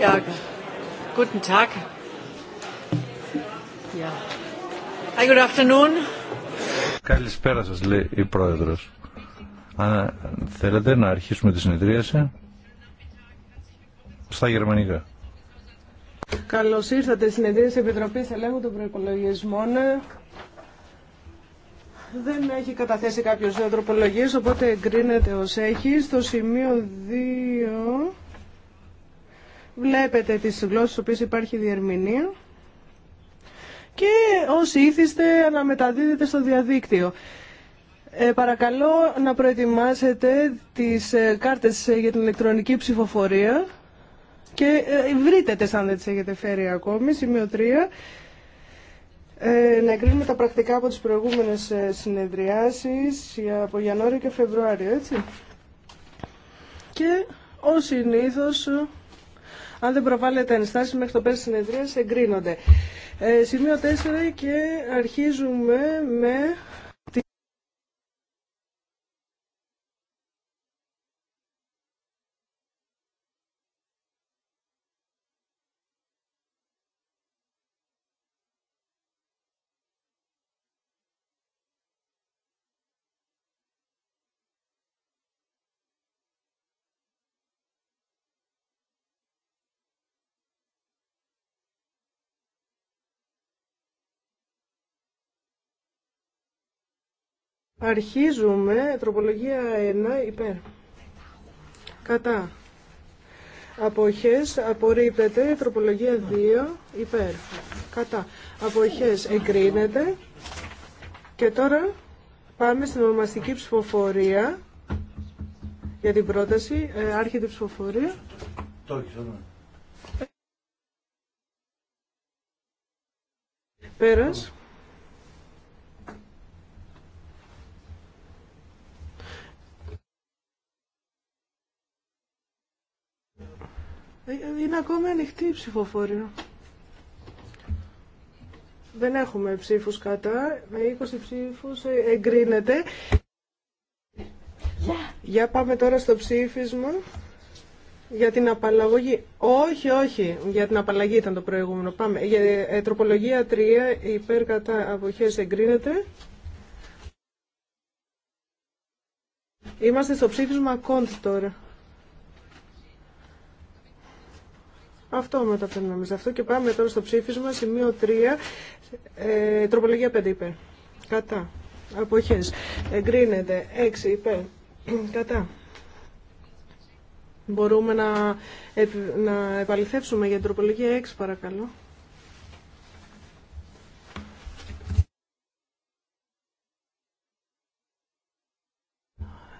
Ja, guten Tag. Ja. good afternoon. Καλησπέρα σας λέει η Πρόεδρος. Αν θέλετε να αρχίσουμε τη συνεδρίαση στα γερμανικά. Καλώς ήρθατε στην Επιτροπής Ελέγχου των Προϋπολογισμών. Δεν έχει καταθέσει κάποιος δύο οπότε εγκρίνεται ω έχει. Στο σημείο 2 βλέπετε τις γλώσσες οποίες υπάρχει διερμηνία και όσοι ήθιστε μεταδίδετε στο διαδίκτυο. Ε, παρακαλώ να προετοιμάσετε τις ε, κάρτες ε, για την ηλεκτρονική ψηφοφορία και ε, βρείτε τις αν δεν τις έχετε φέρει ακόμη, σημείο 3. Ε, να εγκρίνουμε τα πρακτικά από τις προηγούμενες ε, συνεδριάσεις από Ιανουάριο και Φεβρουάριο, έτσι. Και ό συνήθω, αν δεν προβάλλεται ενστάσεις μέχρι το πέρας συνεδρίας, εγκρίνονται. Ε, σημείο 4 και αρχίζουμε με Αρχίζουμε, τροπολογία 1, υπέρ. Κατά. Αποχές, απορρίπτεται, τροπολογία 2, υπέρ. Κατά. Αποχές, εγκρίνεται. Και τώρα πάμε στην ονομαστική ψηφοφορία για την πρόταση. Ε, άρχεται ψηφοφορία. Το Πέρας. Είναι ακόμη ανοιχτή η ψηφοφορία. Δεν έχουμε ψήφους κατά. Με 20 ψήφους ε, εγκρίνεται. Για πάμε τώρα στο ψήφισμα. Για την απαλλαγή. Όχι, όχι. Για την απαλλαγή ήταν το προηγούμενο. Πάμε. Για, ε, τροπολογία 3. Υπέρ κατά αποχές εγκρίνεται. Είμαστε στο ψήφισμα κοντ τώρα. Αυτό σε Αυτό και πάμε τώρα στο ψήφισμα, σημείο 3, ε, τροπολογία 5 υπέρ. Κατά. Αποχές. Εγκρίνεται. 6 υπέρ. Κατά. Μπορούμε να, να επαληθεύσουμε για τροπολογία 6 παρακαλώ.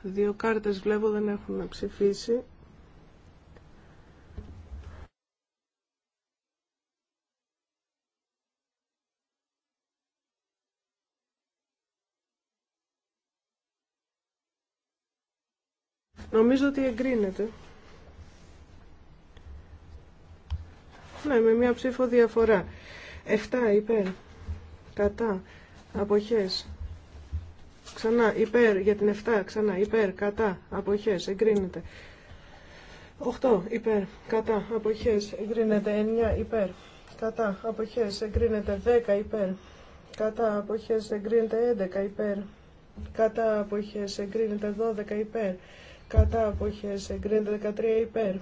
Δύο κάρτες βλέπω δεν έχουν ψηφίσει. Νομίζω ότι εγκρίνεται. Ναι, με μία ψήφο διαφορά. 7 υπέρ. Κατά. Αποχές. Ξανά υπέρ για την 7. Ξανά υπέρ. Κατά. Αποχές. Εγκρίνεται. 8 υπέρ. Κατά. Αποχές. Εγκρίνεται. 9 υπέρ. Κατά. Αποχές. Εγκρίνεται. 10 υπέρ. Κατά. Αποχές. Εγκρίνεται. 11 υπέρ. Κατά. Αποχές. Εγκρίνεται. 12 υπέρ κατά αποχές εγκρίνεται 13 υπέρ,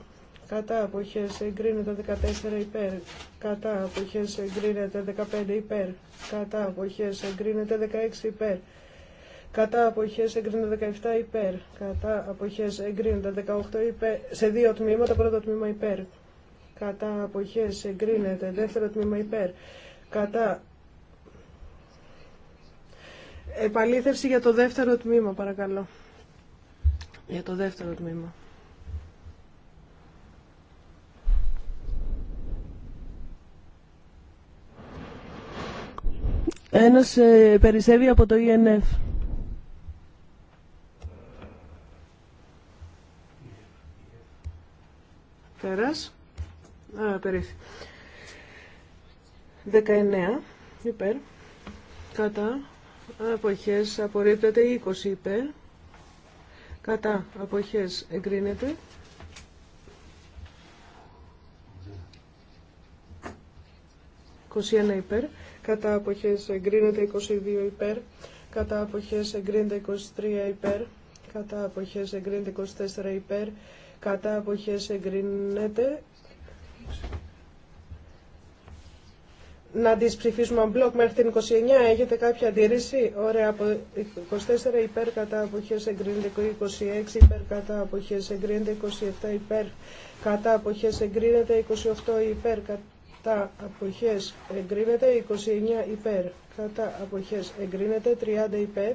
κατά αποχές εγκρίνεται 14 υπέρ, κατά αποχές εγκρίνεται 15 υπέρ, κατά αποχές εγκρίνεται 16 υπέρ, κατά αποχές εγκρίνεται 17 υπέρ, κατά αποχές εγκρίνεται 18 υπέρ, σε δύο τμήματα, πρώτο τμήμα υπέρ, κατά αποχές εγκρίνεται, δεύτερο τμήμα υπέρ, κατά Επαλήθευση για το δεύτερο τμήμα, παρακαλώ για το δεύτερο τμήμα. Ένας ε, περισσεύει από το ΙΕΝΕΦ. E Πέρας. Α, περίφη. 19 υπέρ. Κατά. Αποχές απορρίπτεται 20 υπέρ κατά αποχές εγκρίνεται. 21 υπέρ, κατά αποχές εγκρίνεται 22 υπέρ, κατά αποχές εγκρίνεται 23 υπέρ, κατά αποχές εγκρίνεται 24 υπέρ, κατά αποχές εγκρίνεται να τι ψηφίσουμε μπλοκ μέχρι την 29. Έχετε κάποια αντίρρηση. Ωραία, από 24 υπέρ κατά αποχές εγκρίνεται, 26 υπέρ κατά αποχές εγκρίνεται, 27 υπέρ κατά αποχές εγκρίνεται, 28 υπέρ κατά αποχές εγκρίνεται, 29 υπέρ κατά αποχές εγκρίνεται, 30 υπέρ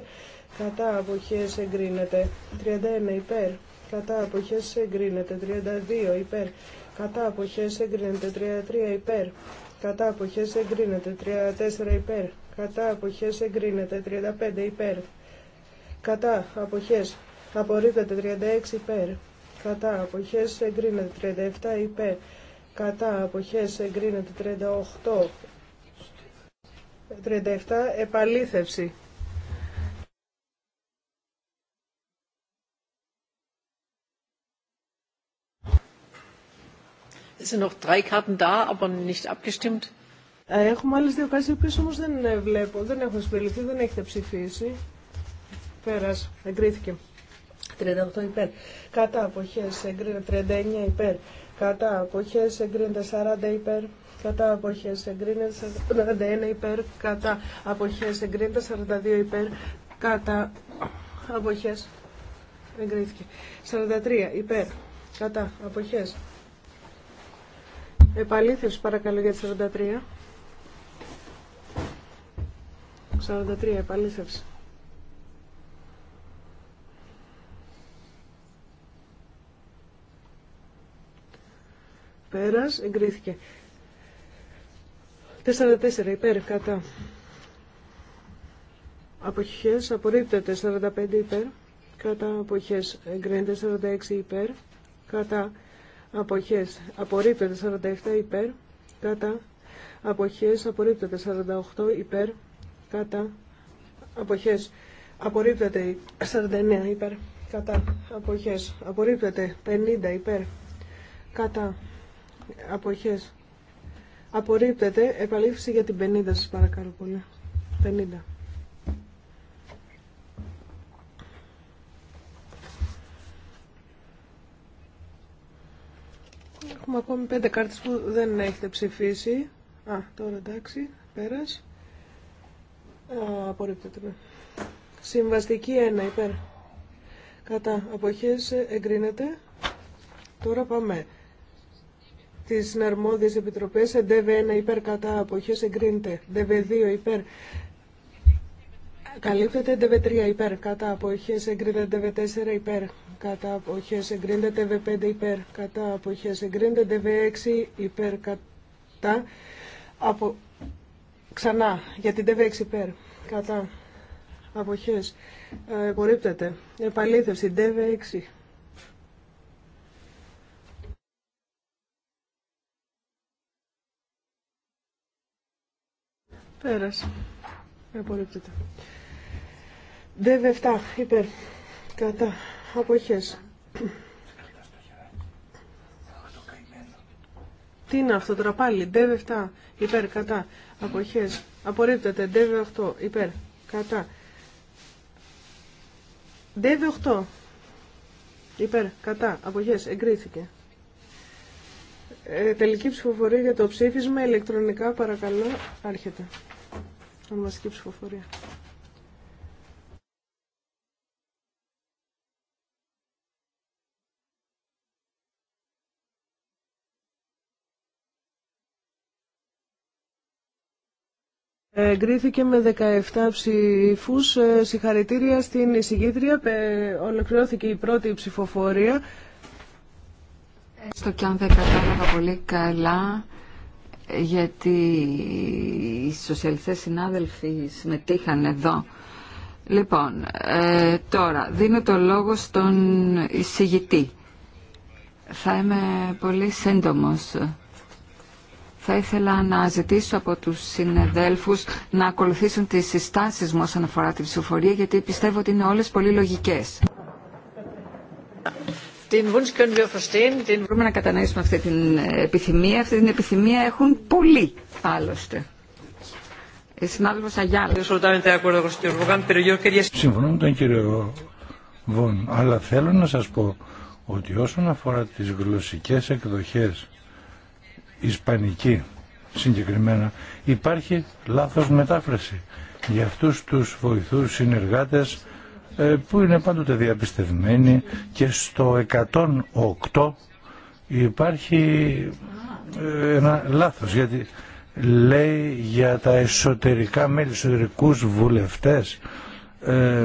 κατά αποχές εγκρίνεται, 31 υπέρ κατά αποχές εγκρίνεται, 32 υπέρ κατά αποχές εγκρίνεται, 33 υπέρ κατά αποχές εγκρίνεται 34 υπέρ κατά αποχές εγκρίνεται 35 υπέρ κατά αποχές απορρίπτεται 36 υπέρ κατά αποχές εγκρίνεται 37 υπέρ κατά αποχές εγκρίνεται 38 37 επαλήθευση sind noch drei Karten da, aber nicht abgestimmt. Ε, έχουμε άλλες δύο κάρτε, οι όμως δεν ε, βλέπω, δεν έχουν συμπεριληφθεί, δεν έχετε ψηφίσει. Πέρας, εγκρίθηκε. 38 υπέρ. Κατά αποχές εγκρίνεται 39 υπέρ. Κατά αποχές εγκρίνεται 40 υπέρ. Κατά αποχές εγκρίνεται 41 υπέρ. Κατά αποχές εγκρίνεται 42 υπέρ. Κατά αποχές εγκρίθηκε. 43 υπέρ. Κατά αποχές Επαλήθευση παρακαλώ για τη 43. 43 επαλήθευση. Πέρας, εγκρίθηκε. 44 υπέρ, κατά. Αποχές, απορρίπτεται. 45 υπέρ, κατά. Αποχές, εγκρίνεται. 46 υπέρ, κατά αποχές απορρίπτεται 47 υπέρ κατά αποχές απορρίπτεται 48 υπέρ κατά αποχές απορρίπτεται 49 υπέρ κατά αποχές απορρίπτεται 50 υπέρ κατά αποχές απορρίπτεται επαλήφθηση για την 50 σας παρακαλώ πολύ 50 Έχουμε ακόμη πέντε κάρτες που δεν έχετε ψηφίσει. Α, τώρα εντάξει, πέρας. Α, απορρίπτεται. Ναι. Συμβαστική 1, υπέρ. Κατά αποχές εγκρίνεται. Τώρα πάμε. Τις συναρμόδιες επιτροπές, ΔΒ1 υπέρ κατά αποχές εγκρίνεται. ΔΒ2 υπέρ Καλύπτεται DV3 υπέρ, κατά αποχές εγκρίνεται DV4 υπέρ, κατά αποχές εγκρίνεται DV5 υπέρ, κατά αποχές εγκρίνεται DV6 υπέρ, κατά απο... Ξανά, για την DV6 υπέρ, κατά αποχές ε, απορρίπτεται. Επαλήθευση DV6. Πέρασε. Απορρίπτεται δε 7 υπέρ κατά αποχές. Τι είναι αυτό τώρα ΔΕΒ7 υπέρ απόχέ. αποχές. δβ ΔΕΒ8 υπέρ κατά. ΔΕΒ8 υπέρ κατά αποχές εγκρίθηκε. Ε, τελική ψηφοφορία για το ψήφισμα ηλεκτρονικά παρακαλώ άρχεται. Ονομαστική ψηφοφορία. Εγκρίθηκε με 17 ψηφού ε, Συγχαρητήρια στην εισηγήτρια. Ε, ολοκληρώθηκε η πρώτη ψηφοφορία. Στο και αν δεν κατάλαβα πολύ καλά, γιατί οι σοσιαλιστές συνάδελφοι συμμετείχαν εδώ. Λοιπόν, ε, τώρα δίνω το λόγο στον εισηγητή. Θα είμαι πολύ σύντομος θα ήθελα να ζητήσω από τους συνεδέλφους να ακολουθήσουν τις συστάσεις μου όσον αφορά τη ψηφοφορία, γιατί πιστεύω ότι είναι όλες πολύ λογικές. Μπορούμε να κατανοήσουμε αυτή την επιθυμία. Αυτή την επιθυμία έχουν πολλοί, άλλωστε. Συμφωνώ με τον κύριο Βον, αλλά θέλω να σας πω ότι όσον αφορά τις γλωσσικές εκδοχές ισπανική συγκεκριμένα, υπάρχει λάθος μετάφραση για αυτούς τους βοηθούς συνεργάτες ε, που είναι πάντοτε διαπιστευμένοι και στο 108 υπάρχει ε, ένα λάθος γιατί λέει για τα εσωτερικά μέλη, εσωτερικούς βουλευτές ε,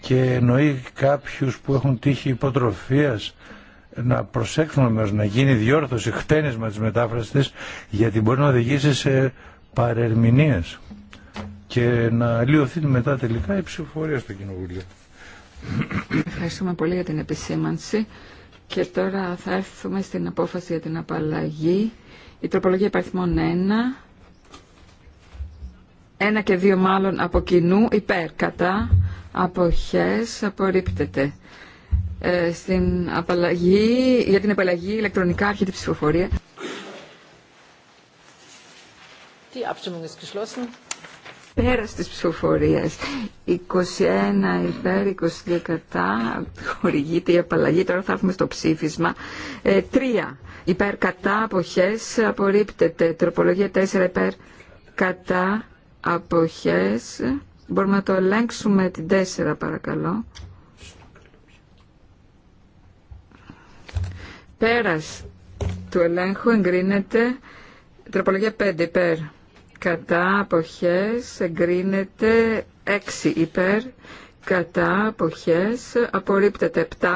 και εννοεί κάποιους που έχουν τύχει υποτροφίας να προσέξουμε να γίνει διόρθωση χτένισμα της μετάφρασης της, γιατί μπορεί να οδηγήσει σε παρερμηνίες και να λιωθεί μετά τελικά η ψηφοφορία στο Κοινοβούλιο. Ευχαριστούμε πολύ για την επισήμανση και τώρα θα έρθουμε στην απόφαση για την απαλλαγή. Η τροπολογία υπαριθμών 1, 1 και 2 μάλλον από κοινού, υπέρ, κατά, αποχές, απορρίπτεται. Ε, στην απαλλαγή, για την απαλλαγή ηλεκτρονικά άρχεται ψηφοφορία. Die Abstimmung ist geschlossen. Πέρας της ψηφοφορίας. 21 υπέρ, 22 κατά, χορηγείται η απαλλαγή. Τώρα θα έρθουμε στο ψήφισμα. Ε, 3 υπέρ, κατά, αποχές, απορρίπτεται. Τροπολογία 4 υπέρ, κατά, αποχές. Μπορούμε να το ελέγξουμε την 4 παρακαλώ. Πέρας του ελέγχου εγκρίνεται τροπολογία 5 υπέρ. Κατά αποχές εγκρίνεται 6 υπέρ. Κατά αποχές απορρίπτεται 7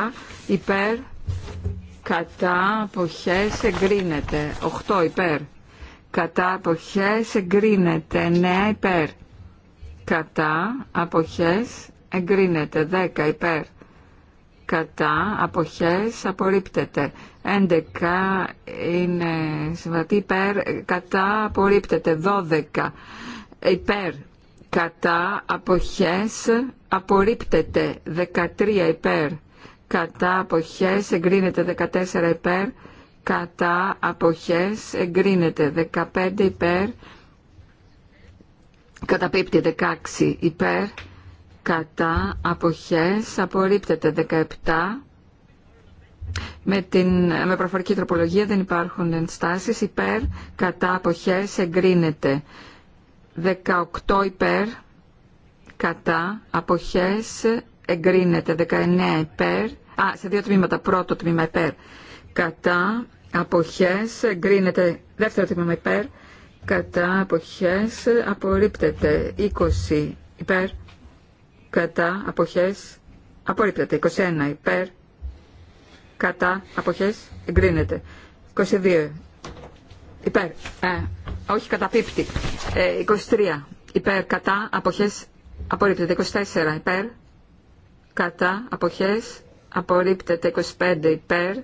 υπέρ. Κατά αποχές εγκρίνεται 8 υπέρ. Κατά αποχές εγκρίνεται 9 υπέρ. Κατά αποχές εγκρίνεται 10 υπέρ κατά, αποχές, απορρίπτεται. 11 είναι συμβατή, υπέρ, κατά, απορρίπτεται. 12 υπέρ, κατά, αποχές, απορρίπτεται. 13 υπέρ, κατά, αποχές, εγκρίνεται. 14 υπέρ, κατά, αποχές, εγκρίνεται. 15 υπέρ, καταπίπτει. 16 υπέρ, κατά αποχές απορρίπτεται 17 με, την, με προφορική τροπολογία δεν υπάρχουν ενστάσεις υπέρ κατά αποχές εγκρίνεται 18 υπέρ κατά αποχές εγκρίνεται 19 υπέρ α, σε δύο τμήματα πρώτο τμήμα υπέρ κατά αποχές εγκρίνεται δεύτερο τμήμα υπέρ κατά αποχές απορρίπτεται 20 υπέρ κατά αποχές απορρίπτεται. 21 υπέρ κατά αποχές εγκρίνεται. 22 υπέρ, ε, όχι καταπίπτει. Ε, 23 υπέρ κατά αποχές απορρίπτεται. 24 υπέρ κατά αποχές απορρίπτεται. 25 υπέρ, α,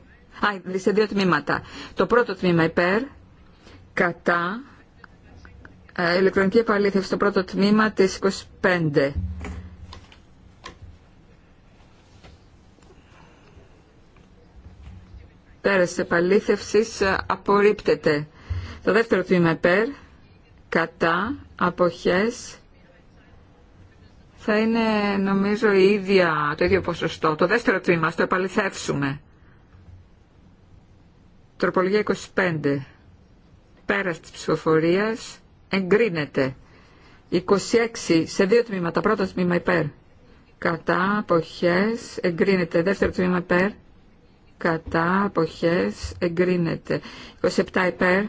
σε δύο τμήματα. Το πρώτο τμήμα υπέρ κατά ε, ηλεκτρονική επαλήθευση στο πρώτο τμήμα της 25. πέρας της επαλήθευσης ε, απορρίπτεται. Το δεύτερο τμήμα υπέρ, κατά, αποχές, θα είναι νομίζω η ίδια, το ίδιο ποσοστό. Το δεύτερο τμήμα, το επαληθεύσουμε. Τροπολογία 25. Πέρας της ψηφοφορίας εγκρίνεται. 26 σε δύο τμήματα. Πρώτο τμήμα υπέρ. Κατά, αποχές, εγκρίνεται. Δεύτερο τμήμα υπέρ κατά αποχές εγκρίνεται 27 υπέρ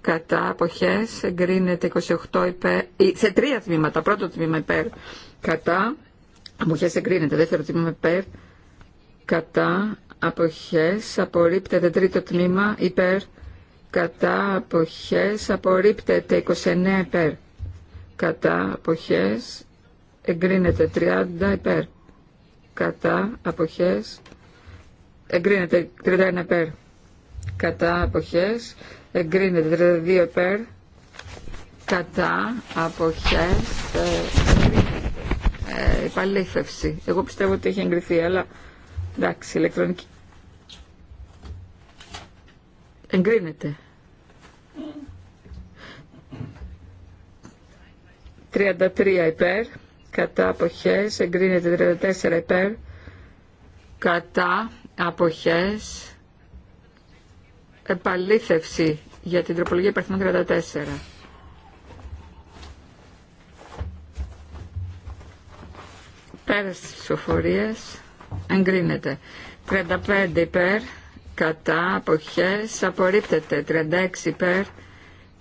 κατά αποχές εγκρίνεται 28 υπέρ ε, σε τρία τμήματα πρώτο τμήμα υπέρ κατά αποχές εγκρίνεται δεύτερο τμήμα υπέρ κατά αποχές απορρίπτεται τρίτο τμήμα υπέρ κατά αποχές απορρίπτεται 29 υπέρ κατά αποχές εγκρίνεται 30 υπέρ κατά αποχές εγκρίνεται 31 υπέρ κατά αποχές εγκρίνεται 32 υπέρ κατά αποχές ε, ε εγώ πιστεύω ότι έχει εγκριθεί αλλά εντάξει ηλεκτρονική εγκρίνεται 33 υπέρ κατά αποχές εγκρίνεται 34 υπέρ κατά αποχές επαλήθευση για την τροπολογία υπαριθμών 34. Πέρα στις ψηφοφορίες εγκρίνεται. 35 υπέρ, κατά, αποχές, απορρίπτεται. 36 υπέρ,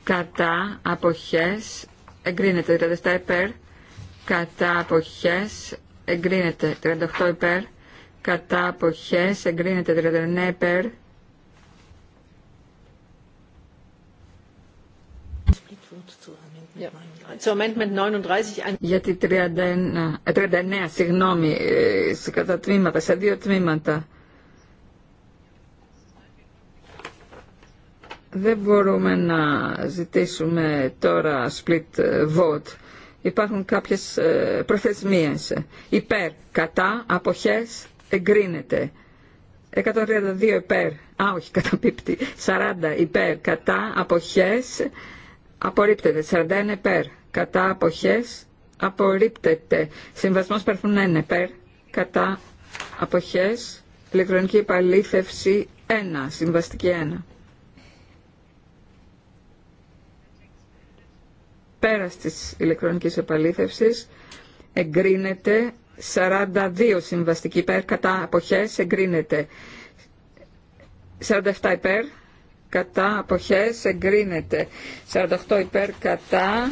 κατά, αποχές, εγκρίνεται. 37 υπέρ, κατά, αποχές, εγκρίνεται. 38 υπέρ, κατά αποχές εγκρίνεται 39 υπέρ για τη 39, 39 ε, συγγνώμη, ε, σε κατά τμήματα, σε δύο τμήματα. Δεν μπορούμε να ζητήσουμε τώρα split ε, vote. Υπάρχουν κάποιες προθεσμίες. Υπέρ, κατά, αποχές, εγκρίνεται. 132 υπέρ, α όχι καταπίπτει, 40 υπέρ, κατά αποχές, απορρίπτεται, 41 υπέρ, κατά αποχές, απορρίπτεται. Συμβασμός παρθούν 1 υπέρ, κατά αποχές, ηλεκτρονική επαλήθευση 1, συμβαστική 1. Πέρας της ηλεκτρονικής επαλήθευσης εγκρίνεται 42 συμβαστική υπέρ κατά αποχές εγκρίνεται. 47 υπέρ κατά αποχές εγκρίνεται. 48 υπέρ κατά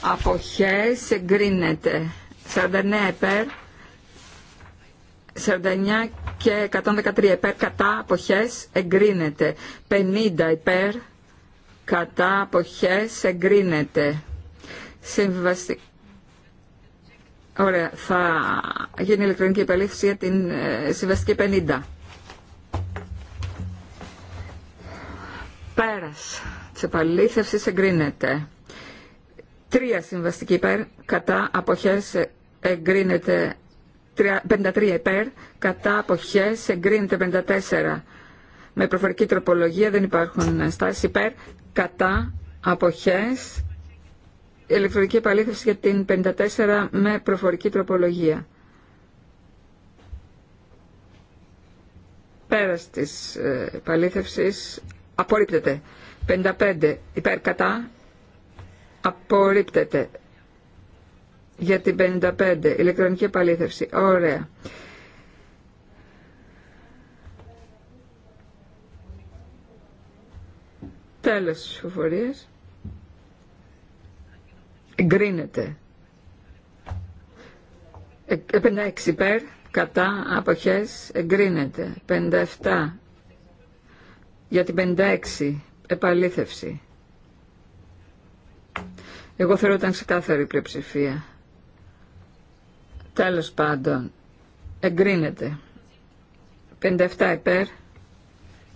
αποχές εγκρίνεται. 49 υπέρ 49 και 113 υπέρ κατά αποχές εγκρίνεται. 50 υπέρ κατά αποχές εγκρίνεται. Συμβαστική Ωραία. Θα γίνει ηλεκτρονική επαλήθευση για την ε, συμβαστική 50. Πέρας της επαλήθευσης εγκρίνεται. Τρία συμβαστική ε, υπέρ κατά αποχές εγκρίνεται 53 υπέρ, κατά αποχές εγκρίνεται 54. Με προφορική τροπολογία δεν υπάρχουν στάσεις υπέρ, κατά αποχές ηλεκτρονική επαλήθευση για την 54 με προφορική τροπολογία. Πέρας της ε, επαλήθευσης απορρίπτεται. 55 υπέρ κατά απορρίπτεται. Για την 55 ηλεκτρονική επαλήθευση. Ωραία. Τέλος της εγκρίνεται. 56 ε, υπέρ, κατά, αποχές, εγκρίνεται. 57 για την 56 επαλήθευση. Εγώ θεωρώ ότι ήταν ξεκάθαρη η πλειοψηφία. Τέλος πάντων, εγκρίνεται. 57 υπέρ,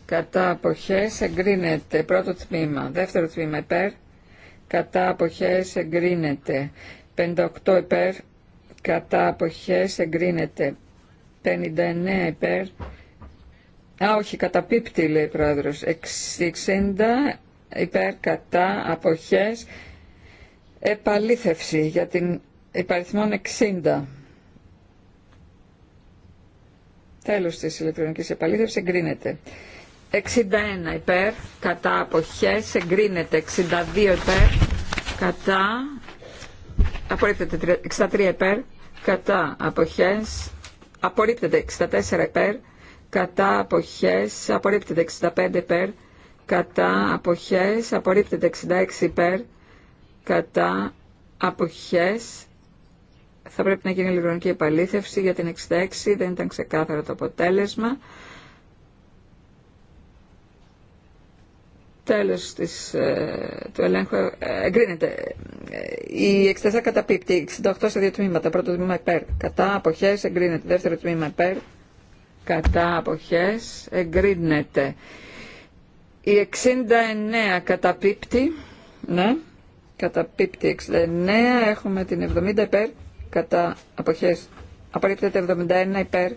κατά αποχές, εγκρίνεται. Πρώτο τμήμα, δεύτερο τμήμα υπέρ, κατά αποχές εγκρίνεται. 58 υπέρ κατά αποχές εγκρίνεται. 59 υπέρ. Α, όχι, καταπίπτει λέει η πρόεδρος. 60 υπέρ κατά αποχές επαλήθευση για την υπαριθμόν 60. Τέλος της ηλεκτρονικής επαλήθευσης εγκρίνεται. 61 υπέρ, κατά αποχές, εγκρίνεται 62 υπέρ, κατά, απορρίπτεται 63 υπέρ, κατά αποχές, απορρίπτεται 64 υπέρ, κατά αποχές, απορρίπτεται 65 υπέρ, κατά αποχές, απορρίπτεται 66 υπέρ, κατά αποχές, θα πρέπει να γίνει ηλεκτρονική επαλήθευση για την 66, δεν ήταν ξεκάθαρο το αποτέλεσμα. τέλος της, ε, του ελέγχου ε, εγκρίνεται. Ε, η 64 καταπίπτει, 68 σε δύο τμήματα. Πρώτο τμήμα υπέρ, κατά αποχές εγκρίνεται. Δεύτερο τμήμα υπέρ, κατά αποχές εγκρίνεται. Η 69 καταπίπτει, ναι, καταπίπτει 69, έχουμε την 70 υπέρ, κατά αποχές. Απορρίπτεται 71 υπέρ,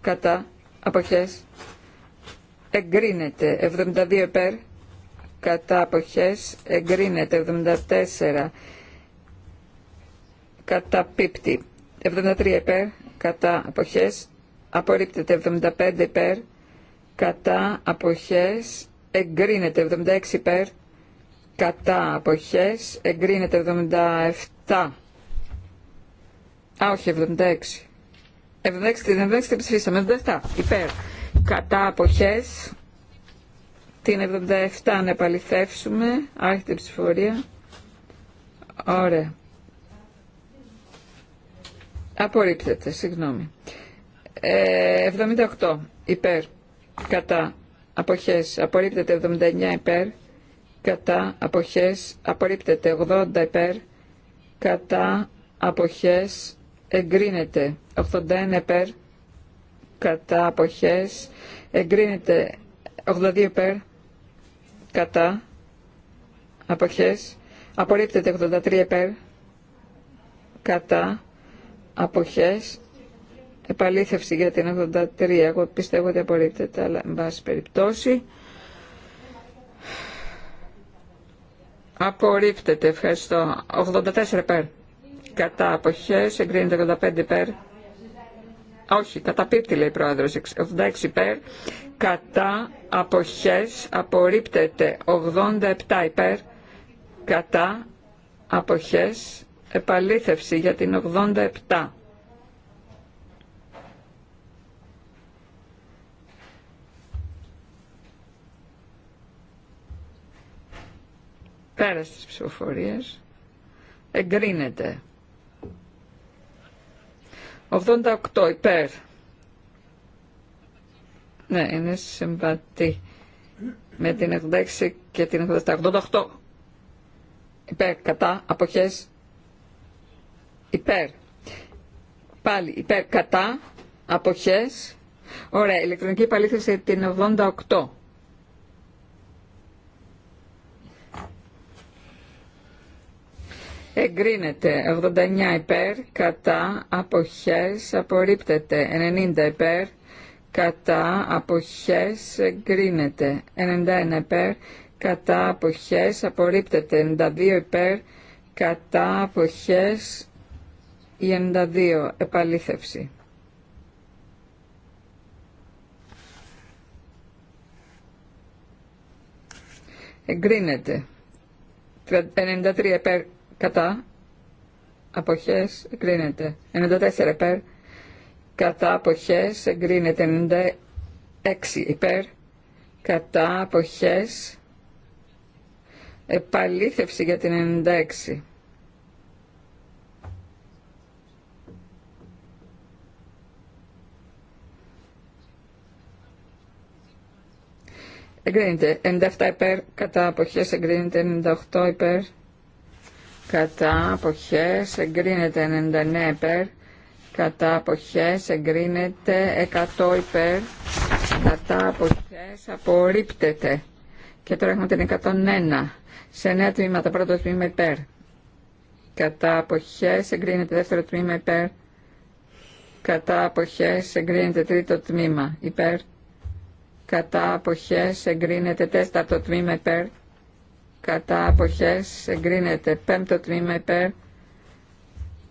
κατά αποχές εγκρίνεται 72 επέρ κατά αποχές εγκρίνεται 74 κατά πίπτη 73 επέρ κατά αποχές απορρίπτεται 75 επέρ κατά αποχές εγκρίνεται 76 υπέρ κατά αποχές εγκρίνεται 77 Α, όχι, 76. 76, 76 την ψηφίσαμε, 77. Υπέρ κατά αποχές την 77 να επαληθεύσουμε άρχεται η ψηφορία ωραία απορρίπτεται συγγνώμη ε, 78 υπέρ κατά αποχές απορρίπτεται 79 υπέρ κατά αποχές απορρίπτεται 80 υπέρ κατά αποχές εγκρίνεται 81 υπέρ κατά αποχές εγκρίνεται 82 υπέρ κατά αποχές απορρίπτεται 83 υπέρ κατά αποχές επαλήθευση για την 83 εγώ πιστεύω ότι απορρίπτεται αλλά εν πάση περιπτώσει απορρίπτεται ευχαριστώ 84 υπέρ κατά αποχές εγκρίνεται 85 υπέρ όχι, καταπίπτει λέει η πρόεδρος, 86 υπέρ, κατά αποχές απορρίπτεται 87 υπέρ, κατά αποχές επαλήθευση για την 87. Πέρα στις ψηφοφορίες εγκρίνεται. 88 υπέρ. Ναι, είναι συμβατή με την 86 και την 87. 88 υπέρ, κατά, αποχές, υπέρ. Πάλι υπέρ, κατά, αποχές. Ωραία, ηλεκτρονική επαλήθευση την 88. εγκρίνεται 89 υπέρ κατά αποχές απορρίπτεται 90 υπέρ κατά αποχές εγκρίνεται 91 υπέρ κατά αποχές απορρίπτεται 92 υπέρ κατά αποχές 92 επαλήθευση εγκρίνεται 93 υπέρ κατά αποχές εγκρίνεται 94 υπέρ κατά αποχές εγκρίνεται 96 υπέρ κατά αποχές επαλήθευση για την 96 Εγκρίνεται 97 υπέρ, κατά αποχές εγκρίνεται 98 υπέρ, κατά αποχές εγκρίνεται 99 υπέρ, κατά αποχές εγκρίνεται 100 υπέρ, κατά αποχές απορρίπτεται. Και τώρα έχουμε την 101 σε νέα τμήματα, πρώτο τμήμα υπέρ. Κατά αποχές εγκρίνεται δεύτερο τμήμα υπέρ. Κατά αποχές εγκρίνεται τρίτο τμήμα υπέρ. Κατά αποχές εγκρίνεται τέταρτο τμήμα υπέρ κατά αποχές εγκρίνεται πέμπτο τμήμα υπέρ,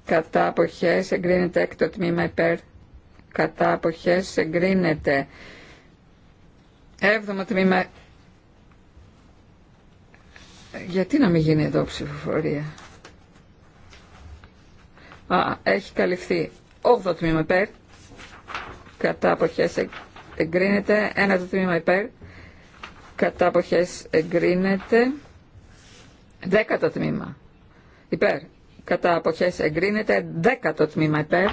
κατά αποχές εγκρίνεται έκτο τμήμα υπέρ, κατά αποχές εγκρίνεται έβδομο τμήμα γιατί να μην γίνει εδώ ψηφοφορία. Α, έχει καλυφθεί. 8 τμήμα υπέρ. Κατά αποχές εγκρίνεται. Ένα το τμήμα υπέρ. Κατά αποχές εγκρίνεται. Δέκατο τμήμα. Υπέρ. Κατά αποχές εγκρίνεται. Δέκατο τμήμα υπέρ.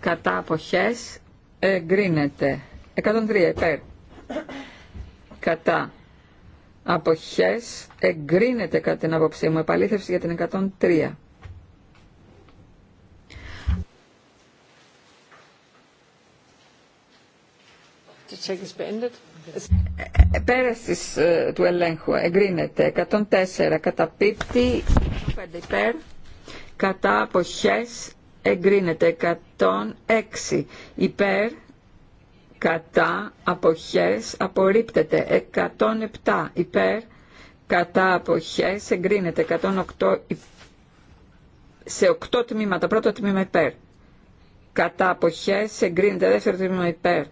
Κατά αποχές εγκρίνεται. 103 υπέρ. Κατά αποχές εγκρίνεται κατά την άποψή μου. Επαλήθευση για την 103. Το beendet. Πέρασης ε, του ελέγχου εγκρίνεται 104 κατά 5 υπέρ κατά αποχές εγκρίνεται 106 υπέρ κατά αποχές απορρίπτεται 107 υπέρ κατά αποχές εγκρίνεται 108 σε 8 τμήματα πρώτο τμήμα υπέρ κατά αποχές εγκρίνεται δεύτερο τμήμα υπέρ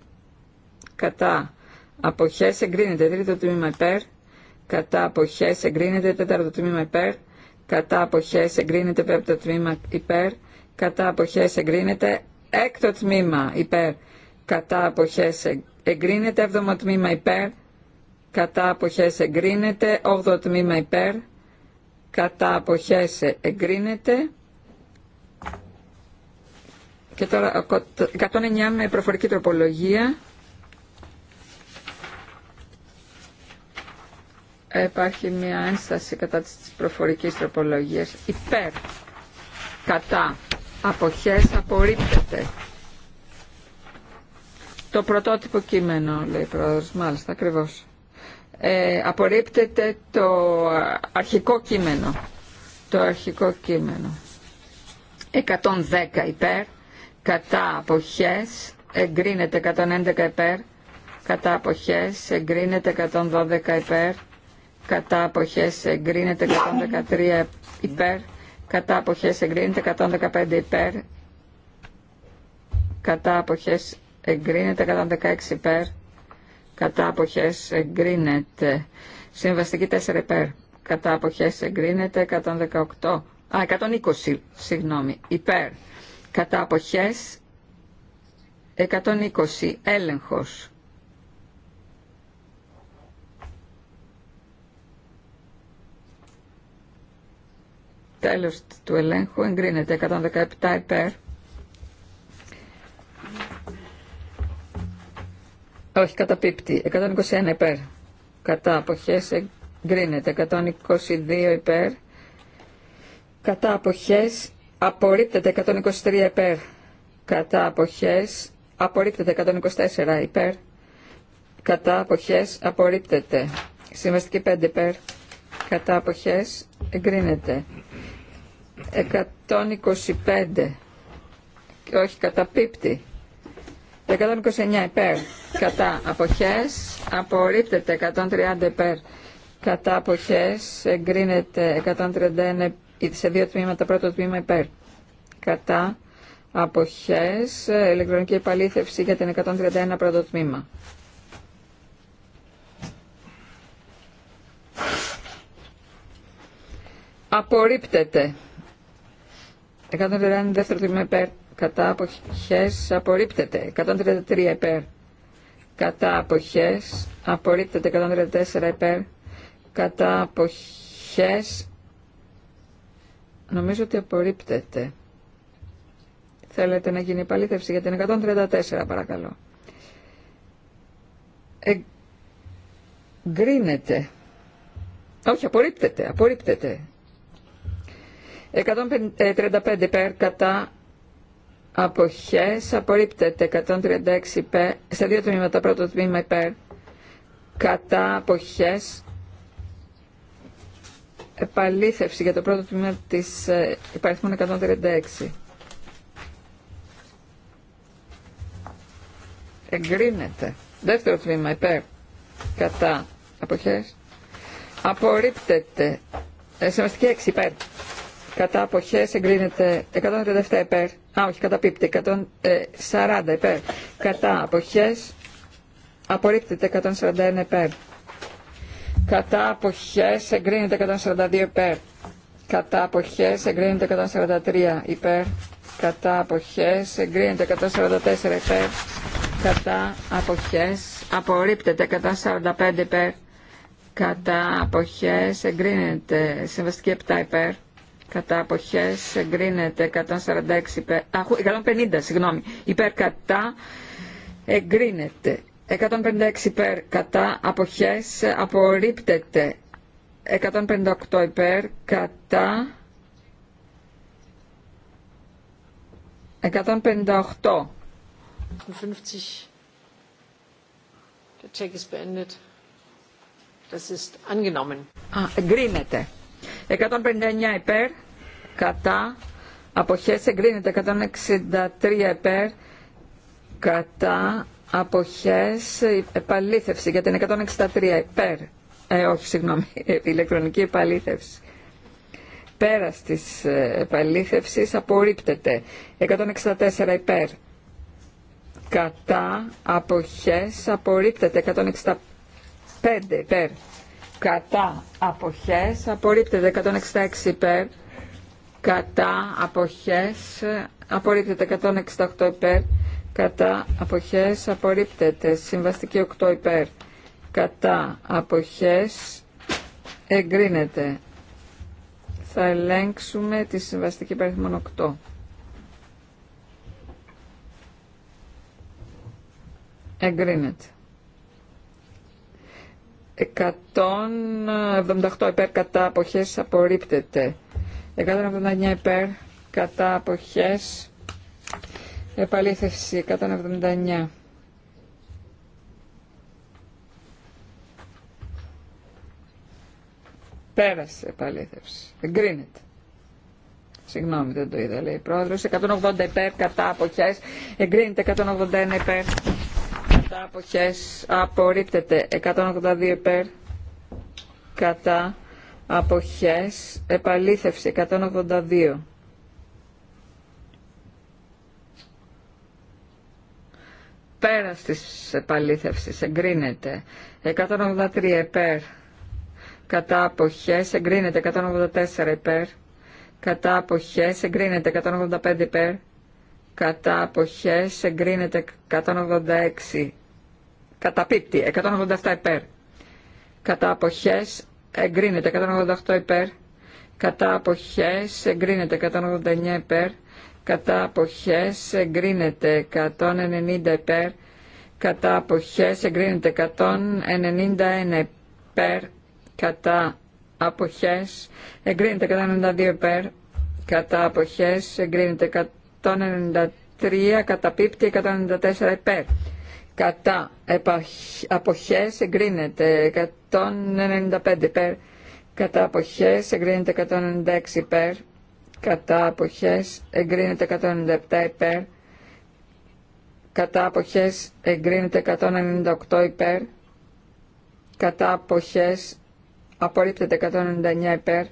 κατά Αποχέ εγκρίνεται. Τρίτο τμήμα υπέρ, κατά αποχέ εγκρίνεται. Τέταρτο τμήμα υπέρ, κατά αποχέ εγκρίνεται. Πέμπτο τμήμα υπέρ, κατά αποχέ εγκρίνεται. Έκτο τμήμα υπέρ, κατά αποχέ εγκρίνεται. Έβδομο τμήμα υπέρ, κατά αποχέ εγκρίνεται. Όγδο τμήμα υπέρ, κατά αποχέ εγκρίνεται. Και τώρα 109 με προφορική τροπολογία. υπάρχει μια ένσταση κατά της προφορικής τροπολογίας υπέρ κατά αποχές απορρίπτεται το πρωτότυπο κείμενο λέει η πρόεδρος μάλιστα ακριβώς ε, απορρίπτεται το αρχικό κείμενο το αρχικό κείμενο 110 υπέρ κατά αποχές εγκρίνεται 111 υπέρ κατά αποχές εγκρίνεται 112 υπέρ κατά αποχές εγκρίνεται 113 υπέρ, κατά αποχές εγκρίνεται 115 υπέρ, κατά αποχές εγκρίνεται 116 υπέρ, κατά αποχές εγκρίνεται συμβαστική 4 υπέρ, κατά αποχές εγκρίνεται 118, α, 120, συγγνώμη, υπέρ, κατά αποχές 120, έλεγχος. Τέλος του ελέγχου εγκρίνεται 117 υπέρ. Όχι, καταπίπτει. 121 υπέρ. Κατά αποχές εγκρίνεται. 122 υπέρ. Κατά αποχές απορρίπτεται 123 υπέρ. Κατά αποχές απορρίπτεται 124 υπέρ. Κατά αποχές απορρίπτεται. Συμβαστική 5 υπέρ. Κατά αποχές εγκρίνεται. 125 και όχι πίπτη, 129 υπέρ κατά αποχές, απορρίπτεται 130 υπέρ κατά αποχές, εγκρίνεται 131 σε δύο τμήματα, πρώτο τμήμα υπέρ κατά αποχές, ηλεκτρονική επαλήθευση για την 131 πρώτο τμήμα. Απορρίπτεται. 131 δεύτερο τμήμα υπέρ κατά αποχές απορρίπτεται 133 υπέρ κατά αποχές απορρίπτεται 134 υπέρ κατά αποχές νομίζω ότι απορρίπτεται θέλετε να γίνει επαλήθευση για την 134 παρακαλώ εγκρίνεται όχι απορρίπτεται απορρίπτεται 135 ε, υπέρ κατά αποχές απορρίπτεται 136 υπέρ σε δύο τμήματα πρώτο τμήμα υπέρ κατά αποχές επαλήθευση για το πρώτο τμήμα της ε, υπαριθμών 136 εγκρίνεται δεύτερο τμήμα υπέρ κατά αποχές απορρίπτεται ε, Σεβαστική 6 υπέρ κατά αποχές εγκρίνεται 137 υπέρ, α όχι καταπίπτει, 140 υπέρ, κατά αποχές απορρίπτεται 141 υπέρ, κατά αποχές εγκρίνεται 142 υπέρ, κατά αποχές εγκρίνεται 143 υπέρ, κατά αποχές εγκρίνεται 144 υπέρ, κατά αποχές απορρίπτεται 145 υπέρ, κατά αποχές εγκρίνεται συμβαστική 7 υπέρ, κατά αποχές εγκρίνεται 146 υπέρ, 150 συγγνώμη, υπέρ κατά εγκρίνεται 156 υπέρ κατά αποχές απορρίπτεται 158 υπέρ κατά 158 50. Der Check ist beendet. Das ist angenommen. Α, εγκρίνεται. 159 υπέρ, κατά, αποχές εγκρίνεται. 163 υπέρ, κατά, αποχές, επαλήθευση για την 163 υπέρ. Ε, όχι, συγγνώμη, ηλεκτρονική επαλήθευση. Πέρας της ε, επαλήθευσης απορρίπτεται. 164 υπέρ. Κατά αποχές απορρίπτεται. 165 υπέρ κατά αποχές απορρίπτεται 166 υπέρ κατά αποχές απορρίπτεται 168 υπέρ κατά αποχές απορρίπτεται συμβαστική 8 υπέρ κατά αποχές εγκρίνεται θα ελέγξουμε τη συμβαστική παριθμόν 8 εγκρίνεται 178 υπέρ κατά αποχές απορρίπτεται. 179 υπέρ κατά αποχές επαλήθευση 179. Πέρασε επαλήθευση. Εγκρίνεται. Συγγνώμη, δεν το είδα, λέει η πρόεδρος. 180 υπέρ κατά αποχές. Εγκρίνεται 181 υπέρ Κατά αποχές απορρίπτεται 182 υπέρ. Κατά αποχές επαλήθευση 182. Πέρα της επαλήθευση, εγκρίνεται 183 υπέρ. Κατά αποχές εγκρίνεται 184 υπέρ. Κατά αποχές εγκρίνεται 185 υπέρ. Κατά αποχές εγκρίνεται 186 Καταπίπτει. 187 υπέρ. Κατά αποχές εγκρίνεται. 188 υπέρ. Κατά αποχές εγκρίνεται. 189 υπέρ. Κατά αποχές εγκρίνεται. 190 υπέρ. Κατά αποχές εγκρίνεται. 191 υπέρ. Κατά αποχές εγκρίνεται. 192 υπέρ. Κατά αποχές εγκρίνεται. 193 καταπίπτει. 194 υπέρ κατά αποχές εγκρίνεται 195 υπέρ κατά αποχές εγκρίνεται 196 υπέρ κατά αποχές εγκρίνεται 197 υπέρ κατά αποχές εγκρίνεται 198 υπέρ κατά αποχές απορρίπτεται 199 υπέρ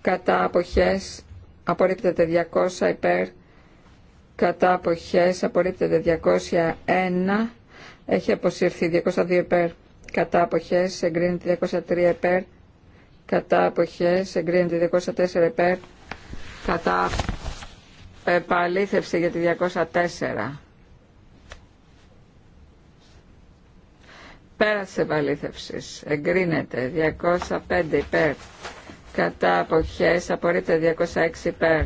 κατά αποχές απορρίπτεται 200 υπέρ κατά αποχές απορρίπτεται 201 έχει αποσυρθεί 202 υπέρ. Κατά αποχές εγκρίνεται 203 υπέρ. Κατά αποχές εγκρίνεται 204 υπέρ. Κατά επαλήθευση για τη 204. Πέρασε επαλήθευσης. Εγκρίνεται 205 υπέρ. Κατά αποχές απορρίπτεται 206 υπέρ.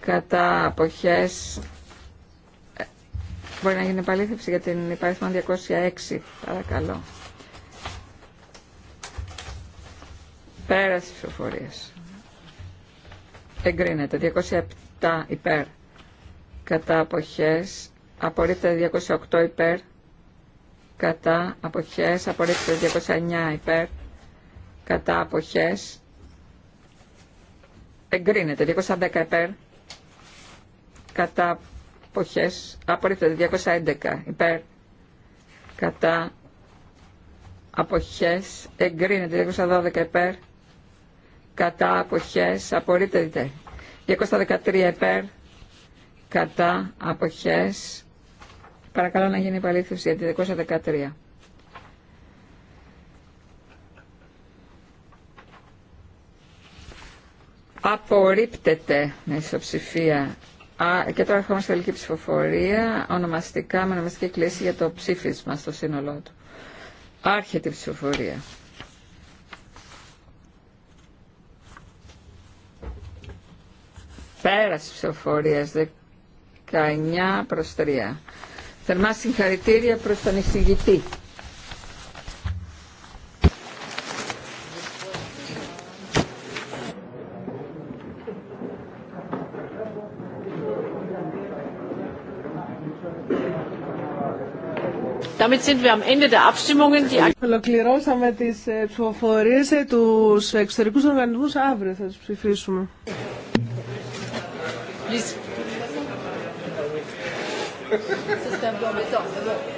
Κατά αποχές Μπορεί να γίνει επαλήθευση για την υπαριθμό 206, παρακαλώ. Πέρασε τη εφορία. Εγκρίνεται. 207 υπέρ. Κατά αποχές. Απορρίπτεται 208 υπέρ. Κατά αποχές. Απορρίπτεται 209 υπέρ. Κατά αποχές. Εγκρίνεται. 210 υπέρ. Κατά αποχές απορρίπτεται 211 υπέρ κατά αποχές εγκρίνεται 212 υπέρ κατά αποχές απορρίπτεται 213 υπέρ κατά αποχές παρακαλώ να γίνει επαλήθευση για τη 213 απορρίπτεται με ισοψηφία και τώρα έχουμε στη τελική ψηφοφορία, ονομαστικά, με ονομαστική κλίση για το ψήφισμα στο σύνολό του. Άρχεται η ψηφοφορία. Πέραση ψηφοφορία 19 προς 3. Θερμά συγχαρητήρια προς τον εισηγητή. Damit sind wir am Ende der Abstimmungen. Die... Ολοκληρώσαμε τις ε, ψηφοφορίες ε, του εξωτερικού οργανισμού. Αύριο θα τους ψηφίσουμε. Please.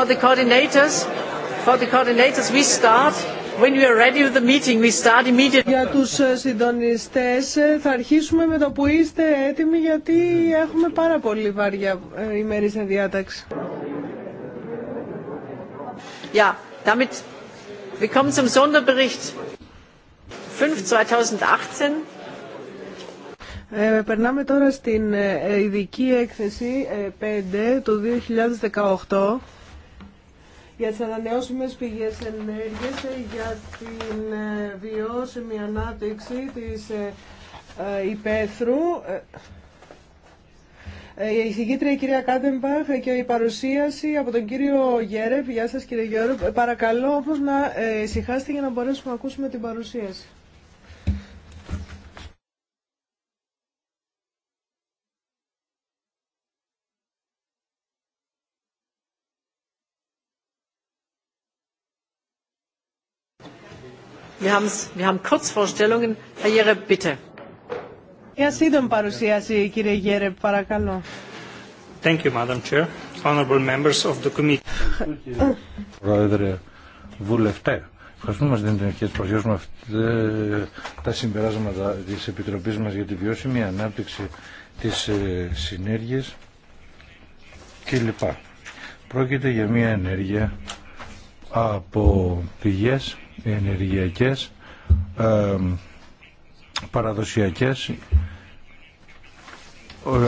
for the coordinators, for the coordinators we start. When we are ready with the meeting, we start immediately. Για τους συντονιστές θα αρχίσουμε με το που είστε έτοιμοι γιατί έχουμε πάρα πολύ βάρια ημερήσια διάταξη. Ja, damit wir kommen zum Sonderbericht 5 2018. Ε, περνάμε τώρα στην ειδική έκθεση 5 του 2018 για τις ανανεώσιμες πηγές ενέργειας, για την ε, βιώσιμη ανάπτυξη της ε, ε, υπαίθρου. Η εισηγήτρια η κυρία Κάντεμπαχ και η παρουσίαση από τον κύριο Γέρεπ. Γεια σας κύριε Γέρεπ. Παρακαλώ όμως να ησυχάσετε για να μπορέσουμε να ακούσουμε την παρουσίαση. Wir haben, Kurzvorstellungen. παρουσίαση, κύριε Γέρε, παρακαλώ. Thank you, Madam Chair. Honorable members of the committee. Πρόεδρε, βουλευτέ, ευχαριστούμε μας την ευκαιρία να ε, τα συμπεράσματα της Επιτροπής μας για τη βιώσιμη ανάπτυξη της ε, συνέργειας κλπ. Πρόκειται για μια ενέργεια από πηγές ενεργειακές, παραδοσιακές,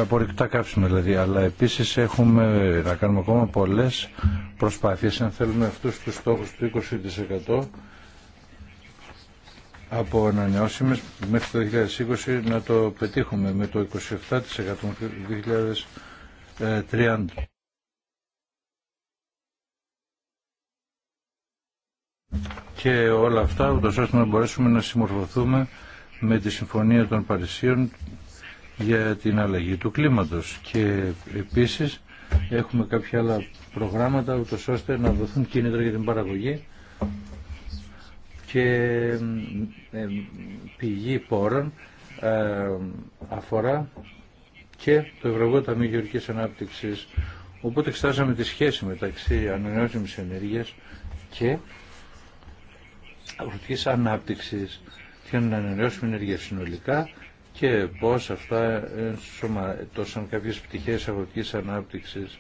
απορρικτά κάψουμε δηλαδή, αλλά επίσης έχουμε να κάνουμε ακόμα πολλές προσπάθειες αν θέλουμε αυτούς τους στόχους του 20% από ανανεώσιμες μέχρι το 2020 να το πετύχουμε με το 27% του 2030. Και όλα αυτά, ούτως ώστε να μπορέσουμε να συμμορφωθούμε με τη Συμφωνία των Παρισίων για την αλλαγή του κλίματος. Και επίσης έχουμε κάποια άλλα προγράμματα, ούτως ώστε να δοθούν κίνητρα για την παραγωγή και ε, πηγή πόρων ε, αφορά και το Ευρωπαϊκό Ταμείο Γεωργικής Ανάπτυξης. Οπότε εξετάσαμε τη σχέση μεταξύ ανανεώσιμης ενέργειας και αγροτικής ανάπτυξης, να ανανεώσουμε ενέργεια συνολικά και πώς αυτά ενσωματώσαν κάποιες πτυχές αγροτικής ανάπτυξης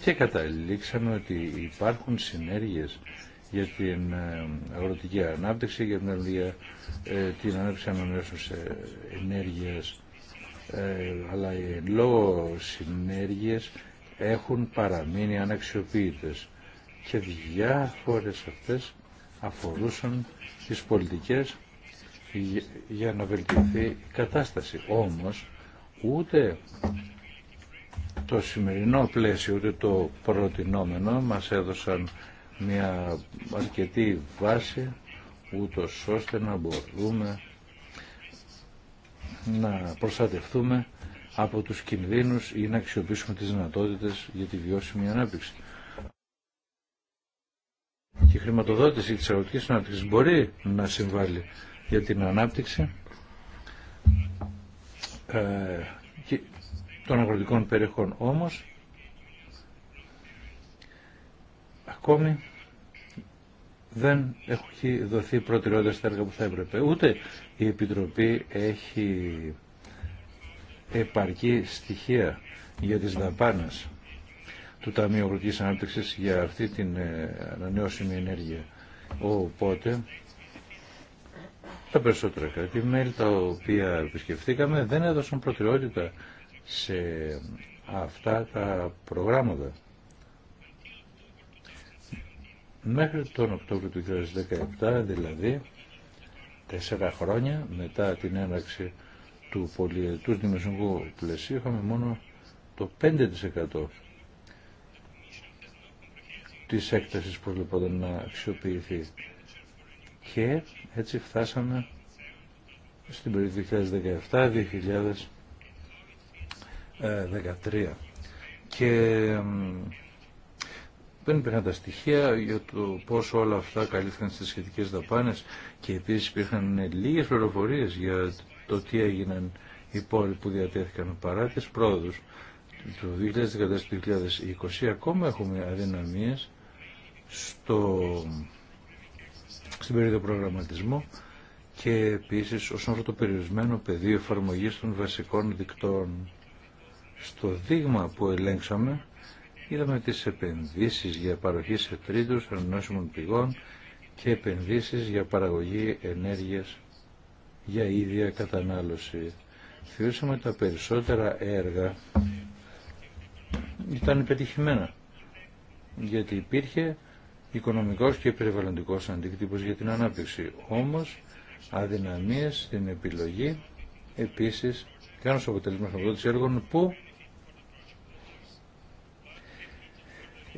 και καταλήξαμε ότι υπάρχουν συνέργειες για την ε, αγροτική ανάπτυξη, για την, ε, την ανάπτυξη ανανεώσιμης ε, ενέργειας, αλλά λόγω συνέργειες έχουν παραμείνει αναξιοποιητές και διάφορες αυτές αφορούσαν τις πολιτικές για να βελτιωθεί η κατάσταση. Όμως ούτε το σημερινό πλαίσιο ούτε το προτινόμενο μας έδωσαν μια αρκετή βάση ούτω ώστε να μπορούμε να προστατευτούμε από τους κινδύνους ή να αξιοποιήσουμε τις δυνατότητες για τη βιώσιμη ανάπτυξη χρηματοδότηση της αγροτικής ανάπτυξης μπορεί να συμβάλλει για την ανάπτυξη ε, των αγροτικών περιοχών. Όμως, ακόμη δεν έχει δοθεί προτεραιότητα στα έργα που θα έπρεπε. Ούτε η Επιτροπή έχει επαρκή στοιχεία για τις δαπάνες του Ταμείου Αγροτικής ανάπτυξη για αυτή την ε, ανανεώσιμη ενέργεια. Οπότε, τα περισσότερα κράτη-μέλη τα οποία επισκεφθήκαμε δεν έδωσαν προτεραιότητα σε αυτά τα προγράμματα. Μέχρι τον Οκτώβριο του 2017, δηλαδή, τέσσερα χρόνια μετά την έναρξη του πολιετού δημοσιογραφικού πλαισίου, είχαμε μόνο το 5% της έκτασης που λοιπόν να αξιοποιηθεί. Και έτσι φτάσαμε στην περίοδο 2017-2013. Και δεν υπήρχαν τα στοιχεία για το πόσο όλα αυτά καλύφθηκαν στις σχετικές δαπάνες και επίσης υπήρχαν λίγες πληροφορίες για το τι έγιναν οι πόροι που διατέθηκαν παρά τις πρόοδους. Το 2014-2020 ακόμα έχουμε αδυναμίες στο, στην περίοδο προγραμματισμού και επίσης ως αυτό το περιορισμένο πεδίο εφαρμογής των βασικών δικτών. Στο δείγμα που ελέγξαμε είδαμε τις επενδύσεις για παροχή σε τρίτους ανανόσιμων πηγών και επενδύσεις για παραγωγή ενέργειας για ίδια κατανάλωση. Θεωρήσαμε τα περισσότερα έργα ήταν πετυχημένα γιατί υπήρχε οικονομικός και περιβαλλοντικός αντίκτυπος για την ανάπτυξη. Όμως, αδυναμίες στην επιλογή επίσης κάνουν στο αποτελέσμα των έργων που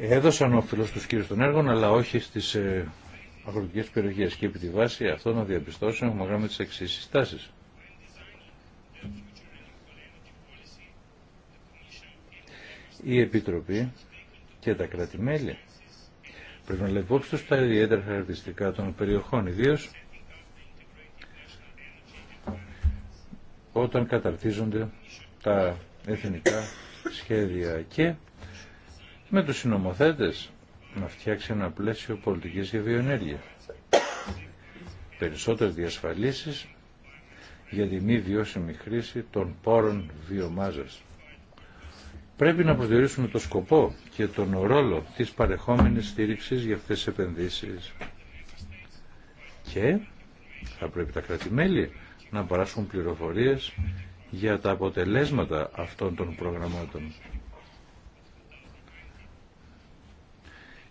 έδωσαν όφελο στους κύριους των έργων αλλά όχι στις ε, αγροτικές περιοχές και επί τη βάση αυτό να διαπιστώσεων έχουμε γράμμα τις εξής συστάσεις. Η Επιτροπή και τα κράτη-μέλη Πρέπει να λέει υπόψη τα ιδιαίτερα χαρακτηριστικά των περιοχών, ιδίω όταν καταρτίζονται τα εθνικά σχέδια και με τους συνομοθέτες να φτιάξει ένα πλαίσιο πολιτικής για βιοενέργεια. Περισσότερες διασφαλίσεις για τη μη βιώσιμη χρήση των πόρων βιομάζας. Πρέπει να προσδιορίσουμε το σκοπό και τον ρόλο της παρεχόμενης στήριξης για αυτές τις επενδύσεις. Και θα πρέπει τα κρατημέλη να παράσχουν πληροφορίες για τα αποτελέσματα αυτών των προγραμμάτων.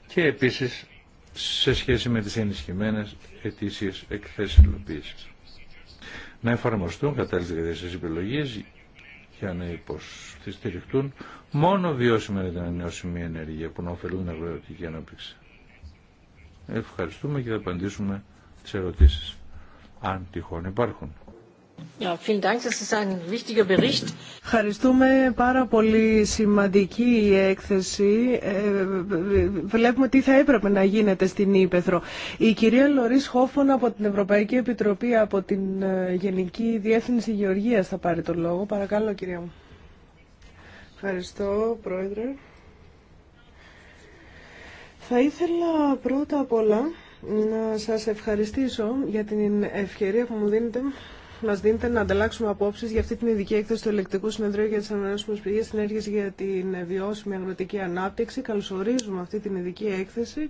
Και επίσης σε σχέση με τις ενισχυμένες αιτήσεις εκθέσεις υλοποίησης. Να εφαρμοστούν κατάλληλες διαδικασίες επιλογής για να υποστηριχτούν μόνο βιώσιμα για την ανανεώσιμη ενέργεια που να ωφελούν την αγροτική ανάπτυξη. Ευχαριστούμε και θα απαντήσουμε τις ερωτήσεις, αν τυχόν υπάρχουν. Ευχαριστούμε πάρα πολύ σημαντική η έκθεση. Ε, βλέπουμε τι θα έπρεπε να γίνεται στην Ήπεθρο. Η κυρία Λωρίς Χόφων από την Ευρωπαϊκή Επιτροπή, από την ε, Γενική Διεύθυνση Γεωργίας θα πάρει το λόγο. Παρακαλώ κυρία μου. Ευχαριστώ πρόεδρε. Θα ήθελα πρώτα απ' όλα να σας ευχαριστήσω για την ευκαιρία που μου δίνετε μα δίνετε να ανταλλάξουμε απόψει για αυτή την ειδική έκθεση του Ελεκτικού Συνεδρίου για τι Ανανεώσιμε Πηγέ Ενέργεια για την Βιώσιμη Αγροτική Ανάπτυξη. Καλωσορίζουμε αυτή την ειδική έκθεση.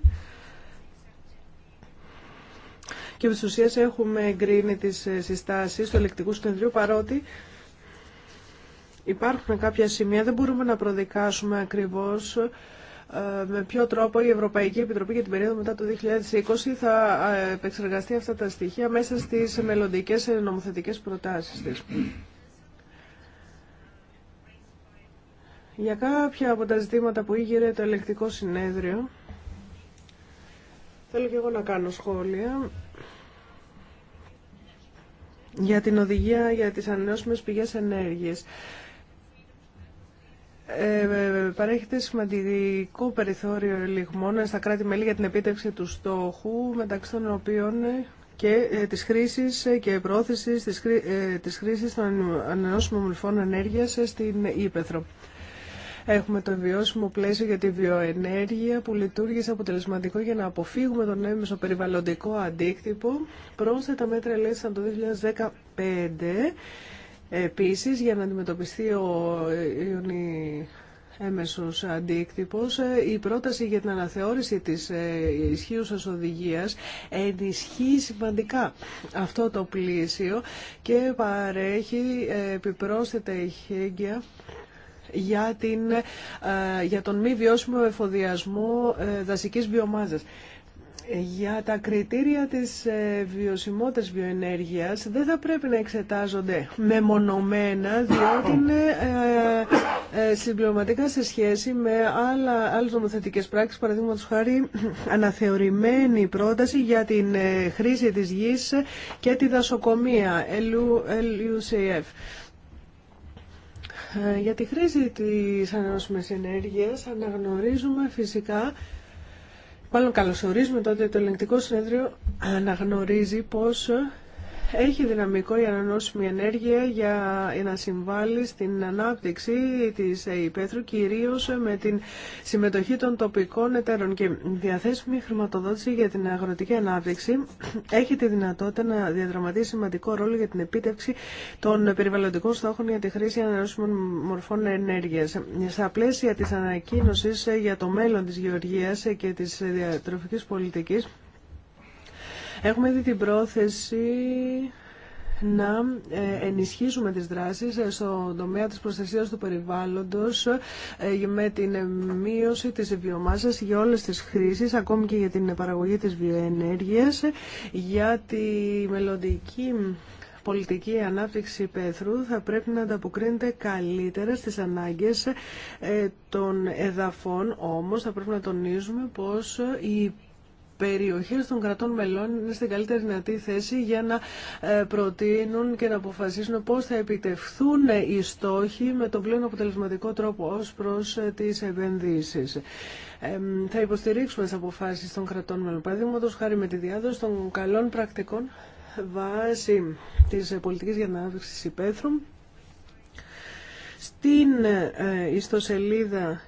Και επί ουσία έχουμε εγκρίνει τι ε, συστάσει του Ελεκτικού Συνεδρίου παρότι υπάρχουν κάποια σημεία, δεν μπορούμε να προδικάσουμε ακριβώ. Ε, με ποιο τρόπο η Ευρωπαϊκή Επιτροπή για την περίοδο μετά το 2020 θα ε, επεξεργαστεί αυτά τα στοιχεία μέσα στις μελλοντικέ ε, νομοθετικές προτάσεις της. Για κάποια από τα ζητήματα που ήγηρε το ελεκτικό συνέδριο, θέλω και εγώ να κάνω σχόλια για την οδηγία για τις ανανεώσιμες πηγές ενέργειας. Ε, παρέχεται σημαντικό περιθώριο ελιγμών στα κράτη-μέλη για την επίτευξη του στόχου, μεταξύ των οποίων και ε, της χρήσης και πρόθεσης της, ε, της χρήσης των ανανεώσιμων μορφών ενέργειας στην Ήπεθρο. Έχουμε το βιώσιμο πλαίσιο για τη βιοενέργεια που λειτουργήσε αποτελεσματικό για να αποφύγουμε τον έμεσο περιβαλλοντικό αντίκτυπο. Πρόσθετα μέτρα ελέγχθησαν το 2015 Επίσης, για να αντιμετωπιστεί ο Ιωνί ε, έμεσος ε, η πρόταση για την αναθεώρηση της ε, ισχύουσας οδηγίας ενισχύει σημαντικά αυτό το πλήσιο και παρέχει επιπρόσθετα ηχέγγυα για, την, για τον μη βιώσιμο εφοδιασμό δασικής βιομάζας για τα κριτήρια της ε, βιωσιμότητας βιοενέργειας δεν θα πρέπει να εξετάζονται μεμονωμένα διότι είναι ε, ε, συμπληρωματικά σε σχέση με άλλα, άλλες νομοθετικές πράξεις παραδείγματος χάρη αναθεωρημένη πρόταση για την χρήση της γης και τη δασοκομεία LUCF. Για τη χρήση της ανανεώσιμης ενέργειας αναγνωρίζουμε φυσικά Μάλλον καλωσορίζουμε τότε το ελεγκτικό συνέδριο αναγνωρίζει πως έχει δυναμικό η ανανόσιμη ενέργεια για να συμβάλλει στην ανάπτυξη της υπαίθρου κυρίως με την συμμετοχή των τοπικών εταίρων και διαθέσιμη χρηματοδότηση για την αγροτική ανάπτυξη έχει τη δυνατότητα να διαδραματίσει σημαντικό ρόλο για την επίτευξη των περιβαλλοντικών στόχων για τη χρήση ανανόσιμων μορφών ενέργειας. Στα πλαίσια της ανακοίνωσης για το μέλλον της γεωργίας και της διατροφικής πολιτικής Έχουμε δει την πρόθεση να ε, ενισχύσουμε τις δράσεις ε, στον τομέα της προστασίας του περιβάλλοντος ε, με την μείωση της βιομάσας για όλες τις χρήσεις, ακόμη και για την παραγωγή της βιοενέργειας, για τη μελλοντική πολιτική ανάπτυξη πέθρου θα πρέπει να ανταποκρίνεται καλύτερα στις ανάγκες των εδαφών, όμως θα πρέπει να τονίζουμε πως η περιοχές των κρατών μελών είναι στην καλύτερη δυνατή θέση για να ε, προτείνουν και να αποφασίσουν πώς θα επιτευχθούν οι στόχοι με τον πλέον αποτελεσματικό τρόπο ως προς ε, τις επενδύσεις. θα υποστηρίξουμε τις αποφάσεις των κρατών μελών. Παραδείγματος χάρη με τη διάδοση των καλών πρακτικών βάση της ε, πολιτικής για την ανάπτυξη υπαίθρου στην ιστοσελίδα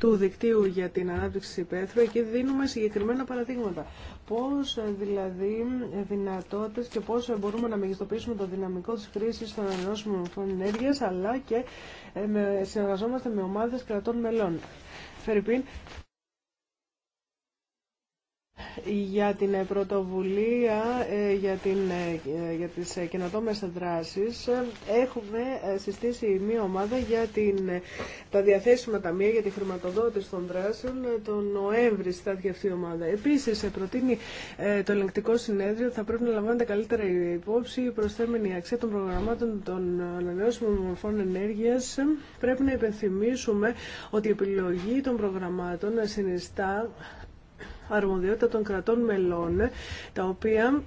του δικτύου για την ανάπτυξη υπαίθρου. Εκεί δίνουμε συγκεκριμένα παραδείγματα. Πώς ε, δηλαδή ε, δυνατότητες και πώς ε, μπορούμε να μεγιστοποιήσουμε το δυναμικό της χρήσης των ανανεώσιμων ενέργειας, αλλά και συνεργαζόμαστε με ομάδες κρατών μελών για την πρωτοβουλία ε, για, την, ε, για τις ε, καινοτόμες δράσεις έχουμε συστήσει μία ομάδα για την, τα διαθέσιμα ταμεία για τη χρηματοδότηση των δράσεων τον Νοέμβρη στάθηκε αυτή η ομάδα. Επίσης προτείνει το ελεγκτικό συνέδριο θα πρέπει να λαμβάνεται καλύτερα υπόψη η προσθέμενη αξία των προγραμμάτων των ανανεώσιμων μορφών ενέργειας. Πρέπει να υπενθυμίσουμε ότι η επιλογή των προγραμμάτων συνιστά αρμοδιότητα των κρατών μελών, τα οποία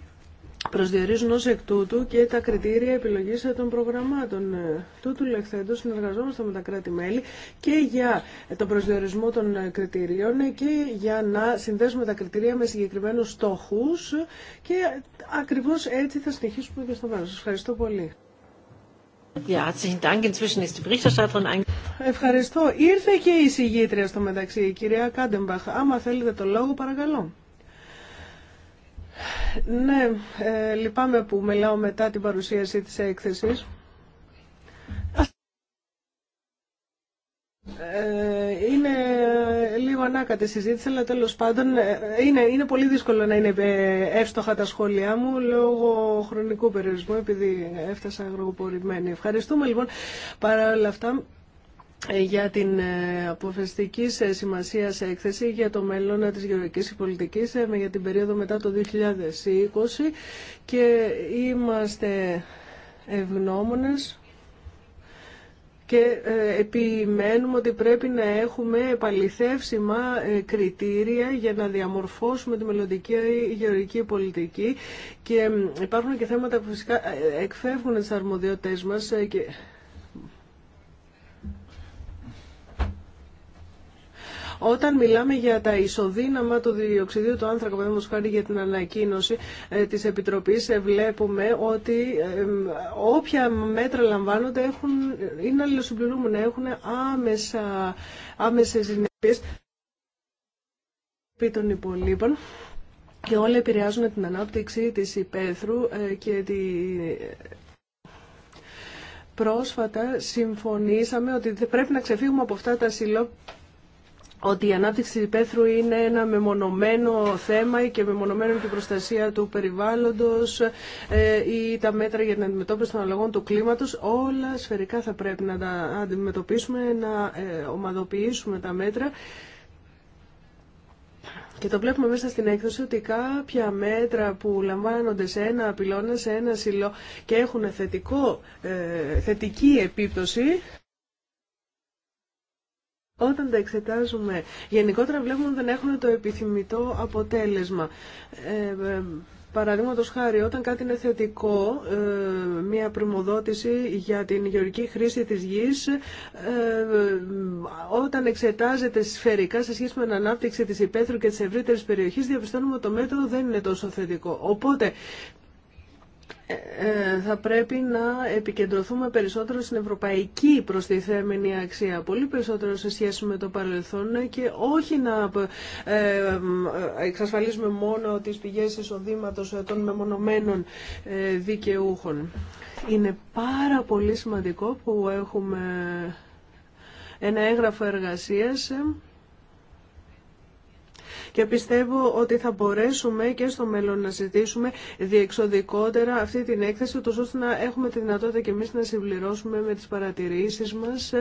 προσδιορίζουν ως εκ τούτου και τα κριτήρια επιλογής των προγραμμάτων. Τούτου λεχθέντος συνεργαζόμαστε με τα κράτη-μέλη και για τον προσδιορισμό των κριτηρίων και για να συνδέσουμε τα κριτήρια με συγκεκριμένους στόχους και ακριβώς έτσι θα συνεχίσουμε και στο μέλλον. Σας ευχαριστώ πολύ. Ευχαριστώ. Ήρθε και η συγγήτρια στο μεταξύ, η κυρία Κάντεμπαχ. Άμα θέλετε το λόγο, παρακαλώ. Ναι, ε, λυπάμαι που μιλάω μετά την παρουσίαση της έκθεσης. Ε, είναι ανάκατη συζήτηση, αλλά τέλος πάντων ε, είναι, είναι πολύ δύσκολο να είναι ε, εύστοχα τα σχόλιά μου λόγω χρονικού περιορισμού, επειδή έφτασα αγροπορημένη. Ευχαριστούμε λοιπόν παρά όλα αυτά ε, για την αποφασιστική σημασία σε έκθεση για το μέλλον της γεωργικής πολιτικής για την περίοδο μετά το 2020 και είμαστε ευγνώμονες και ε, επιμένουμε ότι πρέπει να έχουμε επαληθεύσιμα ε, κριτήρια για να διαμορφώσουμε τη μελλοντική γεωργική πολιτική και ε, υπάρχουν και θέματα που φυσικά εκφεύγουν τις αρμοδιότητες μας Όταν μιλάμε για τα ισοδύναμα του διοξιδίου του άνθρακα, παραδείγματο χάρη για την ανακοίνωση ε, τη Επιτροπή, ε, βλέπουμε ότι ε, όποια μέτρα λαμβάνονται έχουν, είναι αλληλοσυμπληρούμενα, έχουν άμεσα, άμεσες επί των υπολείπων και όλα επηρεάζουν την ανάπτυξη της υπαίθρου και τη... Πρόσφατα συμφωνήσαμε ότι πρέπει να ξεφύγουμε από αυτά τα ότι η ανάπτυξη της υπαίθρου είναι ένα μεμονωμένο θέμα και μεμονωμένο και η προστασία του περιβάλλοντος ε, ή τα μέτρα για την αντιμετώπιση των αλλαγών του κλίματος. Όλα σφαιρικά θα πρέπει να τα αντιμετωπίσουμε, να ε, ομαδοποιήσουμε τα μέτρα. Και το βλέπουμε μέσα στην έκδοση ότι κάποια μέτρα που λαμβάνονται σε ένα πυλώνα, σε ένα σιλό και έχουν θετικό, ε, θετική επίπτωση όταν τα εξετάζουμε, γενικότερα βλέπουμε ότι δεν έχουν το επιθυμητό αποτέλεσμα. Ε, Παραδείγματο χάρη, όταν κάτι είναι θετικό, ε, μια προμοδότηση για την γεωργική χρήση της γης, ε, όταν εξετάζεται σφαιρικά σε σχέση με την ανάπτυξη της υπαίθρου και της ευρύτερης περιοχής, διαπιστώνουμε ότι το μέτρο δεν είναι τόσο θετικό. Οπότε, ε, ε, θα πρέπει να επικεντρωθούμε περισσότερο στην ευρωπαϊκή προστιθέμενη αξία, πολύ περισσότερο σε σχέση με το παρελθόν και όχι να ε, εξασφαλίσουμε μόνο τις πηγές εισοδήματος των μεμονωμένων δικαιούχων. Είναι πάρα πολύ σημαντικό που έχουμε ένα έγγραφο εργασίας και πιστεύω ότι θα μπορέσουμε και στο μέλλον να ζητήσουμε διεξοδικότερα αυτή την έκθεση, ώστε να έχουμε τη δυνατότητα και εμείς να συμπληρώσουμε με τις παρατηρήσεις μας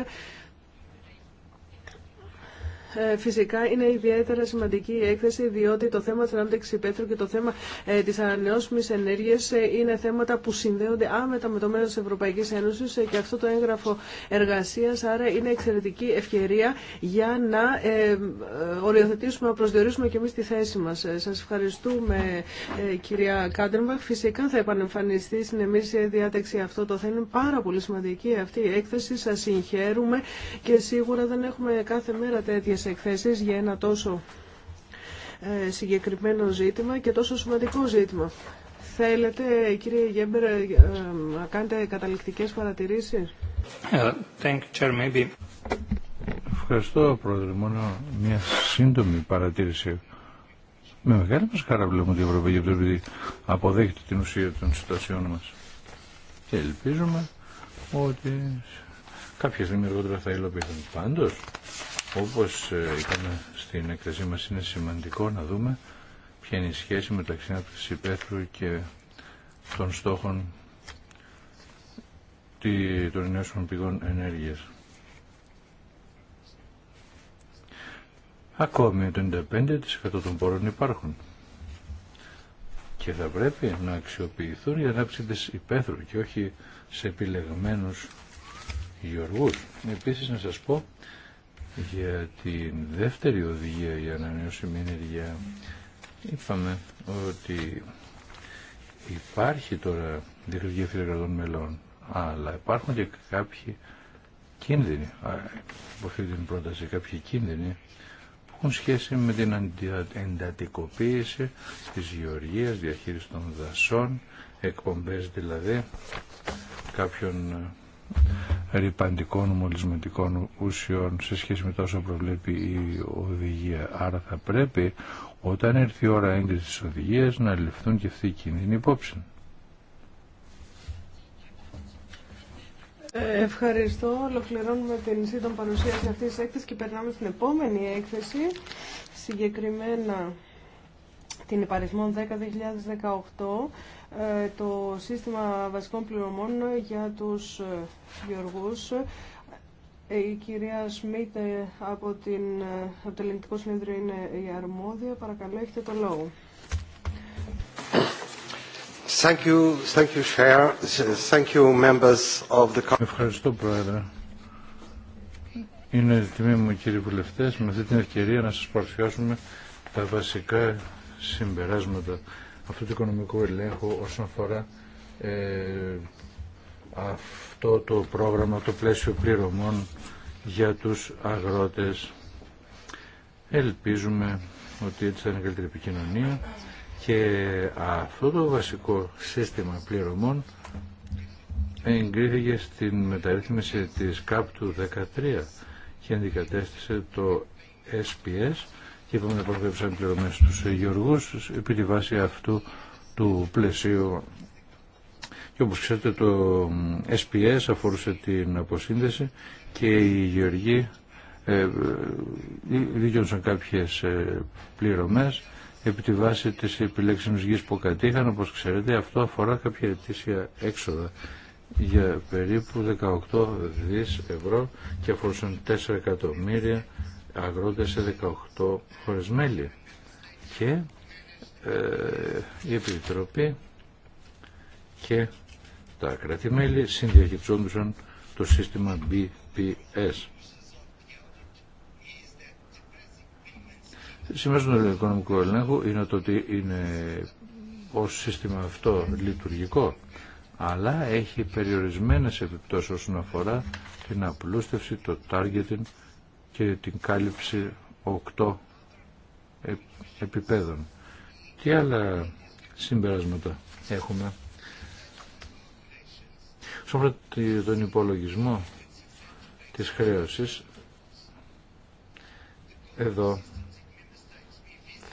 ε, φυσικά είναι ιδιαίτερα σημαντική η έκθεση διότι το θέμα της ανάπτυξης και το θέμα ε, της ενέργεια ενέργειας ε, είναι θέματα που συνδέονται άμετα με το μέλλον της Ευρωπαϊκής Ένωσης ε, και αυτό το έγγραφο εργασίας άρα είναι εξαιρετική ευκαιρία για να οριοθετήσουμε, να προσδιορίσουμε και εμείς τη θέση μας. Σας ευχαριστούμε κυρία Κάντεμπαχ. Φυσικά θα επανεμφανιστεί στην εμείς διάταξη αυτό το θέμα. Είναι πάρα πολύ σημαντική αυτή η έκθεση. Σας συγχαίρουμε και σίγουρα δεν έχουμε κάθε μέρα τέτοια τέτοιες εκθέσεις για ένα τόσο ε, συγκεκριμένο ζήτημα και τόσο σημαντικό ζήτημα. Θέλετε, κύριε Γέμπερ, ε, να κάνετε καταληκτικές παρατηρήσεις. Ε, Ευχαριστώ, Πρόεδρε. Μόνο μια σύντομη παρατήρηση. Με μεγάλη μας χαρά βλέπουμε ότι η Ευρωπαϊκή Επιτροπή αποδέχεται την ουσία των συστασιών μας. Και ελπίζουμε ότι κάποια στιγμή θα υλοποιηθούν. Πάντως, όπως ε, είπαμε στην εκθεσή μας είναι σημαντικό να δούμε ποια είναι η σχέση μεταξύ της υπαίθρου και των στόχων των νέων πηγών ενέργειας. Ακόμη το 95% των πόρων υπάρχουν και θα πρέπει να αξιοποιηθούν για ανάπτυξη της υπαίθρου και όχι σε επιλεγμένους γεωργούς. Επίσης να σας πω για την δεύτερη οδηγία για ανανεώσιμη ενέργεια είπαμε ότι υπάρχει τώρα διεκλογία φιλεγραδών μελών αλλά υπάρχουν και κάποιοι κίνδυνοι από αυτή την πρόταση κάποιοι κίνδυνοι που έχουν σχέση με την εντατικοποίηση της γεωργίας, διαχείριση των δασών εκπομπές δηλαδή κάποιων ρηπαντικών μολυσματικών ουσιών σε σχέση με τόσο προβλέπει η οδηγία. Άρα θα πρέπει όταν έρθει η ώρα έγκρισης της οδηγίας να ληφθούν και αυτοί οι υπόψη. Ε, ευχαριστώ. Ολοκληρώνουμε την σύντομη παρουσίαση αυτής της έκθεσης και περνάμε στην επόμενη έκθεση. Συγκεκριμένα την υπαρισμό 10 ε, το σύστημα βασικών πληρωμών για τους ε, γεωργούς. Ε, η κυρία Σμίτ από, την, από το Ελληνικό Συνέδριο είναι η αρμόδια. Παρακαλώ, έχετε το λόγο. of Ευχαριστώ, Πρόεδρε. Είναι τιμή μου, κύριοι βουλευτές, με αυτή την ευκαιρία να σας παρουσιάσουμε τα βασικά συμπεράσματα αυτό του οικονομικό ελέγχου όσον αφορά ε, αυτό το πρόγραμμα, το πλαίσιο πληρωμών για τους αγρότες. Ελπίζουμε ότι έτσι θα είναι καλύτερη επικοινωνία και αυτό το βασικό σύστημα πληρωμών εγκρίθηκε στην μεταρρύθμιση της ΚΑΠ του 13 και αντικατέστησε το SPS και είπαμε να προβλέψουμε πληρωμές στους γεωργούς επί τη βάση αυτού του πλαισίου. Και όπως ξέρετε το SPS αφορούσε την αποσύνδεση και οι γεωργοί ε, ε δίκαιωσαν κάποιες ε, πληρωμές επί τη βάση της επιλέξιμης γης που κατήχαν. Όπως ξέρετε αυτό αφορά κάποια αιτήσια έξοδα για περίπου 18 δις ευρώ και αφορούσαν 4 εκατομμύρια αγρότες σε 18 χώρες μέλη και ε, η Επιτροπή και τα κράτη-μέλη συνδιαχειριζόντουσαν το σύστημα BPS. Σημασία του οικονομικού ελέγχου είναι το ότι είναι ως σύστημα αυτό λειτουργικό, αλλά έχει περιορισμένες επιπτώσεις όσον αφορά την απλούστευση, το targeting και την κάλυψη 8 επιπέδων. Τι άλλα συμπεράσματα έχουμε. Στον τον υπολογισμό της χρέωσης, εδώ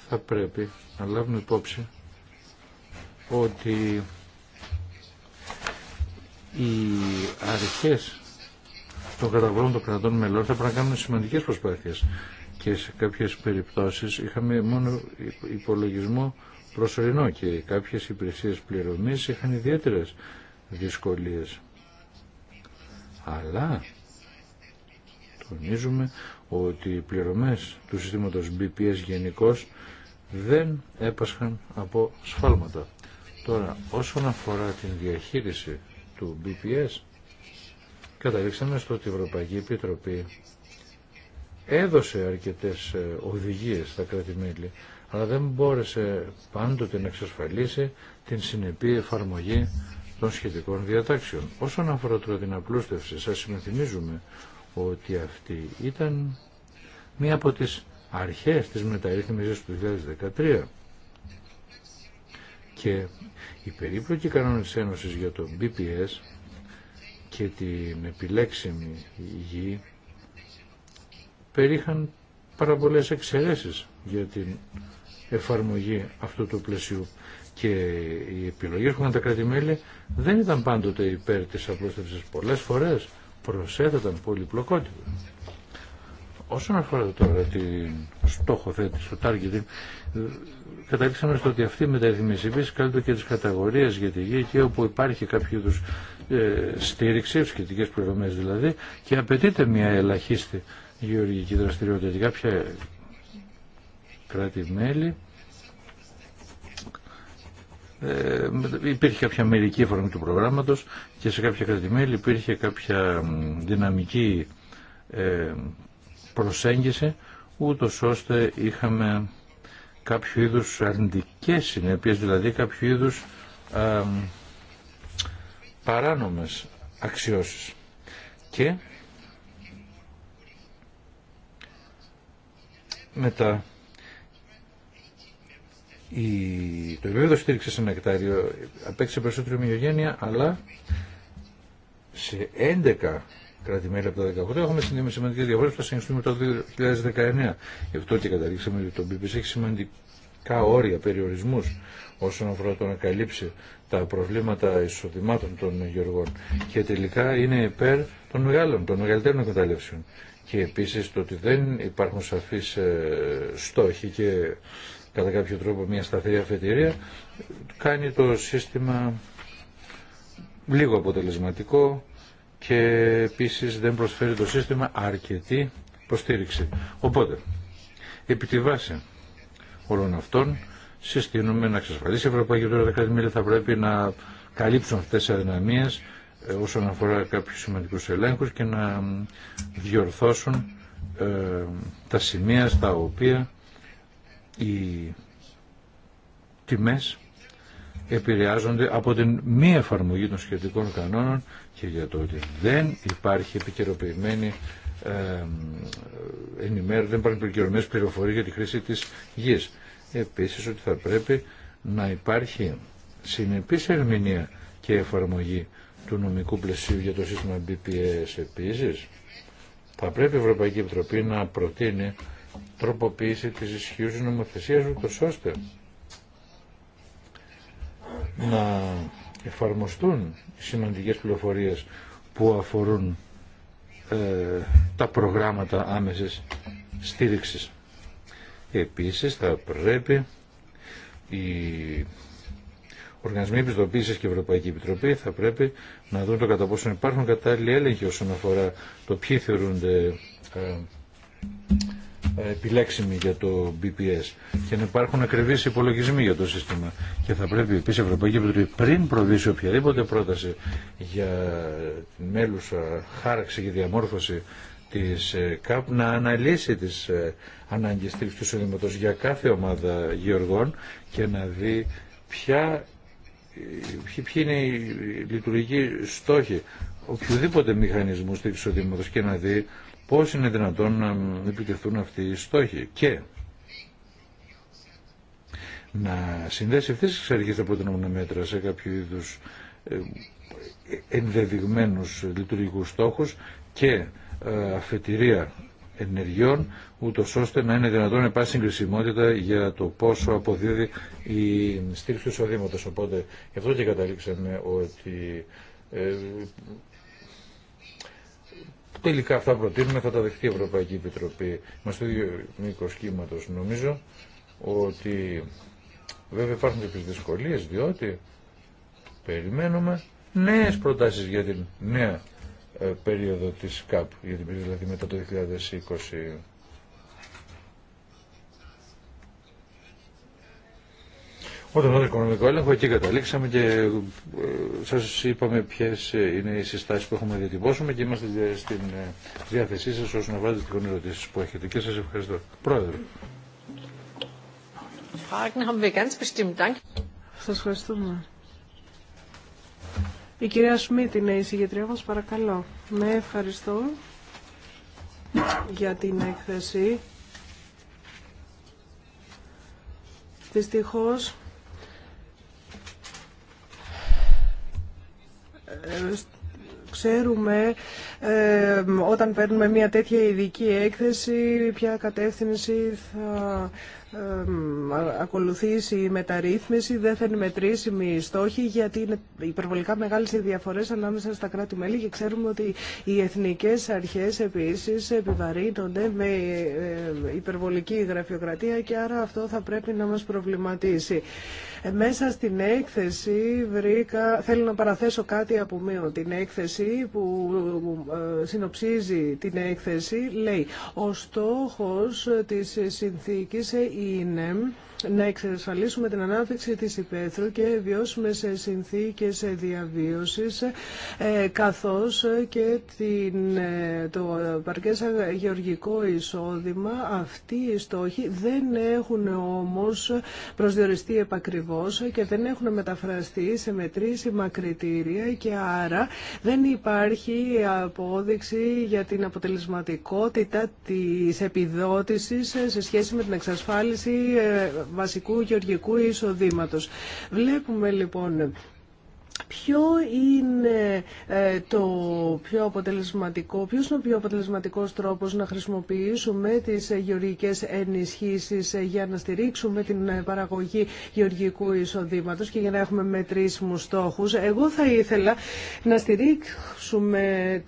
θα πρέπει να λάβουμε υπόψη ότι οι αρχές των καταβολών των κρατών μελών θα πρέπει να κάνουν σημαντικές προσπάθειες και σε κάποιες περιπτώσεις είχαμε μόνο υπολογισμό προσωρινό και κάποιες υπηρεσίες πληρωμής είχαν ιδιαίτερες δυσκολίες. Αλλά τονίζουμε ότι οι πληρωμές του συστήματος BPS γενικώ δεν έπασχαν από σφάλματα. Τώρα, όσον αφορά την διαχείριση του BPS, καταλήξαμε στο ότι η Ευρωπαϊκή Επιτροπή έδωσε αρκετές ε, οδηγίες στα κράτη-μέλη, αλλά δεν μπόρεσε πάντοτε να εξασφαλίσει την συνεπή εφαρμογή των σχετικών διατάξεων. Όσον αφορά τώρα την απλούστευση, σας συμμεθυμίζουμε ότι αυτή ήταν μία από τις αρχές της μεταρρύθμισης του 2013 και η περίπλοκη κανόνες της Ένωσης για το BPS και την επιλέξιμη γη περίχαν πάρα πολλές εξαιρέσεις για την εφαρμογή αυτού του πλαισίου και οι επιλογές που είχαν τα κρατημέλη δεν ήταν πάντοτε υπέρ της απλούστευσης. Πολλές φορές προσέθεταν πολυπλοκότητα. Όσον αφορά τώρα την στόχοθέτηση, το targeting, καταλήξαμε στο ότι αυτή η μεταρρυθμίση επίσης και τις κατηγορίες για τη γη και όπου υπάρχει κάποιο είδους ε, στήριξη, σχετικέ πληρωμέ δηλαδή, και απαιτείται μια ελαχίστη γεωργική δραστηριότητα. Για κάποια κράτη-μέλη ε, υπήρχε κάποια μερική εφαρμογή του προγράμματος και σε κάποια μέλη υπήρχε κάποια δυναμική ε, προσέγγιση ούτω ώστε είχαμε κάποιο είδους αρνητικές συνέπειες, δηλαδή κάποιο είδους ε, παράνομες αξιώσεις και μετά η, το επίπεδο στήριξη σε ένα εκτάριο απέκτησε περισσότερη ομοιογένεια αλλά σε 11 κρατη από τα 18 έχουμε συνδέει σημαντική διαφορά που θα μετά το 2019. Γι' αυτό και καταλήξαμε ότι το BPC έχει σημαντικά όρια, περιορισμούς όσον αφορά το να καλύψει τα προβλήματα εισοδημάτων των γεωργών και τελικά είναι υπέρ των μεγάλων, των μεγαλύτερων εκμεταλλεύσεων. Και επίσης το ότι δεν υπάρχουν σαφείς ε, στόχοι και κατά κάποιο τρόπο μια σταθερή αφετηρία κάνει το σύστημα λίγο αποτελεσματικό και επίσης δεν προσφέρει το σύστημα αρκετή προστήριξη. Οπότε, επί τη βάση όλων αυτών συστήνουμε να εξασφαλίσει η Ευρωπαϊκή Επιτροπή τα θα πρέπει να καλύψουν αυτέ τι αδυναμίες ε, όσον αφορά κάποιου σημαντικούς ελέγχους και να διορθώσουν ε, τα σημεία στα οποία οι τιμές επηρεάζονται από την μη εφαρμογή των σχετικών κανόνων και για το ότι δεν υπάρχει επικαιροποιημένη ε, ενημέρωση, δεν υπάρχουν επικαιροποιημένες πληροφορίες για τη χρήση της γης επίσης ότι θα πρέπει να υπάρχει συνεπής ερμηνεία και εφαρμογή του νομικού πλαισίου για το σύστημα BPS επίσης. Θα πρέπει η Ευρωπαϊκή Επιτροπή να προτείνει τροποποίηση της ισχύου νομοθεσίας ούτως ώστε να εφαρμοστούν σημαντικές πληροφορίες που αφορούν ε, τα προγράμματα άμεσης στήριξης. Επίσης θα πρέπει οι οργανισμοί επιστοποίησης και η Ευρωπαϊκή Επιτροπή θα πρέπει να δουν το κατά πόσο υπάρχουν κατάλληλοι έλεγχοι όσον αφορά το ποιοι θεωρούνται ε, ε, επιλέξιμοι για το BPS και να υπάρχουν ακριβείς υπολογισμοί για το σύστημα. Και θα πρέπει επίσης η Ευρωπαϊκή Επιτροπή πριν προβήσει οποιαδήποτε πρόταση για την μέλουσα χάραξη και διαμόρφωση της ε, ΚΑΠ να αναλύσει τις ε, ανάγκες του εισοδήματος για κάθε ομάδα γεωργών και να δει ποια, ε, ποιοι είναι οι λειτουργικοί στόχοι οποιοδήποτε μηχανισμού του εισοδήματος και να δει πώς είναι δυνατόν να επιτεθούν αυτοί οι στόχοι και να συνδέσει αυτές τις εξαρχές από την μέτρα σε κάποιο είδους ενδεδειγμένους λειτουργικούς στόχους και αφετηρία ενεργειών, ούτω ώστε να είναι δυνατόν να υπάρχει συγκρισιμότητα για το πόσο αποδίδει η στήριξη του εισοδήματο. Οπότε γι' αυτό και καταλήξαμε ότι ε, τελικά αυτά προτείνουμε θα τα δεχτεί η Ευρωπαϊκή Επιτροπή. Είμαστε το ίδιο μήκο κύματο νομίζω ότι βέβαια υπάρχουν και δυσκολίε διότι περιμένουμε νέε προτάσει για την νέα ε, περίοδο της ΚΑΠ, για την περίοδο δηλαδή μετά το 2020. Όταν το οικονομικό έλεγχο εκεί καταλήξαμε και ε, σας είπαμε ποιες είναι οι συστάσεις που έχουμε διατυπώσει και είμαστε στην ε, διάθεσή σας να βάλετε τις ερωτήσει που έχετε και σας ευχαριστώ. Πρόεδρε. Fragen ευχαριστούμε. Η κυρία Σμίτ είναι η συγγετρία μας, παρακαλώ. Με ναι, ευχαριστώ για την έκθεση. Δυστυχώς, ξέρουμε ε, όταν παίρνουμε μια τέτοια ειδική έκθεση ποια κατεύθυνση θα ακολουθήσει η μεταρρύθμιση, δεν θα είναι μετρήσιμη η στόχη, γιατί είναι υπερβολικά μεγάλες οι διαφορές ανάμεσα στα κράτη-μέλη και ξέρουμε ότι οι εθνικές αρχές επίσης επιβαρύνονται με ε, ε, υπερβολική γραφειοκρατία και άρα αυτό θα πρέπει να μας προβληματίσει. Μέσα στην έκθεση βρήκα, θέλω να παραθέσω κάτι από μία Την έκθεση που ε, συνοψίζει την έκθεση λέει «Ο στόχος της συνθήκης είναι να εξασφαλίσουμε την ανάπτυξη της υπαίθρου και βιώσουμε σε συνθήκες διαβίωσης ε, καθώς και την, ε, το παρκές γεωργικό εισόδημα. Αυτοί οι στόχοι δεν έχουν όμως προσδιοριστεί επακριβώς και δεν έχουν μεταφραστεί σε μετρήσιμα κριτήρια και άρα δεν υπάρχει απόδειξη για την αποτελεσματικότητα της επιδότησης σε σχέση με την εξασφάλιση ε, βασικού γεωργικού εισοδήματος. Βλέπουμε λοιπόν Ποιο είναι ε, το πιο αποτελεσματικό, ποιος είναι ο πιο αποτελεσματικός τρόπος να χρησιμοποιήσουμε τις γεωργικές ενισχύσεις για να στηρίξουμε την παραγωγή γεωργικού εισοδήματος και για να έχουμε μετρήσιμους στόχους. Εγώ θα ήθελα να στηρίξουμε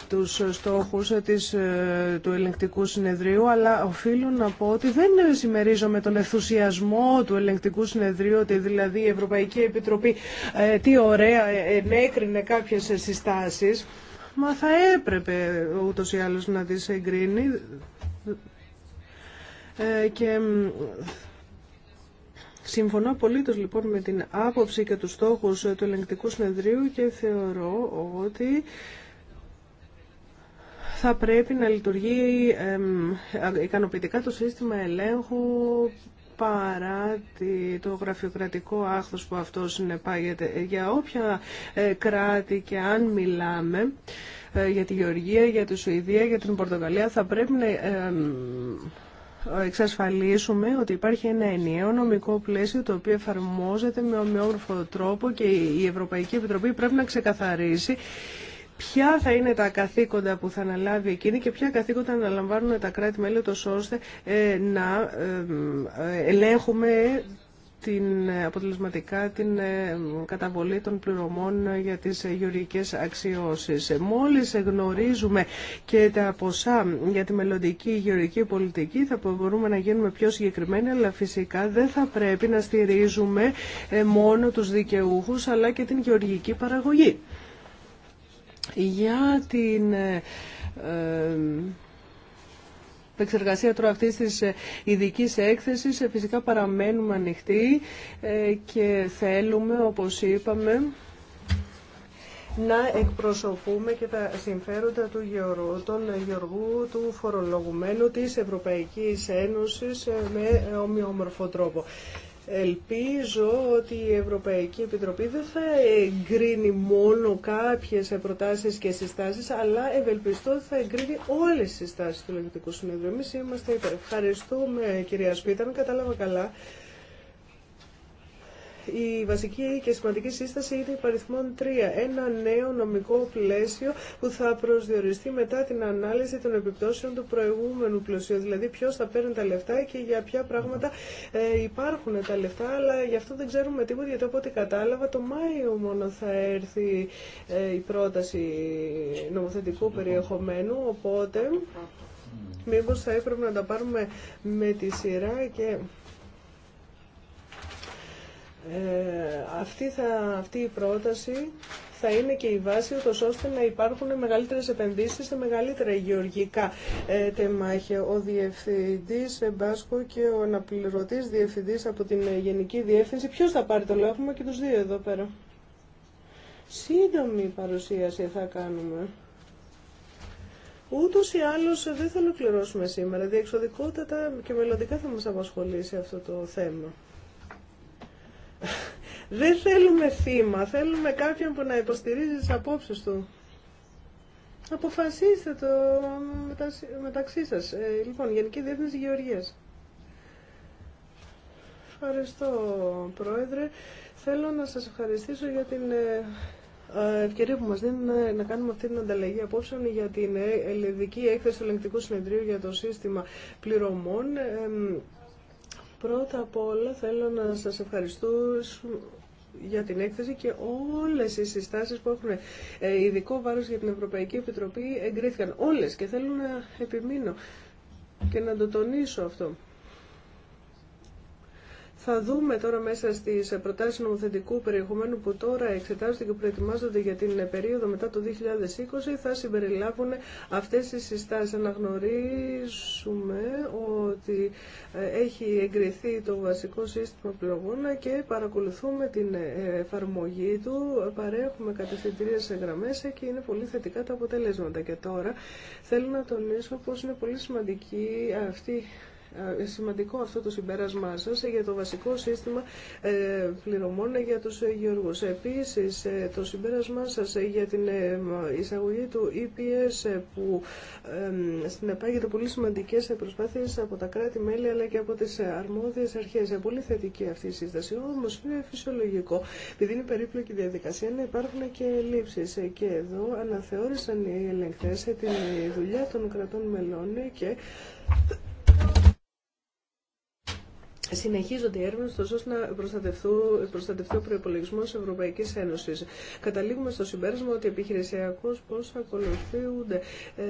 τους στόχους της, ε, του ελεγκτικού συνεδρίου, αλλά οφείλω να πω ότι δεν συμμερίζομαι τον ενθουσιασμό του ελεγκτικού συνεδρίου, ότι δηλαδή η Ευρωπαϊκή Επιτροπή, ε, τι ωραία ενέκρινε κάποιες συστάσεις, μα θα έπρεπε ούτως ή άλλως να τις εγκρίνει ε, και Συμφωνώ απολύτως λοιπόν με την άποψη και τους στόχους του ελεγκτικού συνεδρίου και θεωρώ ότι θα πρέπει να λειτουργεί ικανοποιητικά το σύστημα ελέγχου παρά το γραφειοκρατικό άχθος που αυτό συνεπάγεται. Για όποια ε, κράτη και αν μιλάμε, ε, για τη Γεωργία, για τη Σουηδία, για την Πορτογαλία, θα πρέπει να εξασφαλίσουμε ότι υπάρχει ένα ενιαίο νομικό πλαίσιο το οποίο εφαρμόζεται με ομοιόμορφο τρόπο και η Ευρωπαϊκή Επιτροπή πρέπει να ξεκαθαρίσει ποια θα είναι τα καθήκοντα που θα αναλάβει εκείνη και ποια καθήκοντα αναλαμβάνουν τα κράτη-μέλη, ώστε ε, να ε, ελέγχουμε την, αποτελεσματικά την ε, καταβολή των πληρωμών για τις γεωργικές αξιώσεις. Μόλις γνωρίζουμε και τα ποσά για τη μελλοντική γεωργική πολιτική θα μπορούμε να γίνουμε πιο συγκεκριμένοι αλλά φυσικά δεν θα πρέπει να στηρίζουμε μόνο τους δικαιούχους αλλά και την γεωργική παραγωγή για την ε, ε, εξεργασία τώρα αυτής της ε, ειδική έκθεσης φυσικά παραμένουμε ανοιχτοί και θέλουμε όπως είπαμε να εκπροσωπούμε και τα συμφέροντα του γεωργού, γεωργού του φορολογουμένου της Ευρωπαϊκής Ένωσης με ομοιόμορφο τρόπο. Ελπίζω ότι η Ευρωπαϊκή Επιτροπή δεν θα εγκρίνει μόνο κάποιες προτάσεις και συστάσεις, αλλά ευελπιστώ ότι θα εγκρίνει όλες τις συστάσεις του ελληνικού Συνέδριου. Εμείς είμαστε υπερ. Ευχαριστούμε κυρία αν κατάλαβα καλά η βασική και σημαντική σύσταση είναι υπαριθμόν 3. Ένα νέο νομικό πλαίσιο που θα προσδιοριστεί μετά την ανάλυση των επιπτώσεων του προηγούμενου πλαισίου. Δηλαδή ποιο θα παίρνει τα λεφτά και για ποια πράγματα ε, υπάρχουν τα λεφτά, αλλά γι' αυτό δεν ξέρουμε τίποτα γιατί από ό,τι κατάλαβα το Μάιο μόνο θα έρθει ε, η πρόταση νομοθετικού περιεχομένου, οπότε μήπως θα έπρεπε να τα πάρουμε με τη σειρά και ε, αυτή, θα, αυτή η πρόταση θα είναι και η βάση ούτως ώστε να υπάρχουν μεγαλύτερες επενδύσεις σε μεγαλύτερα γεωργικά ε, τεμάχια. Ο Διευθυντής Μπάσκο και ο αναπληρωτής Διευθυντής από την Γενική Διεύθυνση. Ποιος θα πάρει το λόγο έχουμε και τους δύο εδώ πέρα. Σύντομη παρουσίαση θα κάνουμε. Ούτως ή άλλως ε, δεν θα ολοκληρώσουμε σήμερα. Διεξοδικότατα και μελλοντικά θα μας απασχολήσει αυτό το θέμα. Δεν θέλουμε θύμα, θέλουμε κάποιον που να υποστηρίζει τις απόψεις του. Αποφασίστε το μεταξύ σας. Ε, λοιπόν, Γενική Διεύθυνση Γεωργίας. Ευχαριστώ, Πρόεδρε. Θέλω να σας ευχαριστήσω για την ε, ε, ευκαιρία που μας δίνει να, κάνουμε αυτή την ανταλλαγή απόψεων για την ελληνική έκθεση του ελεγκτικού συνεδρίου για το σύστημα πληρωμών. Πρώτα απ' όλα θέλω να σας ευχαριστήσω για την έκθεση και όλες οι συστάσεις που έχουν ε, ειδικό βάρος για την Ευρωπαϊκή Επιτροπή εγκρίθηκαν όλες και θέλω να επιμείνω και να το τονίσω αυτό. Θα δούμε τώρα μέσα στις προτάσεις νομοθετικού περιεχομένου που τώρα εξετάζονται και προετοιμάζονται για την περίοδο μετά το 2020 θα συμπεριλάβουν αυτές οι συστάσεις. Αναγνωρίζουμε ότι ε, έχει εγκριθεί το βασικό σύστημα πλογών και παρακολουθούμε την ε, εφαρμογή του, παρέχουμε σε γραμμέ και είναι πολύ θετικά τα αποτελέσματα. Και τώρα θέλω να τονίσω πώ είναι πολύ σημαντική αυτή ε, σημαντικό αυτό το συμπέρασμά σας για το βασικό σύστημα ε, πληρωμών για τους γεωργού. Επίσης, ε, το συμπέρασμά σας για την εισαγωγή του EPS που συνεπάγεται πολύ σημαντικές προσπάθειες από τα κράτη-μέλη αλλά και από τις αρμόδιες αρχές. Πολύ θετική αυτή η σύσταση, όμως είναι φυσιολογικό. Επειδή είναι περίπλοκη διαδικασία να υπάρχουν και λήψεις. Και εδώ αναθεώρησαν οι ελεγκτές την δουλειά των κρατών μελών και Συνεχίζονται οι έρευνε ώστε να προστατευτεί ο προπολογισμό τη Ευρωπαϊκή Ένωση. Καταλήγουμε στο συμπέρασμα ότι επιχειρησιακώ πώ ακολουθούνται ε,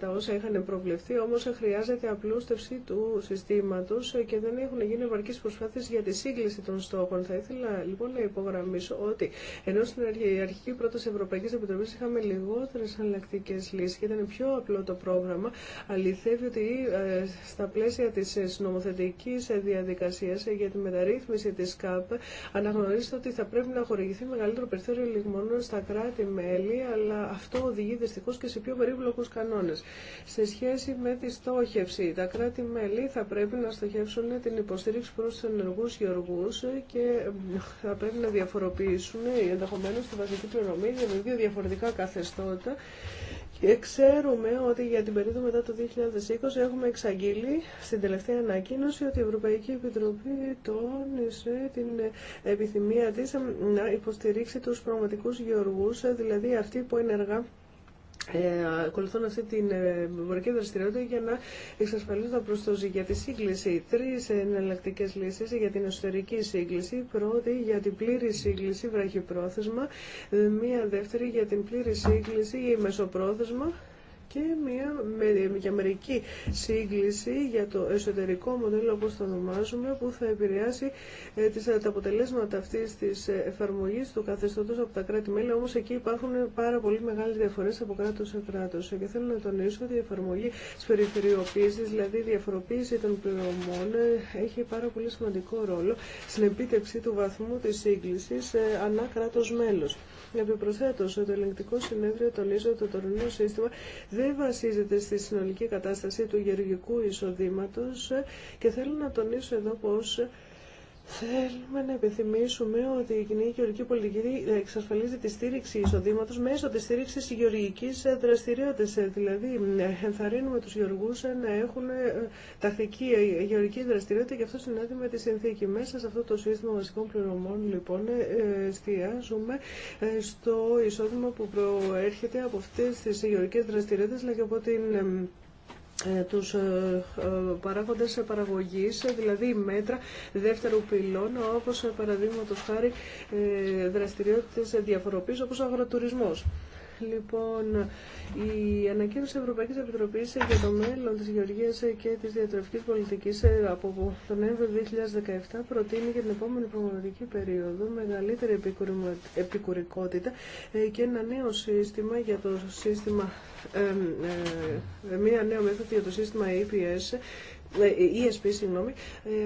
τα όσα είχαν προβλεφθεί, όμω χρειάζεται απλούστευση του συστήματο και δεν έχουν γίνει επαρκεί προσπάθειε για τη σύγκληση των στόχων. Θα ήθελα λοιπόν να υπογραμμίσω ότι ενώ στην αρχική πρόταση Ευρωπαϊκή Επιτροπή είχαμε λιγότερε εναλλακτικέ λύσει και ήταν πιο απλό το πρόγραμμα, αληθεύει ότι ε, στα πλαίσια τη ε, συνομοθετική ε, διαδικασία για τη μεταρρύθμιση της ΚΑΠ αναγνωρίζεται ότι θα πρέπει να χορηγηθεί μεγαλύτερο περιθώριο λιγμονών στα κράτη-μέλη, αλλά αυτό οδηγεί δυστυχώ και σε πιο περίπλοκους κανόνες. Σε σχέση με τη στόχευση, τα κράτη-μέλη θα πρέπει να στοχεύσουν την υποστήριξη προς τους ενεργούς γεωργούς και θα πρέπει να διαφοροποιήσουν ενδεχομένω τη βασική πληρωμή για δύο διαφορετικά καθεστώτα Ξέρουμε ότι για την περίοδο μετά το 2020 έχουμε εξαγγείλει στην τελευταία ανακοίνωση ότι η Ευρωπαϊκή Επιτροπή τόνισε την επιθυμία της να υποστηρίξει τους πραγματικούς γεωργούς, δηλαδή αυτοί που ενεργά ε, ακολουθούν αυτή την εμπορική δραστηριότητα για να εξασφαλίσουν τα ζήτημα. για τη σύγκληση. Τρει εναλλακτικέ λύσει για την εσωτερική σύγκληση. Πρώτη για την πλήρη σύγκληση βραχυπρόθεσμα. Ε, μία δεύτερη για την πλήρη σύγκληση ή μεσοπρόθεσμα και μια για μερική σύγκληση για το εσωτερικό μοντέλο όπως το ονομάζουμε που θα επηρεάσει ε, τις, τα αποτελέσματα αυτής της ε, εφαρμογής του καθεστώτος από τα κράτη-μέλη όμως εκεί υπάρχουν πάρα πολύ μεγάλες διαφορές από κράτος σε κράτος και θέλω να τονίσω ότι η εφαρμογή της περιφερειοποίησης δηλαδή η διαφοροποίηση των πληρωμών ε, έχει πάρα πολύ σημαντικό ρόλο στην επίτευξη του βαθμού της σύγκλησης ανά κράτος μέλος. Επιπροσθέτω, το ελεγκτικό συνέδριο τονίζει ότι το τωρινό σύστημα δεν βασίζεται στη συνολική κατάσταση του γεωργικού εισοδήματο και θέλω να τονίσω εδώ πω Θέλουμε να επιθυμήσουμε ότι η κοινή γεωργική πολιτική εξασφαλίζει τη στήριξη εισοδήματο μέσω τη στήριξη γεωργική δραστηριότητα. Δηλαδή, ενθαρρύνουμε του γεωργού να έχουν ε, τακτική γεωργική δραστηριότητα και αυτό συνάδει με τη συνθήκη. Μέσα σε αυτό το σύστημα βασικών πληρωμών, λοιπόν, ε, εστιάζουμε ε, στο εισόδημα που προέρχεται από αυτέ τι γεωργικέ δραστηριότητε, και από την ε, τους ε, ε, παράγοντες παραγωγής, δηλαδή μέτρα δεύτερου πυλών όπως παραδείγματος χάρη δραστηριότητες διαφοροποίησης, όπως ο αγροτουρισμός. Λοιπόν, η ανακοίνωση Ευρωπαϊκής Επιτροπής για το μέλλον της γεωργίας και της διατροφικής πολιτικής από τον Νοέμβριο 2017 προτείνει για την επόμενη προγραμματική περίοδο μεγαλύτερη επικουρικότητα ε, και ένα νέο σύστημα για το σύστημα, ε, ε, μία νέα μέθοδο για το σύστημα EPS ε, ε, ESP, συγγνώμη,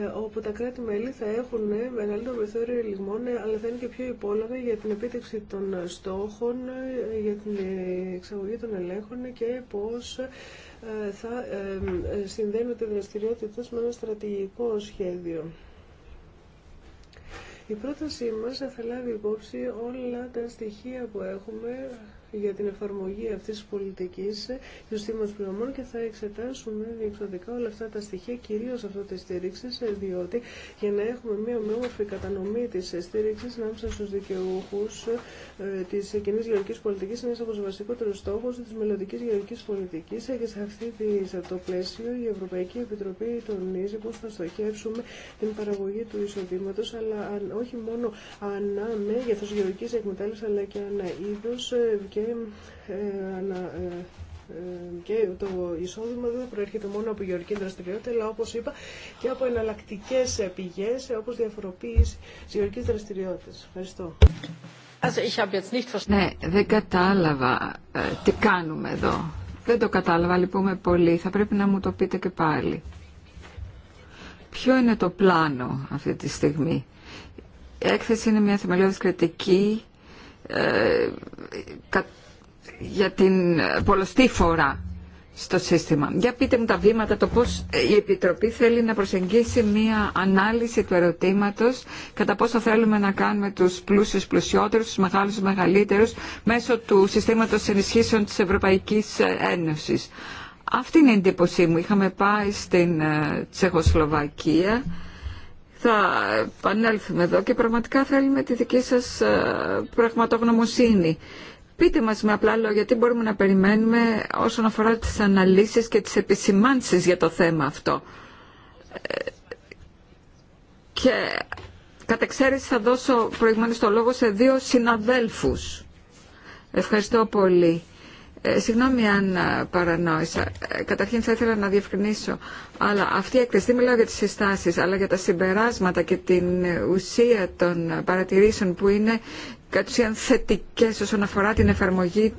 ε, όπου τα κράτη-μέλη θα έχουν μεγαλύτερο περιθώριο ελιγμών, αλλά θα είναι και πιο υπόλογα για την επίτευξη των στόχων, για την εξαγωγή των ελέγχων και πώς θα συνδέονται δραστηριότητε με ένα στρατηγικό σχέδιο. Η πρότασή μας θα λάβει υπόψη όλα τα στοιχεία που έχουμε για την εφαρμογή αυτής της πολιτικής του Στήματος πληρωμών και θα εξετάσουμε διεξοδικά όλα αυτά τα στοιχεία, κυρίως αυτό τη στήριξη, διότι για να έχουμε μια ομοιόμορφη κατανομή τη στήριξη ανάμεσα στους δικαιούχους ε, τη κοινή γεωργικής πολιτική είναι από τους βασικότερους στόχους της μελλοντικής γεωργικής πολιτικής και σε αυτή το πλαίσιο η Ευρωπαϊκή Επιτροπή τονίζει πώς θα στοχεύσουμε την παραγωγή του εισοδήματο, αλλά όχι μόνο ανά μέγεθος γεωργικής εκμετάλλευση, αλλά και ανά είδος ε, ε, ε, ε, και, το εισόδημα δεν προέρχεται μόνο από γεωργική δραστηριότητα, αλλά όπως είπα και από εναλλακτικές πηγές, όπως διαφοροποίηση γεωργικής δραστηριότητας. Ευχαριστώ. Ναι, δεν κατάλαβα τι κάνουμε εδώ. Δεν το κατάλαβα, λυπούμε πολύ. Θα πρέπει να μου το πείτε και πάλι. Ποιο είναι το πλάνο αυτή τη στιγμή. Η έκθεση είναι μια θεμελιώδης κριτική ε, για την πολλωστή φορά στο σύστημα. Για πείτε μου τα βήματα, το πώς η Επιτροπή θέλει να προσεγγίσει μία ανάλυση του ερωτήματος κατά πόσο θέλουμε να κάνουμε τους πλούσιους πλουσιότερους, τους μεγάλους μεγαλύτερους μέσω του συστήματος ενισχύσεων της Ευρωπαϊκής Ένωσης. Αυτή είναι η εντύπωσή μου. Είχαμε πάει στην ε, Τσεχοσλοβακία θα επανέλθουμε εδώ και πραγματικά θέλουμε τη δική σας ε, πραγματογνωμοσύνη. Πείτε μας με απλά λόγια τι μπορούμε να περιμένουμε όσον αφορά τις αναλύσεις και τις επισημάνσεις για το θέμα αυτό. Και κατ' εξαίρεση θα δώσω προηγουμένως το λόγο σε δύο συναδέλφους. Ευχαριστώ πολύ. Ε, συγγνώμη αν ε, παρανόησα. Ε, καταρχήν θα ήθελα να διευκρινίσω. Αλλά αυτή η έκθεση δεν μιλάω για τι συστάσει, αλλά για τα συμπεράσματα και την ουσία των παρατηρήσεων που είναι κατ' ουσίαν θετικέ όσον αφορά την εφαρμογή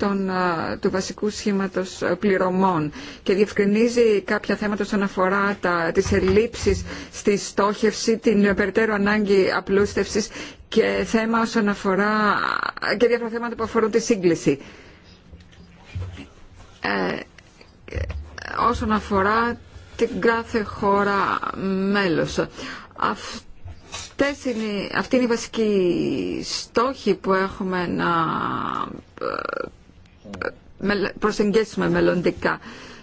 του βασικού σχήματο πληρωμών και διευκρινίζει κάποια θέματα όσον αφορά τι ελλείψει στη στόχευση, την περαιτέρω ανάγκη απλούστευση και και διάφορα θέματα που αφορούν τη σύγκληση. Ε, όσον αφορά την κάθε χώρα μέλος. Αυτές είναι, αυτή είναι η βασική στόχη που έχουμε να ε, προσεγγίσουμε μελλοντικά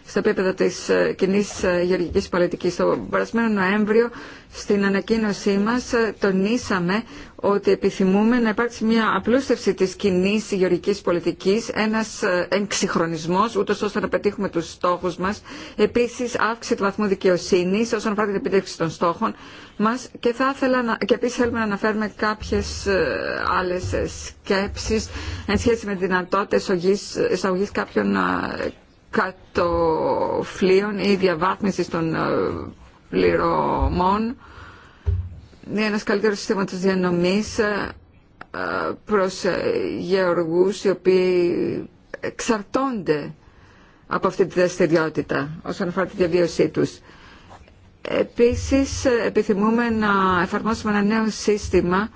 στο επίπεδο τη ε, κοινή ε, γεωργική πολιτική. Το περασμένο Νοέμβριο στην ανακοίνωσή μα, ε, τονίσαμε ότι επιθυμούμε να υπάρξει μια απλούστευση τη κοινή γεωργική πολιτική, ένα εξυγχρονισμό, ούτως ώστε να πετύχουμε του στόχου μα, επίση αύξηση του βαθμού δικαιοσύνη, όσον αφορά την επιτεύξη των στόχων μα και, θα ήθελα και επίση θέλουμε να αναφέρουμε κάποιε άλλε σκέψει εν σχέση με δυνατότητε εισαγωγή κάποιων κατοφλίων ή διαβάθμισης των ε, πληρωμών ένας καλύτερος συστήματος διανομής ε, ε, προς γεωργούς οι οποίοι εξαρτώνται από αυτή τη δραστηριότητα όσον αφορά τη διαβίωσή τους. Επίσης επιθυμούμε να εφαρμόσουμε ένα νέο σύστημα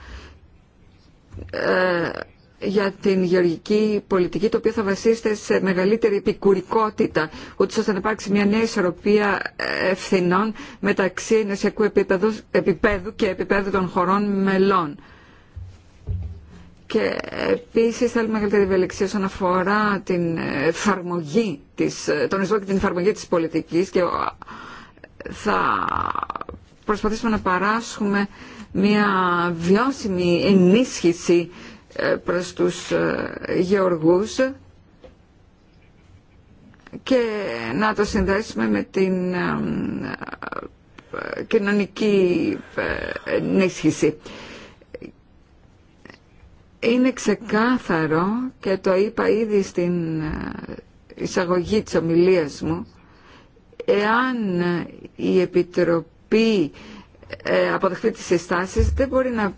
για την γεωργική πολιτική, το οποίο θα βασίζεται σε μεγαλύτερη επικουρικότητα, ούτως ώστε να υπάρξει μια νέα ισορροπία ε, ευθυνών μεταξύ ενωσιακού επίπεδου, και επίπεδου των χωρών μελών. Και επίσης θέλουμε μεγαλύτερη ευελιξία όσον αφορά την εφαρμογή της, τον και την εφαρμογή της πολιτικής και ε, θα προσπαθήσουμε να παράσχουμε μια βιώσιμη ενίσχυση προς τους ε, γεωργούς και να το συνδέσουμε με την ε, ε, κοινωνική ενίσχυση. Είναι ξεκάθαρο και το είπα ήδη στην εισαγωγή της ομιλίας μου εάν η Επιτροπή αποδεχτεί τις συστάσεις δεν μπορεί να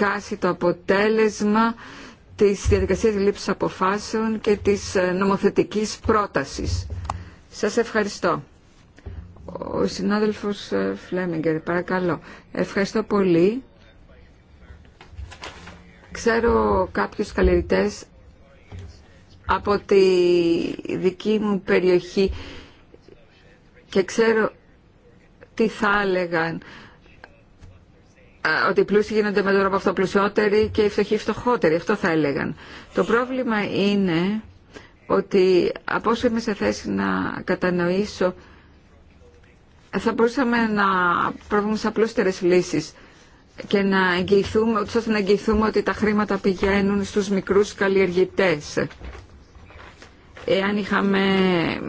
εξετάσει το αποτέλεσμα της διαδικασίας λήψης αποφάσεων και της ε, νομοθετικής πρότασης. Σας ευχαριστώ. Ο συνάδελφος ε, Φλέμιγκερ, παρακαλώ. Ευχαριστώ πολύ. Ξέρω κάποιους καλλιεργητές από τη δική μου περιοχή και ξέρω τι θα έλεγαν ότι οι πλούσιοι γίνονται με τον τρόπο αυτό πλουσιότεροι και οι φτωχοί φτωχότεροι. Αυτό θα έλεγαν. Το πρόβλημα είναι ότι από όσο είμαι σε θέση να κατανοήσω ε, θα μπορούσαμε να προβούμε σε απλούστερες λύσεις και να εγγυηθούμε, να εγγυηθούμε ότι τα χρήματα πηγαίνουν στους μικρούς καλλιεργητές. Εάν είχαμε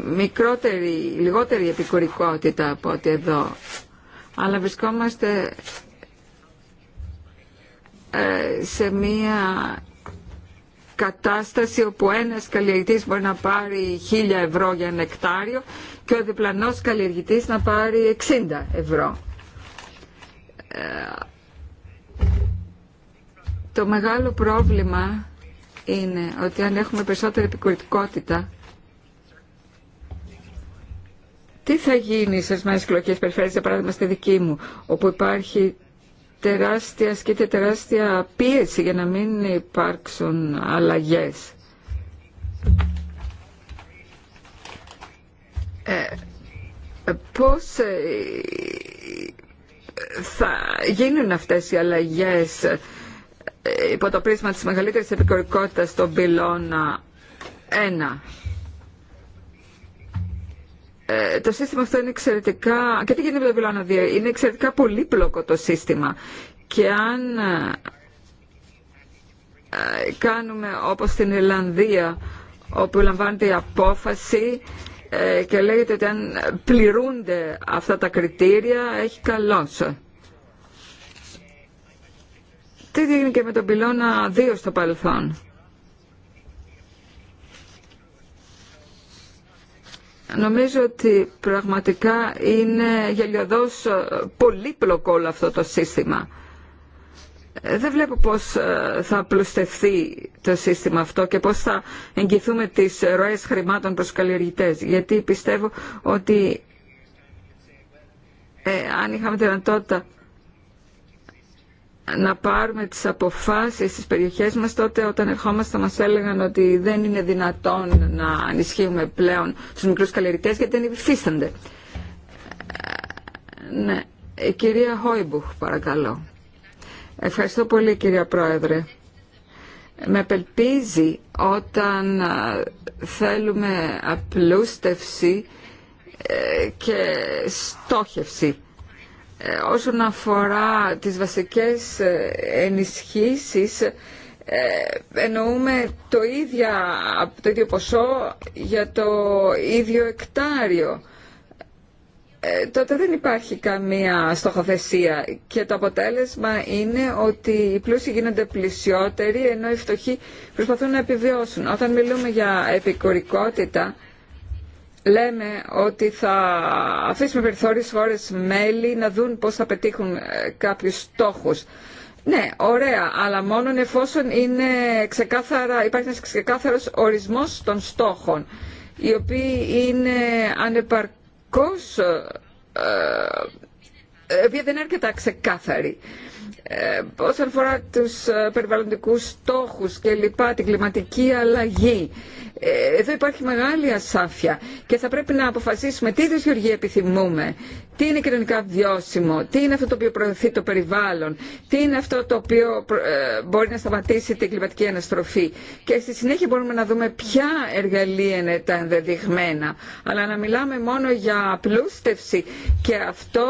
μικρότερη, λιγότερη επικουρικότητα από ό,τι εδώ. Αλλά βρισκόμαστε ε, σε μία κατάσταση όπου ένας καλλιεργητής μπορεί να πάρει 1000 ευρώ για ένα εκτάριο και ο διπλανός καλλιεργητής να πάρει 60 ευρώ. Ε, το μεγάλο πρόβλημα είναι ότι αν έχουμε περισσότερη επικουρικότητα, τι θα γίνει σε μέρες κλοκές περιφέρειε, για παράδειγμα στη δική μου, όπου υπάρχει τεράστια, ασκείται τεράστια πίεση για να μην υπάρξουν αλλαγές. Ε, πώς ε, θα γίνουν αυτές οι αλλαγές ε, υπό το πρίσμα της μεγαλύτερης επικορικότητας των πυλώνα 1. Ε, το σύστημα αυτό είναι εξαιρετικά... Και τι γίνεται με τον πυλώνα 2. Είναι εξαιρετικά πολύπλοκο το σύστημα. Και αν ε, κάνουμε όπως στην Ιρλανδία, όπου λαμβάνεται η απόφαση ε, και λέγεται ότι αν πληρούνται αυτά τα κριτήρια, έχει καλός. Τι έγινε και με τον πυλώνα 2 στο παρελθόν. Νομίζω ότι πραγματικά είναι γελιοδός ε, πολύπλοκο όλο αυτό το σύστημα. Ε, δεν βλέπω πώς ε, θα απλουστευτεί το σύστημα αυτό και πώς θα εγγυθούμε τις ροές χρημάτων προς καλλιεργητές. Γιατί πιστεύω ότι ε, αν είχαμε τη δυνατότητα να πάρουμε τις αποφάσεις στις περιοχές μας τότε όταν ερχόμαστε μας έλεγαν ότι δεν είναι δυνατόν να ανισχύουμε πλέον τους μικρούς καλλιεργητές γιατί δεν υφίστανται. Ε, ναι. Η κυρία Χόιμπουχ, παρακαλώ. Ευχαριστώ πολύ, κυρία Πρόεδρε. Με απελπίζει όταν ε, θέλουμε απλούστευση ε, και στόχευση. Ε, όσον αφορά τις βασικές ε, ενισχύσεις ε, εννοούμε το, ίδια, το ίδιο ποσό για το ίδιο εκτάριο. τότε δεν υπάρχει καμία στοχοθεσία και το αποτέλεσμα είναι ότι οι πλούσιοι γίνονται πλησιότεροι ενώ οι φτωχοί προσπαθούν να επιβιώσουν. Όταν μιλούμε για επικορικότητα λέμε ότι θα αφήσουμε περιθώριες στις μέλη να δουν πώς θα πετύχουν ε, κάποιους στόχους. Ναι, ωραία, αλλά μόνο εφόσον είναι ξεκάθαρα, υπάρχει ένας ξεκάθαρος ορισμός των στόχων, οι οποίοι είναι ανεπαρκώς, ε, ε δεν είναι αρκετά ξεκάθαροι. Ε, όσον αφορά τους ε, περιβαλλοντικούς στόχους και λοιπά, την κλιματική αλλαγή. Ε, εδώ υπάρχει μεγάλη ασάφεια και θα πρέπει να αποφασίσουμε τι δυσιοργία επιθυμούμε, τι είναι κοινωνικά βιώσιμο, τι είναι αυτό το οποίο προωθεί το περιβάλλον, τι είναι αυτό το οποίο μπορεί να σταματήσει την κλιματική αναστροφή. Και στη συνέχεια μπορούμε να δούμε ποια εργαλεία είναι τα ενδεδειγμένα. Αλλά να μιλάμε μόνο για απλούστευση και αυτό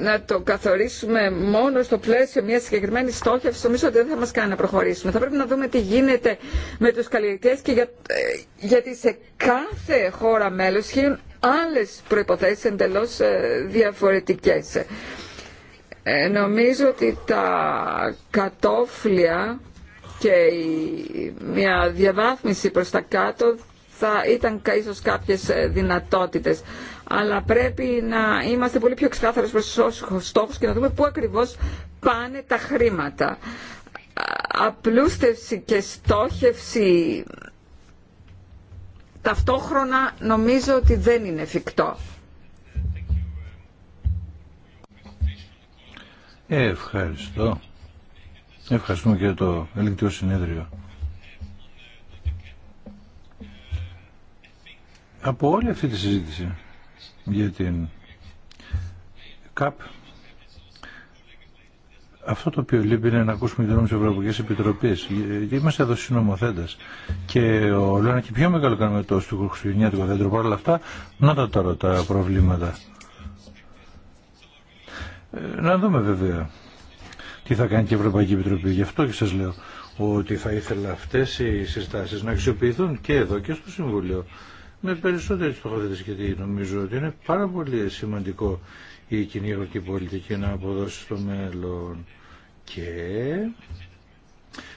να το καθορίσουμε εστιάσουμε μόνο στο πλαίσιο μια συγκεκριμένη στόχευση, νομίζω ότι δεν θα μα κάνει να προχωρήσουμε. Θα πρέπει να δούμε τι γίνεται με του καλλιεργητέ και για, ε, γιατί σε κάθε χώρα μέλο ισχύουν άλλε προποθέσει εντελώ ε, διαφορετικέ. Ε, νομίζω ότι τα κατόφλια και η, μια διαβάθμιση προς τα κάτω θα ήταν ίσως κάποιες ε, δυνατότητες αλλά πρέπει να είμαστε πολύ πιο ξεκάθαρες προς τους στόχους και να δούμε πού ακριβώς πάνε τα χρήματα. Απλούστευση και στόχευση ταυτόχρονα νομίζω ότι δεν είναι εφικτό. Ε, ευχαριστώ. Ευχαριστούμε και το ελληνικό συνέδριο. Από όλη αυτή τη συζήτηση για την ΚΑΠ. Αυτό το οποίο λείπει είναι να ακούσουμε τη γνώμη τη Ευρωπαϊκή Επιτροπή. Ε, είμαστε εδώ συνομοθέτε. Και ο Λένα και πιο μεγάλο κάνουμε το στο Χριστουγεννιάτικο δέντρο. Παρ' όλα αυτά, να τα τώρα τα προβλήματα. Ε, να δούμε βέβαια τι θα κάνει και η Ευρωπαϊκή Επιτροπή. Γι' αυτό και σα λέω ότι θα ήθελα αυτέ οι συστάσει να αξιοποιηθούν και εδώ και στο Συμβούλιο με περισσότερες υποχρεώσει γιατί νομίζω ότι είναι πάρα πολύ σημαντικό η κοινή ευρωπαϊκή πολιτική να αποδώσει στο μέλλον και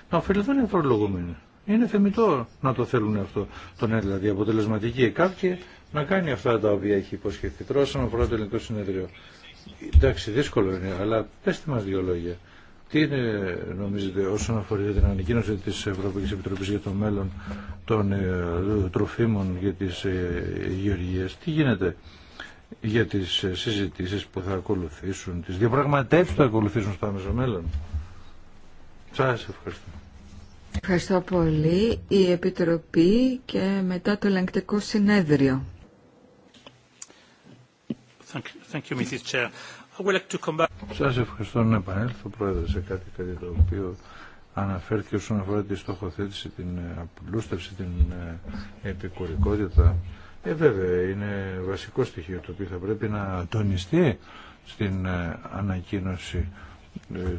να ωφεληθούν οι ευρωλογούμενοι. Είναι θεμητό να το θέλουν αυτό. Το ναι, δηλαδή αποτελεσματική κάποια να κάνει αυτά τα οποία έχει υποσχεθεί. Τώρα, πρώτο αφορά το ελληνικό συνέδριο. Εντάξει, δύσκολο είναι, αλλά πετε μα δύο λόγια. Τι είναι, νομίζετε, όσον αφορά την ανακοίνωση τη Ευρωπαϊκή Επιτροπή για το μέλλον των ε, τροφίμων για τις ε, γεωργίε, τι γίνεται για τι ε, συζητήσει που θα ακολουθήσουν, τι διαπραγματεύσει που θα ακολουθήσουν στο άμεσο μέλλον. Σα ευχαριστώ. Ευχαριστώ πολύ. Η Επιτροπή και μετά το ελεγκτικό συνέδριο. Thank you, Mrs. Chair. Σας ευχαριστώ να επανέλθω πρόεδρε σε κάτι, κάτι το οποίο αναφέρθηκε όσον αφορά τη στοχοθέτηση, την ε, απλούστευση, την ε, επικουρικότητα. Ε, βέβαια, είναι βασικό στοιχείο το οποίο θα πρέπει να τονιστεί στην ε, ανακοίνωση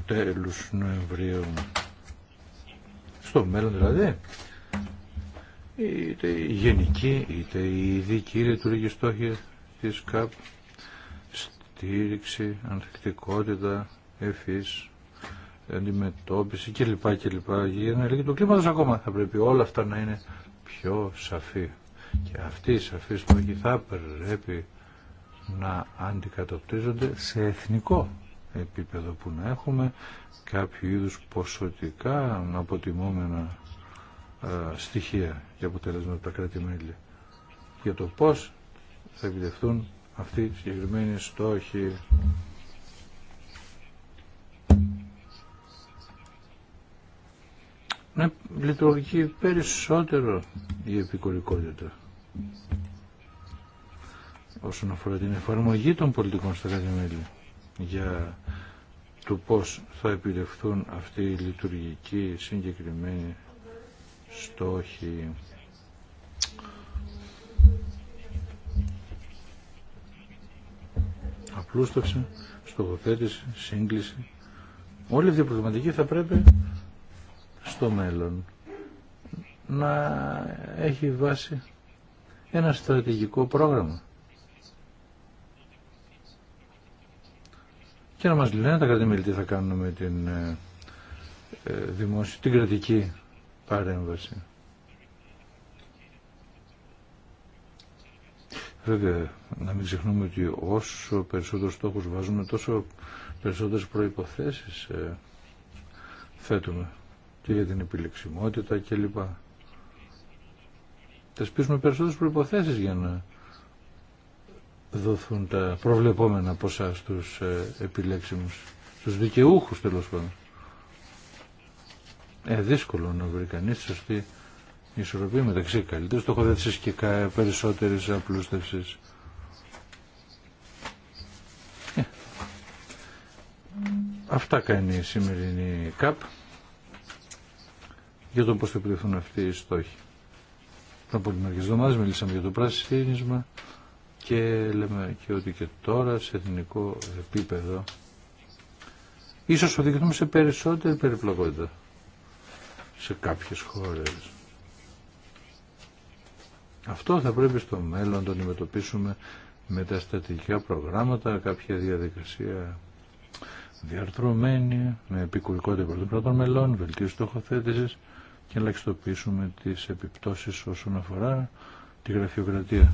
τέλους Νοεμβρίου. Στο μέλλον δηλαδή, είτε η γενική είτε η ειδική λειτουργική στόχη της ΚΑΠ στήριξη, ανθεκτικότητα, ευφύς, αντιμετώπιση κλπ. κλπ. Για να λύγει το κλίματος ακόμα θα πρέπει όλα αυτά να είναι πιο σαφή. Και αυτή η σαφή στόχη θα πρέπει να αντικατοπτρίζονται σε εθνικό επίπεδο που να έχουμε κάποιο είδους ποσοτικά αποτιμόμενα στοιχεία και αποτελέσματα από τα κράτη-μέλη για το πώς θα επιτευχθούν αυτή η συγκεκριμένη στόχη. Να λειτουργεί περισσότερο η επικουρικότητα όσον αφορά την εφαρμογή των πολιτικών στα κρατη για το πώς θα επιλεχθούν αυτοί οι λειτουργικοί συγκεκριμένοι στόχοι. απλούστευση, στοχοθέτηση, σύγκληση. Όλη αυτή η θα πρέπει στο μέλλον να έχει βάση ένα στρατηγικό πρόγραμμα. Και να μας λένε τα κρατημέλη τι θα κάνουμε με την, ε, ε την κρατική παρέμβαση. Βέβαια, να μην ξεχνούμε ότι όσο περισσότερους στόχους βάζουμε, τόσο περισσότερες προϋποθέσεις ε, θέτουμε και για την επιλεξιμότητα κλπ. Θα σπίσουμε περισσότερες προϋποθέσεις για να δοθούν τα προβλεπόμενα ποσά στους ε, επιλέξιμους, στους δικαιούχους τέλος πάντων. Ε, δύσκολο να βρει κανείς σωστή η ισορροπία μεταξύ καλύτερη στοχοδέτησης και περισσότερη απλούστευση. Ε. αυτά κάνει η σημερινή ΚΑΠ για το πώς θα επιτευχθούν αυτοί οι στόχοι. Πριν από μερικές εβδομάδε μιλήσαμε για το πράσινισμα και λέμε και ότι και τώρα σε εθνικό επίπεδο ίσως οδηγηθούμε σε περισσότερη περιπλοκότητα σε κάποιες χώρες. Αυτό θα πρέπει στο μέλλον να το αντιμετωπίσουμε με τα στατικά προγράμματα, κάποια διαδικασία διαρθρωμένη, με επικουρικότητα των πρώτων μελών, βελτίωση στοχοθέτηση και να ελαχιστοποιήσουμε τις επιπτώσεις όσον αφορά τη γραφειοκρατία.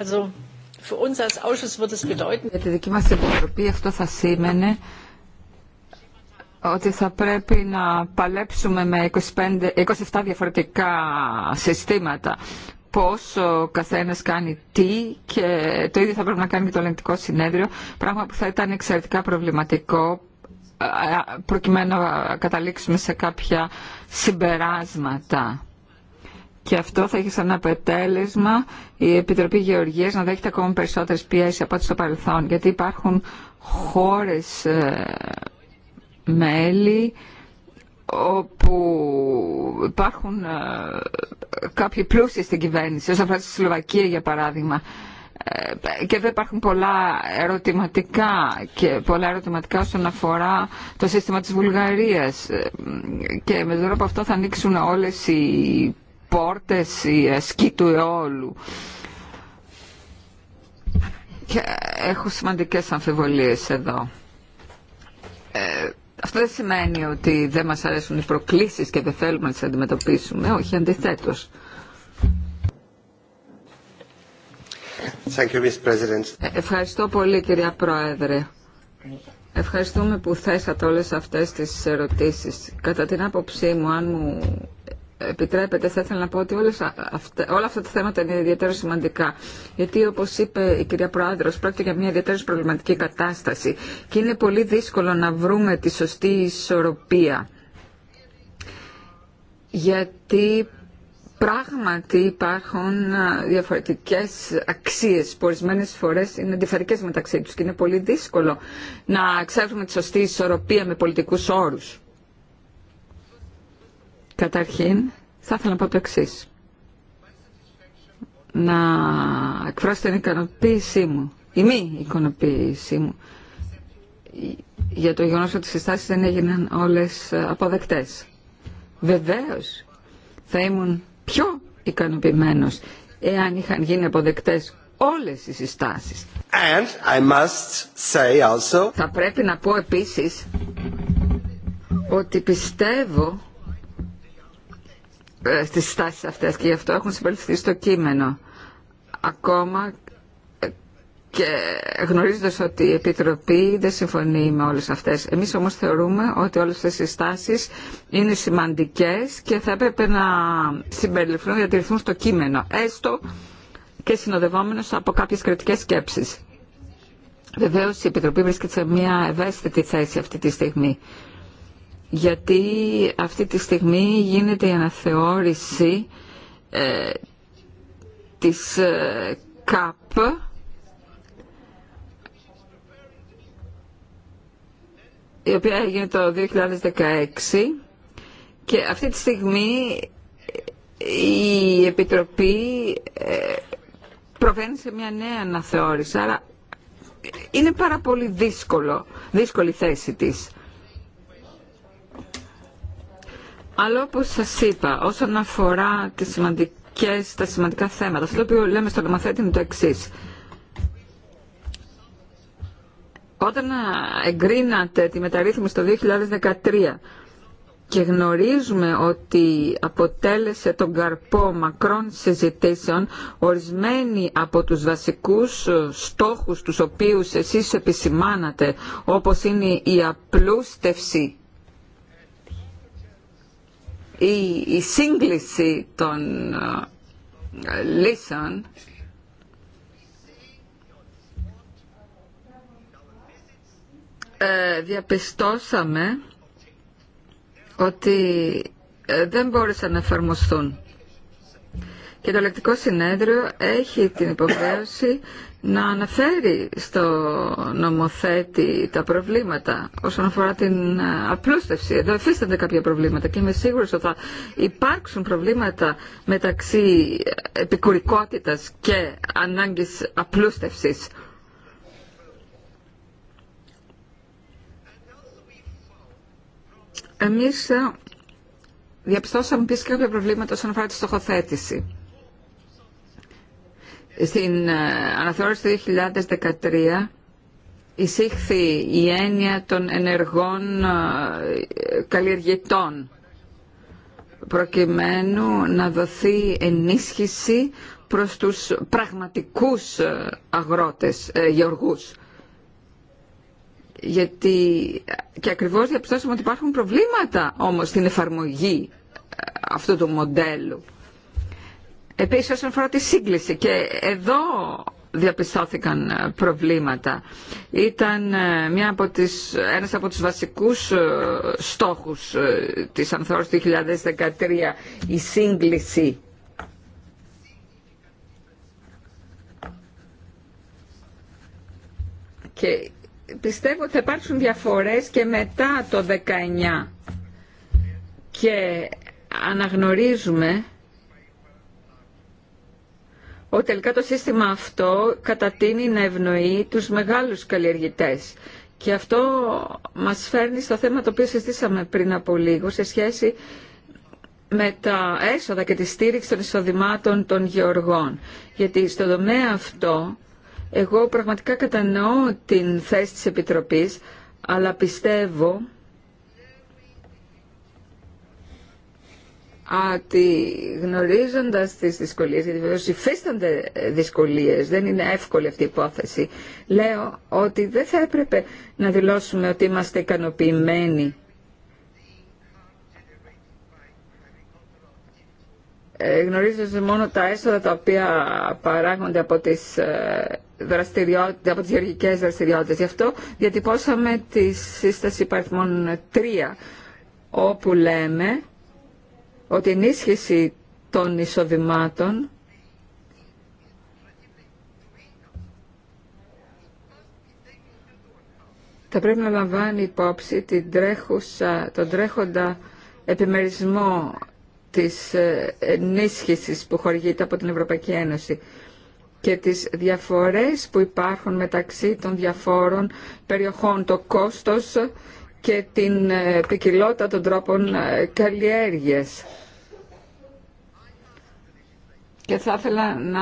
Also, für uns Ausschuss wird es bedeuten... Για τη δική αυτό θα σήμαινε ότι θα πρέπει να παλέψουμε με 25, 27 διαφορετικά συστήματα. Πώς ο καθένας κάνει τι και το ίδιο θα πρέπει να κάνει και το ελεγκτικό συνέδριο, πράγμα που θα ήταν εξαιρετικά προβληματικό προκειμένου να καταλήξουμε σε κάποια συμπεράσματα. Και αυτό θα έχει σαν αποτέλεσμα η Επιτροπή Γεωργίας να δέχεται ακόμα περισσότερες πιέσεις από ό,τι στο παρελθόν, γιατί υπάρχουν χώρες ε, μέλη όπου υπάρχουν ε, κάποιοι πλούσιοι στην κυβέρνηση, όσον αφορά στη Σλοβακία για παράδειγμα. Ε, και δεν υπάρχουν πολλά ερωτηματικά και πολλά ερωτηματικά όσον αφορά το σύστημα της Βουλγαρίας ε, και με τον τρόπο αυτό θα ανοίξουν όλες οι πόρτες, οι ασκή του αιώλου. Και έχω σημαντικές αμφιβολίες εδώ. Αυτό δεν σημαίνει ότι δεν μας αρέσουν οι προκλήσεις και δεν θέλουμε να τις αντιμετωπίσουμε. Όχι, αντιθέτως. Ε, ευχαριστώ πολύ κυρία Πρόεδρε. Ευχαριστούμε που θέσατε όλες αυτές τις ερωτήσεις. Κατά την άποψή μου, αν μου επιτρέπετε, θα ήθελα να πω ότι όλες αυτά, όλα αυτά τα θέματα είναι ιδιαίτερα σημαντικά. Γιατί όπως είπε η κυρία Πρόεδρος, πρόκειται για μια ιδιαίτερα προβληματική κατάσταση και είναι πολύ δύσκολο να βρούμε τη σωστή ισορροπία. Γιατί πράγματι υπάρχουν διαφορετικές αξίες που ορισμένε φορές είναι αντιφαρικές μεταξύ τους και είναι πολύ δύσκολο να ξέρουμε τη σωστή ισορροπία με πολιτικούς όρους. Καταρχήν, θα ήθελα να πω το εξή. Να εκφράσω την ικανοποίησή μου, η μη ικανοποίησή μου, για το γεγονό ότι οι συστάσει δεν έγιναν όλε αποδεκτέ. Βεβαίω, θα ήμουν πιο ικανοποιημένο εάν είχαν γίνει αποδεκτέ όλες οι συστάσεις. And I must say also... Θα πρέπει να πω επίσης ότι πιστεύω ε, τις στάσεις αυτές και γι' αυτό έχουν συμπεριληφθεί στο κείμενο. Ακόμα ε, και γνωρίζοντας ότι η Επιτροπή δεν συμφωνεί με όλες αυτές. Εμείς όμως θεωρούμε ότι όλες αυτές οι στάσεις είναι σημαντικές και θα έπρεπε να συμπεριληφθούν, να διατηρηθούν στο κείμενο, έστω και συνοδευόμενος από κάποιες κριτικές σκέψεις. Βεβαίως η Επιτροπή βρίσκεται σε μια ευαίσθητη θέση αυτή τη στιγμή γιατί αυτή τη στιγμή γίνεται η αναθεώρηση ε, της ε, ΚΑΠ η οποία έγινε το 2016 και αυτή τη στιγμή ε, η Επιτροπή ε, προβαίνει σε μια νέα αναθεώρηση άρα ε, είναι πάρα πολύ δύσκολο, δύσκολη θέση της. Αλλά όπως σας είπα, όσον αφορά τις σημαντικές, τα σημαντικά θέματα, αυτό το οποίο λέμε στο νομοθέτη είναι το εξή. Όταν εγκρίνατε τη μεταρρύθμιση το 2013 και γνωρίζουμε ότι αποτέλεσε τον καρπό μακρών συζητήσεων ορισμένοι από τους βασικούς στόχους τους οποίους εσείς επισημάνατε όπως είναι η απλούστευση η, σύγκληση των ε, λύσεων ε, διαπιστώσαμε ότι ε, δεν μπόρεσαν να εφαρμοστούν. Και το λεκτικό Συνέδριο έχει την υποχρέωση να αναφέρει στο νομοθέτη τα προβλήματα όσον αφορά την ε, απλούστευση. Εδώ εφίστανται κάποια προβλήματα και είμαι σίγουρη ότι θα υπάρξουν προβλήματα μεταξύ ε, επικουρικότητας και ανάγκης απλούστευσης. Εμείς ε, διαπιστώσαμε επίσης κάποια προβλήματα όσον αφορά τη στοχοθέτηση. Στην ε, αναθεώρηση 2013 εισήχθη η έννοια των ενεργών ε, καλλιεργητών προκειμένου να δοθεί ενίσχυση προς τους πραγματικούς ε, αγρότες, γεωργούς. Γιατί και ακριβώς διαπιστώσαμε ότι υπάρχουν προβλήματα όμως στην εφαρμογή αυτού του μοντέλου. Επίσης όσον αφορά τη σύγκληση και εδώ διαπιστώθηκαν ε, προβλήματα. Ήταν ε, μια από τις, ένας από τους βασικούς ε, στόχους της του 2013 η σύγκληση και πιστεύω ότι θα υπάρξουν διαφορές και μετά το 19 και αναγνωρίζουμε ότι τελικά το σύστημα αυτό κατατείνει να ευνοεί τους μεγάλους καλλιεργητές. Και αυτό μας φέρνει στο θέμα το οποίο συζητήσαμε πριν από λίγο σε σχέση με τα έσοδα και τη στήριξη των εισοδημάτων των γεωργών. Γιατί στο τομέα αυτό εγώ πραγματικά κατανοώ την θέση της Επιτροπής, αλλά πιστεύω ότι γνωρίζοντας τις δυσκολίες, γιατί βεβαίως υφίστανται δυσκολίες, δεν είναι εύκολη αυτή η υπόθεση, λέω ότι δεν θα έπρεπε να δηλώσουμε ότι είμαστε ικανοποιημένοι ε, γνωρίζοντας μόνο τα έσοδα τα οποία παράγονται από τις, ε, δραστηριότητες, από τις γεωργικές δραστηριότητες. Γι' αυτό διατυπώσαμε τη σύσταση παριθμών 3, όπου λέμε ότι η ενίσχυση των εισοδημάτων θα πρέπει να λαμβάνει υπόψη την τον τρέχοντα επιμερισμό της ε, ενίσχυσης που χορηγείται από την Ευρωπαϊκή Ένωση και τις διαφορές που υπάρχουν μεταξύ των διαφόρων περιοχών, το κόστος και την ε, ποικιλότητα των τρόπων ε, καλλιέργειας. Και θα ήθελα να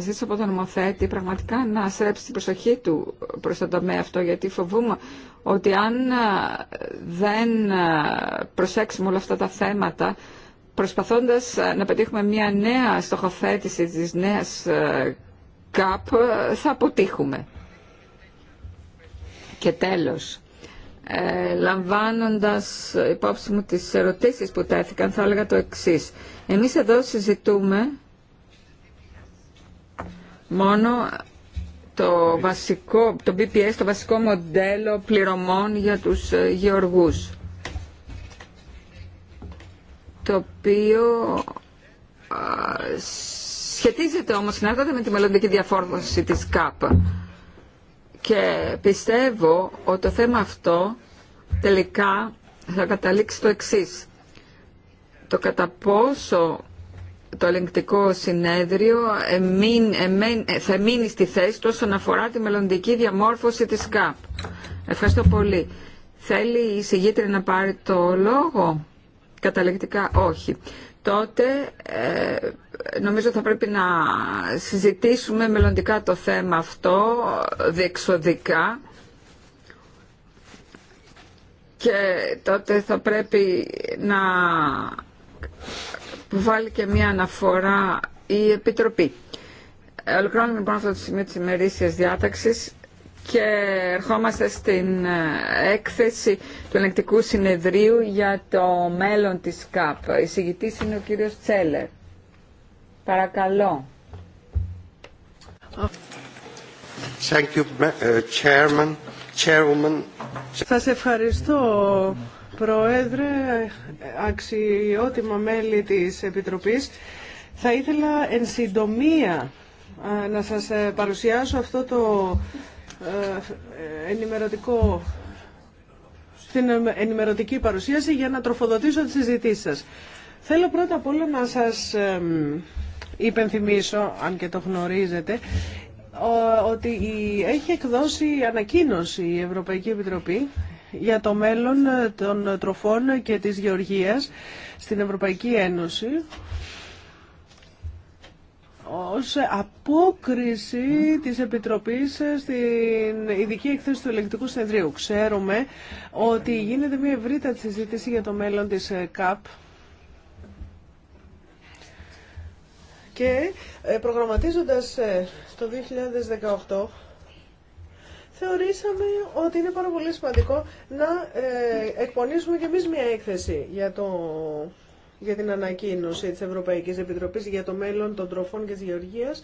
ζήσω από τον νομοθέτη πραγματικά να στρέψει την προσοχή του προς τον τομέα αυτό, γιατί φοβούμαι ότι αν ε, δεν ε, προσέξουμε όλα αυτά τα θέματα, προσπαθώντας ε, να πετύχουμε μια νέα στοχοθέτηση της νέας ΚΑΠ, θα αποτύχουμε. Και τέλος, ε, λαμβάνοντας υπόψη μου τις ερωτήσεις που τέθηκαν, θα έλεγα το εξής. Εμείς εδώ συζητούμε μόνο το βασικό, το BPS, το βασικό μοντέλο πληρωμών για τους ε, γεωργούς το οποίο σχετίζεται όμως συνάρτητα με τη μελλοντική διαφόρμωση της ΚΑΠ και πιστεύω ότι το θέμα αυτό τελικά θα καταλήξει το εξής το κατά πόσο το ελεγκτικό συνέδριο ε, θα μείνει στη θέση του όσον αφορά τη μελλοντική διαμόρφωση της ΚΑΠ. Ευχαριστώ πολύ. Θέλει η συγγήτρια να πάρει το λόγο. Καταληκτικά όχι. Τότε ε, νομίζω θα πρέπει να συζητήσουμε μελλοντικά το θέμα αυτό διεξοδικά και τότε θα πρέπει να που βάλει και μια αναφορά η Επιτροπή. Ε, Ολοκληρώνουμε λοιπόν αυτό το σημείο της ημερήσιας διάταξης και ερχόμαστε στην ε, έκθεση του ελεγκτικού συνεδρίου για το μέλλον της ΚΑΠ. Η είναι ο κύριος Τσέλερ. Παρακαλώ. Thank you, ε, Chairman. Chairwoman. Σας ευχαριστώ, Πρόεδρε, αξιότιμα μέλη της Επιτροπής, θα ήθελα εν συντομία να σας ε, παρουσιάσω αυτό το ε, ενημερωτικό την ε, ενημερωτική παρουσίαση για να τροφοδοτήσω τις συζητήσεις σας. Θέλω πρώτα απ' όλα να σας υπενθυμίσω, αν και το γνωρίζετε, ότι έχει εκδώσει ανακοίνωση η Ευρωπαϊκή Επιτροπή για το μέλλον ε, των τροφών και της γεωργίας στην Ευρωπαϊκή Ένωση ως απόκριση της Επιτροπής ε, στην ειδική εκθέση του ελεγκτικού συνεδρίου. Ξέρουμε ότι γίνεται μια ευρύτατη συζήτηση για το μέλλον της ε, ΚΑΠ και προγραμματίζοντας το 2018 θεωρήσαμε ότι είναι πάρα πολύ σημαντικό να ε, εκπονήσουμε κι εμείς μια έκθεση για, το, για την ανακοίνωση της Ευρωπαϊκής Επιτροπής για το μέλλον των τροφών και της γεωργίας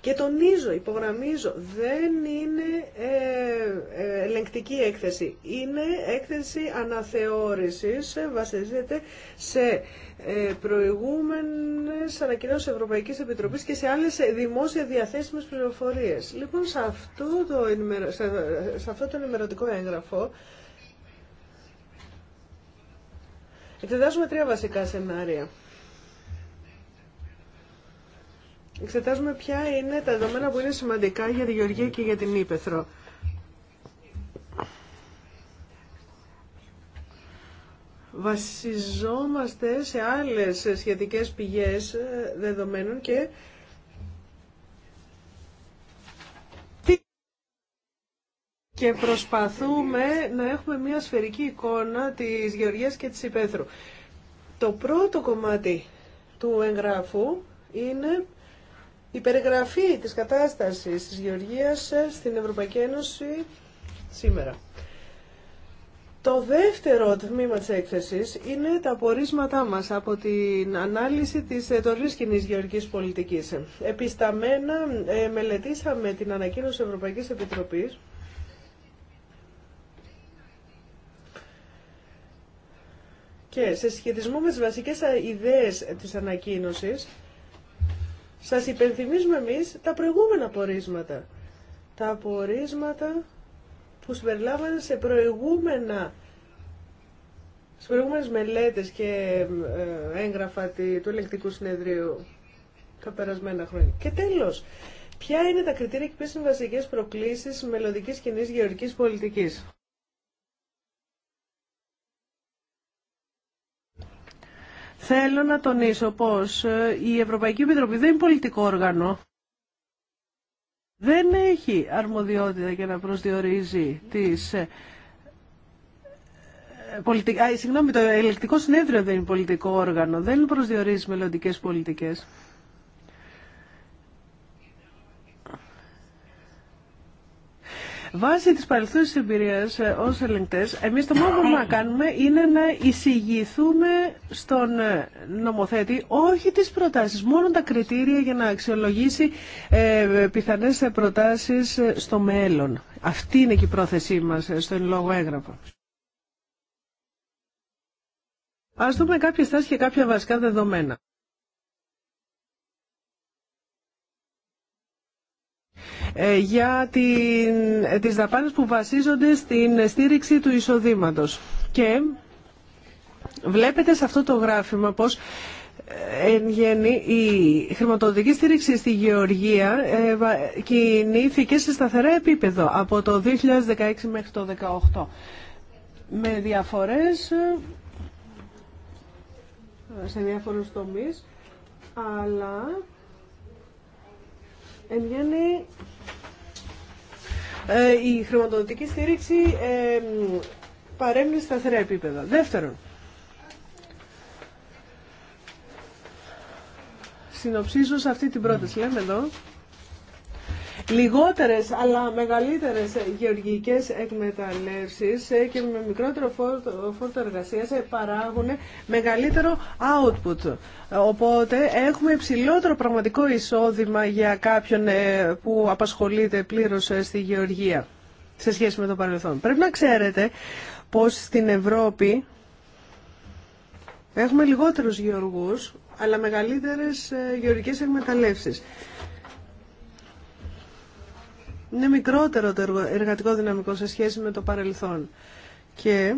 Και τονίζω, υπογραμμίζω, δεν είναι ε, ε ελεγκτική έκθεση. Είναι έκθεση αναθεώρησης, ε, βασίζεται σε ε, προηγούμενες ανακοινώσεις Ευρωπαϊκής Επιτροπής και σε άλλες δημόσια διαθέσιμες πληροφορίες. Λοιπόν, σε αυτό το, ενημερω... σε αυτό το ενημερωτικό έγγραφο Εκτεδάζουμε τρία βασικά σενάρια. εξετάζουμε ποια είναι τα δεδομένα που είναι σημαντικά για τη Γεωργία και για την Ήπεθρο. Βασιζόμαστε σε άλλες σχετικές πηγές ε, δεδομένων και και προσπαθούμε να έχουμε μια σφαιρική εικόνα της Γεωργίας και της Ήπεθρου. Το πρώτο κομμάτι του εγγράφου είναι η περιγραφή της κατάστασης της γεωργίας ε, στην Ευρωπαϊκή Ένωση σήμερα. Το δεύτερο τμήμα της έκθεσης είναι τα απορίσματά μας από την ανάλυση της ε, τωρής κοινής γεωργικής πολιτικής. Επισταμένα ε, μελετήσαμε την ανακοίνωση Ευρωπαϊκής Επιτροπής και σε σχετισμό με τις βασικές ιδέες της ανακοίνωσης σας υπενθυμίζουμε εμείς τα προηγούμενα πορίσματα. Τα πορίσματα που συμπεριλάβανε σε προηγούμενα σε προηγούμενες μελέτες και ε, έγγραφα του ελεκτικού συνεδρίου τα περασμένα χρόνια. Και τέλος, ποια είναι τα κριτήρια και ποιες είναι οι βασικές προκλήσεις μελλοντικής κοινή γεωργικής πολιτικής. Θέλω να τονίσω πως ε, η Ευρωπαϊκή Επιτροπή δεν είναι πολιτικό όργανο. Δεν έχει αρμοδιότητα για να προσδιορίζει τις ε, ε, πολιτικές... συγγνώμη, το ελεκτικό συνέδριο δεν είναι πολιτικό όργανο. Δεν προσδιορίζει μελλοντικέ πολιτικές. Βάσει της παρελθούσης εμπειρία ε, ως ελεγκτές, εμείς το μόνο που να κάνουμε είναι να εισηγηθούμε στον ε, νομοθέτη, όχι τις προτάσεις, μόνο τα κριτήρια για να αξιολογήσει ε, πιθανές προτάσεις στο μέλλον. Αυτή είναι και η πρόθεσή μας στο εν λόγω έγγραφο. Ας δούμε κάποια στάση και κάποια βασικά δεδομένα. Ε, για την, τις δαπάνες που βασίζονται στην στήριξη του εισοδήματος. Και βλέπετε σε αυτό το γράφημα πως ε, εν γέννη η χρηματοδοτική στήριξη στη Γεωργία ε, κινήθηκε σε σταθερά επίπεδο από το 2016 μέχρι το 2018 με διαφορές σε διάφορους τομείς αλλά Εν γέννη, ε, η χρηματοδοτική στήριξη ε, παρέμεινε σταθερά επίπεδα. Δεύτερον, συνοψίζω σε αυτή την πρόταση, λέμε εδώ, λιγότερες αλλά μεγαλύτερες γεωργικές εκμεταλλεύσεις ε, και με μικρότερο φόρτο εργασίας ε, παράγουν μεγαλύτερο output. Οπότε έχουμε υψηλότερο πραγματικό εισόδημα για κάποιον ε, που απασχολείται πλήρως στη γεωργία σε σχέση με το παρελθόν. Πρέπει να ξέρετε πως στην Ευρώπη έχουμε λιγότερους γεωργούς αλλά μεγαλύτερες γεωργικές εκμεταλλεύσεις. Είναι μικρότερο το εργατικό δυναμικό σε σχέση με το παρελθόν. Και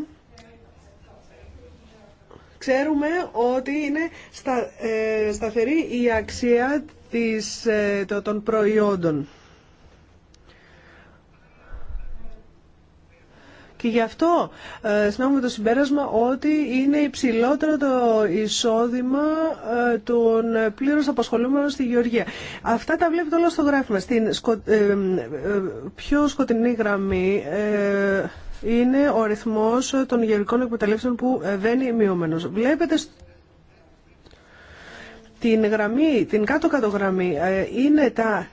ξέρουμε ότι είναι στα, ε, σταθερή η αξία της, ε, των προϊόντων. Και γι' αυτό ε, συνάγουμε το συμπέρασμα ότι είναι υψηλότερο το εισόδημα ε, των πλήρως απασχολούμενων στη Γεωργία. Αυτά τα βλέπετε όλα στο γράφημα. Στην ε, ε, πιο σκοτεινή γραμμή ε, είναι ο αριθμός των γεωργικών εκμεταλλεύσεων που δεν είναι μειωμένος. Βλέπετε την γραμμή, την κάτω-κάτω γραμμή, είναι τα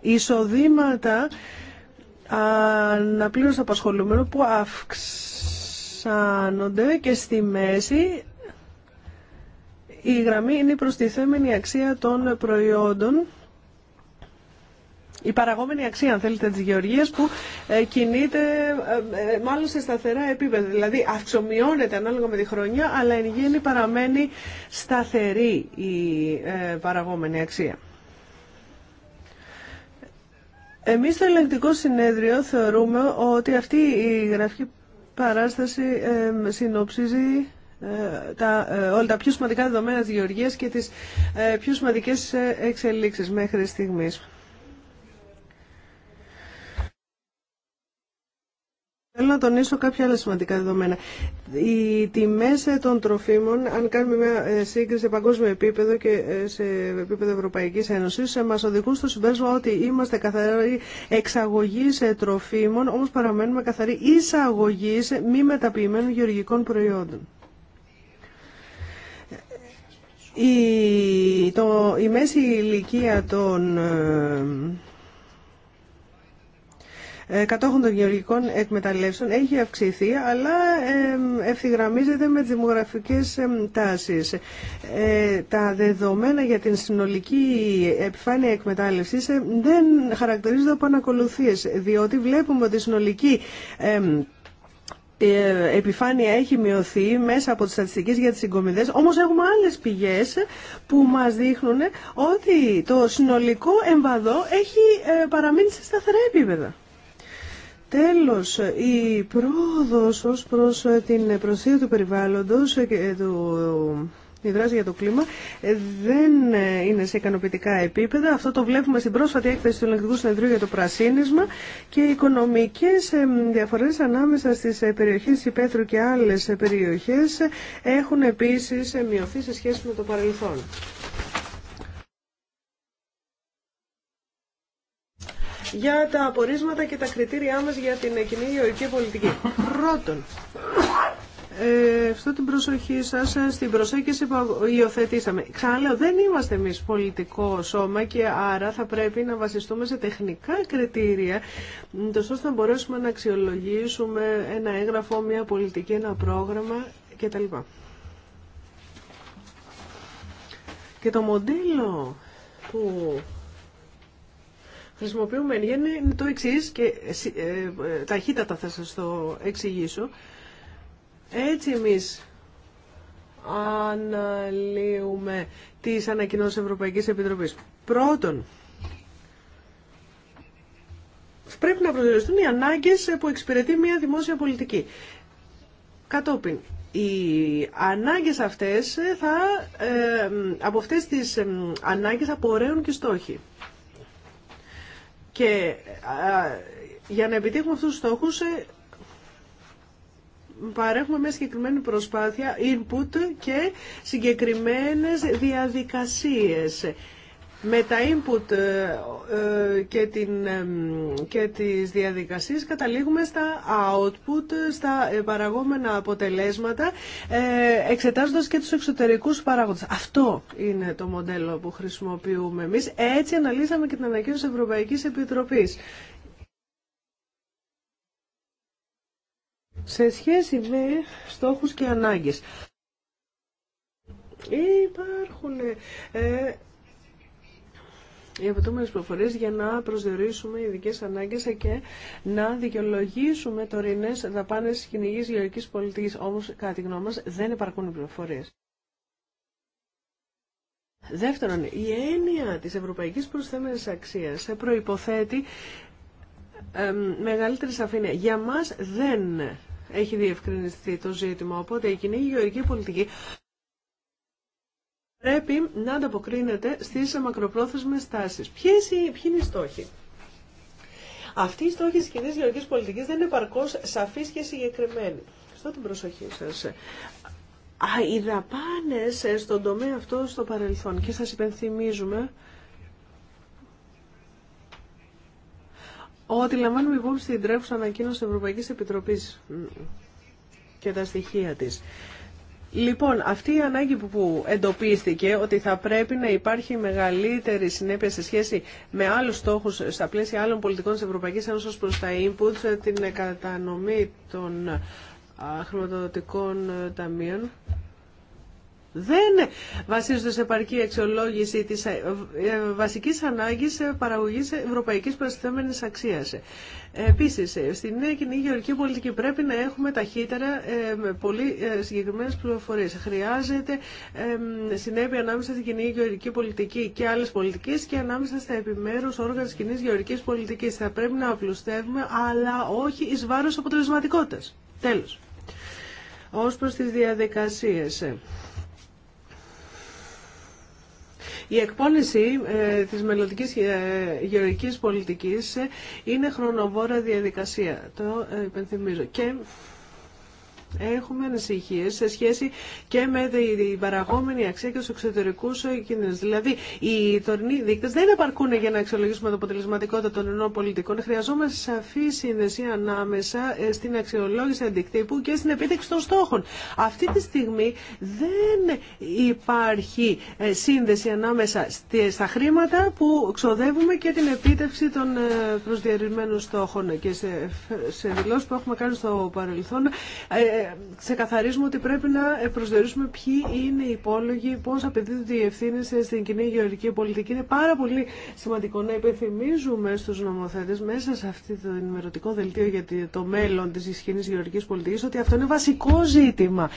εισοδήματα αναπλήρως απασχολούμενο που αυξάνονται και στη μέση η γραμμή είναι η προστιθέμενη αξία των προϊόντων η παραγόμενη αξία, αν θέλετε, της γεωργίας που ε, κινείται ε, ε, μάλλον σε σταθερά επίπεδα. Δηλαδή αυξομειώνεται ανάλογα με τη χρονιά, αλλά εν γέννη παραμένει σταθερή η παραγόμενη αξία. Εμείς στο ελεγκτικό συνέδριο θεωρούμε ότι αυτή η γραφική παράσταση ε, συνοψίζει ε, τα, ε, όλα τα πιο σημαντικά δεδομένα της γεωργίας και τις πιο σημαντικές εξελίξεις μέχρι στιγμής. Θέλω να τονίσω κάποια άλλα σημαντικά δεδομένα. Οι τιμέ ε, των τροφίμων, αν κάνουμε μια ε, σύγκριση σε παγκόσμιο επίπεδο και ε, σε επίπεδο Ευρωπαϊκή Ένωση, μα οδηγούν στο συμπέρασμα ότι είμαστε καθαροί εξαγωγή τροφίμων, όμω παραμένουμε καθαροί εισαγωγή μη μεταποιημένων γεωργικών προϊόντων. Η, το, η μέση ηλικία των ε, κατόχων των γεωργικών εκμεταλλεύσεων έχει αυξηθεί, αλλά ευθυγραμμίζεται με τις δημογραφικές τάσεις. Ε, τα δεδομένα για την συνολική επιφάνεια εκμετάλλευσης δεν χαρακτηρίζονται από ανακολουθίες, διότι βλέπουμε ότι η συνολική ε, επιφάνεια έχει μειωθεί μέσα από τις στατιστικές για τις συγκομιδές, όμως έχουμε άλλες πηγές που μας δείχνουν ότι το συνολικό εμβαδό έχει παραμείνει σε σταθερά επίπεδα. Τέλος, η πρόοδος ως προς ε, την προσθήκη του περιβάλλοντος ε, και ε, του η δράση για το κλίμα δεν είναι σε ικανοποιητικά επίπεδα. Αυτό το βλέπουμε στην πρόσφατη έκθεση του Ελεκτρικού Συνεδρίου για το πρασίνισμα και οι οικονομικέ διαφορέ ανάμεσα στι περιοχέ Υπέθρου και άλλε περιοχέ έχουν επίση μειωθεί σε σχέση με το παρελθόν. για τα απορίσματα και τα κριτήριά μας για την κοινή γεωργική πολιτική. Πρώτον, Αυτό την προσοχή σας στην προσέγγιση που υιοθετήσαμε. Ξαναλέω, δεν είμαστε εμείς πολιτικό σώμα και άρα θα πρέπει να βασιστούμε σε τεχνικά κριτήρια, ώστε να μπορέσουμε να αξιολογήσουμε ένα έγγραφο, μια πολιτική, ένα πρόγραμμα κτλ. Και το μοντέλο που χρησιμοποιούμε εν είναι το εξή και ε, ε, ταχύτατα θα σας το εξηγήσω. Έτσι εμείς αναλύουμε τις ανακοινώσεις Ευρωπαϊκής Επιτροπής. Πρώτον, πρέπει να προσδιοριστούν οι ανάγκες που εξυπηρετεί μια δημόσια πολιτική. Κατόπιν, οι ανάγκες αυτές θα, ε, από αυτές τις ανάγκες απορρέουν και στόχοι. Και για να επιτύχουμε αυτούς τους στόχους ε, παρέχουμε μια συγκεκριμένη προσπάθεια input και συγκεκριμένες διαδικασίες με τα input ε, ε, και, την, ε, και τις διαδικασίες καταλήγουμε στα output, στα παραγόμενα αποτελέσματα, εξετάζοντας και τους εξωτερικούς παράγοντες. Αυτό είναι το μοντέλο που χρησιμοποιούμε εμείς. Έτσι αναλύσαμε και την ανακοίνωση Ευρωπαϊκής Επιτροπής. Σε σχέση με στόχους και ανάγκες. Υπάρχουν ε, οι απαιτούμενες προφορές για να προσδιορίσουμε ειδικέ ανάγκες και να δικαιολογήσουμε τωρινές δαπάνες κυνηγής γεωργικής πολιτικής. Όμως, κατά τη γνώμη μας, δεν υπαρκούν οι πληροφορίες. Δεύτερον, η έννοια της ευρωπαϊκής προσθέμενης αξίας προϋποθέτει ε, μεγαλύτερη σαφήνεια. Για μας δεν έχει διευκρινιστεί το ζήτημα, οπότε η κοινή γεωργική πολιτική πρέπει να ανταποκρίνεται στις μακροπρόθεσμες τάσεις. Ποιες, ποιοι είναι οι στόχοι. Αυτοί οι στόχοι τη κοινή γεωργική πολιτική δεν είναι παρκώς σαφείς και συγκεκριμένοι. Στο την προσοχή σα. Οι δαπάνε ε, στον τομέα αυτό στο παρελθόν και σας υπενθυμίζουμε ότι λαμβάνουμε υπόψη την τρέχουσα ανακοίνωση τη Ευρωπαϊκή Επιτροπή και τα στοιχεία της. Λοιπόν, αυτή η ανάγκη που εντοπίστηκε ότι θα πρέπει να υπάρχει μεγαλύτερη συνέπεια σε σχέση με άλλους στόχου, στα πλαίσια άλλων πολιτικών της Ευρωπαϊκής Ένωσης προς τα inputs, ε, την κατανομή των χρηματοδοτικών ε, ταμείων δεν βασίζονται σε επαρκή αξιολόγηση της ε, ε, βασικής ανάγκης ε, παραγωγής ευρωπαϊκής προστιθέμενης αξίας. Επίσης, στην νέα κοινή γεωργική πολιτική πρέπει να έχουμε ταχύτερα με πολύ συγκεκριμένες πληροφορίες. Χρειάζεται συνέπεια ανάμεσα στην κοινή γεωργική πολιτική και άλλες πολιτικές και ανάμεσα στα επιμέρους όργανα της κοινή γεωργικής πολιτικής. Θα πρέπει να απλουστεύουμε, αλλά όχι εις βάρος αποτελεσματικότητας. Τέλος. Ως προς τις διαδικασίες. Η εκπόνηση ε, της μελλοντικής ε, γεωργικής πολιτικής ε, είναι χρονοβόρα διαδικασία. Το υπενθυμίζω. Και Έχουμε ανησυχίε σε σχέση και με την παραγόμενη αξία και του εξωτερικού ε, κινδύνου. Δηλαδή, οι τωρινοί δείκτε δεν επαρκούν για να αξιολογήσουμε την αποτελεσματικότητα των ενών πολιτικών. Χρειαζόμαστε σαφή σύνδεση ανάμεσα ε, στην αξιολόγηση αντικτύπου και στην επίτευξη των στόχων. Αυτή τη στιγμή δεν υπάρχει ε, σύνδεση ανάμεσα στα χρήματα που ξοδεύουμε και την επίτευξη των προσδιορισμένων στόχων. Και σε δηλώσει που έχουμε κάνει στο παρελθόν, ξεκαθαρίζουμε ότι πρέπει να προσδιορίσουμε ποιοι είναι οι υπόλογοι, πώ απαιτείται η ευθύνε στην κοινή γεωργική πολιτική. Είναι πάρα πολύ σημαντικό να υπενθυμίζουμε στου νομοθέτε μέσα σε αυτό το ενημερωτικό δελτίο για το μέλλον τη κοινή γεωργικής πολιτική ότι αυτό είναι βασικό ζήτημα.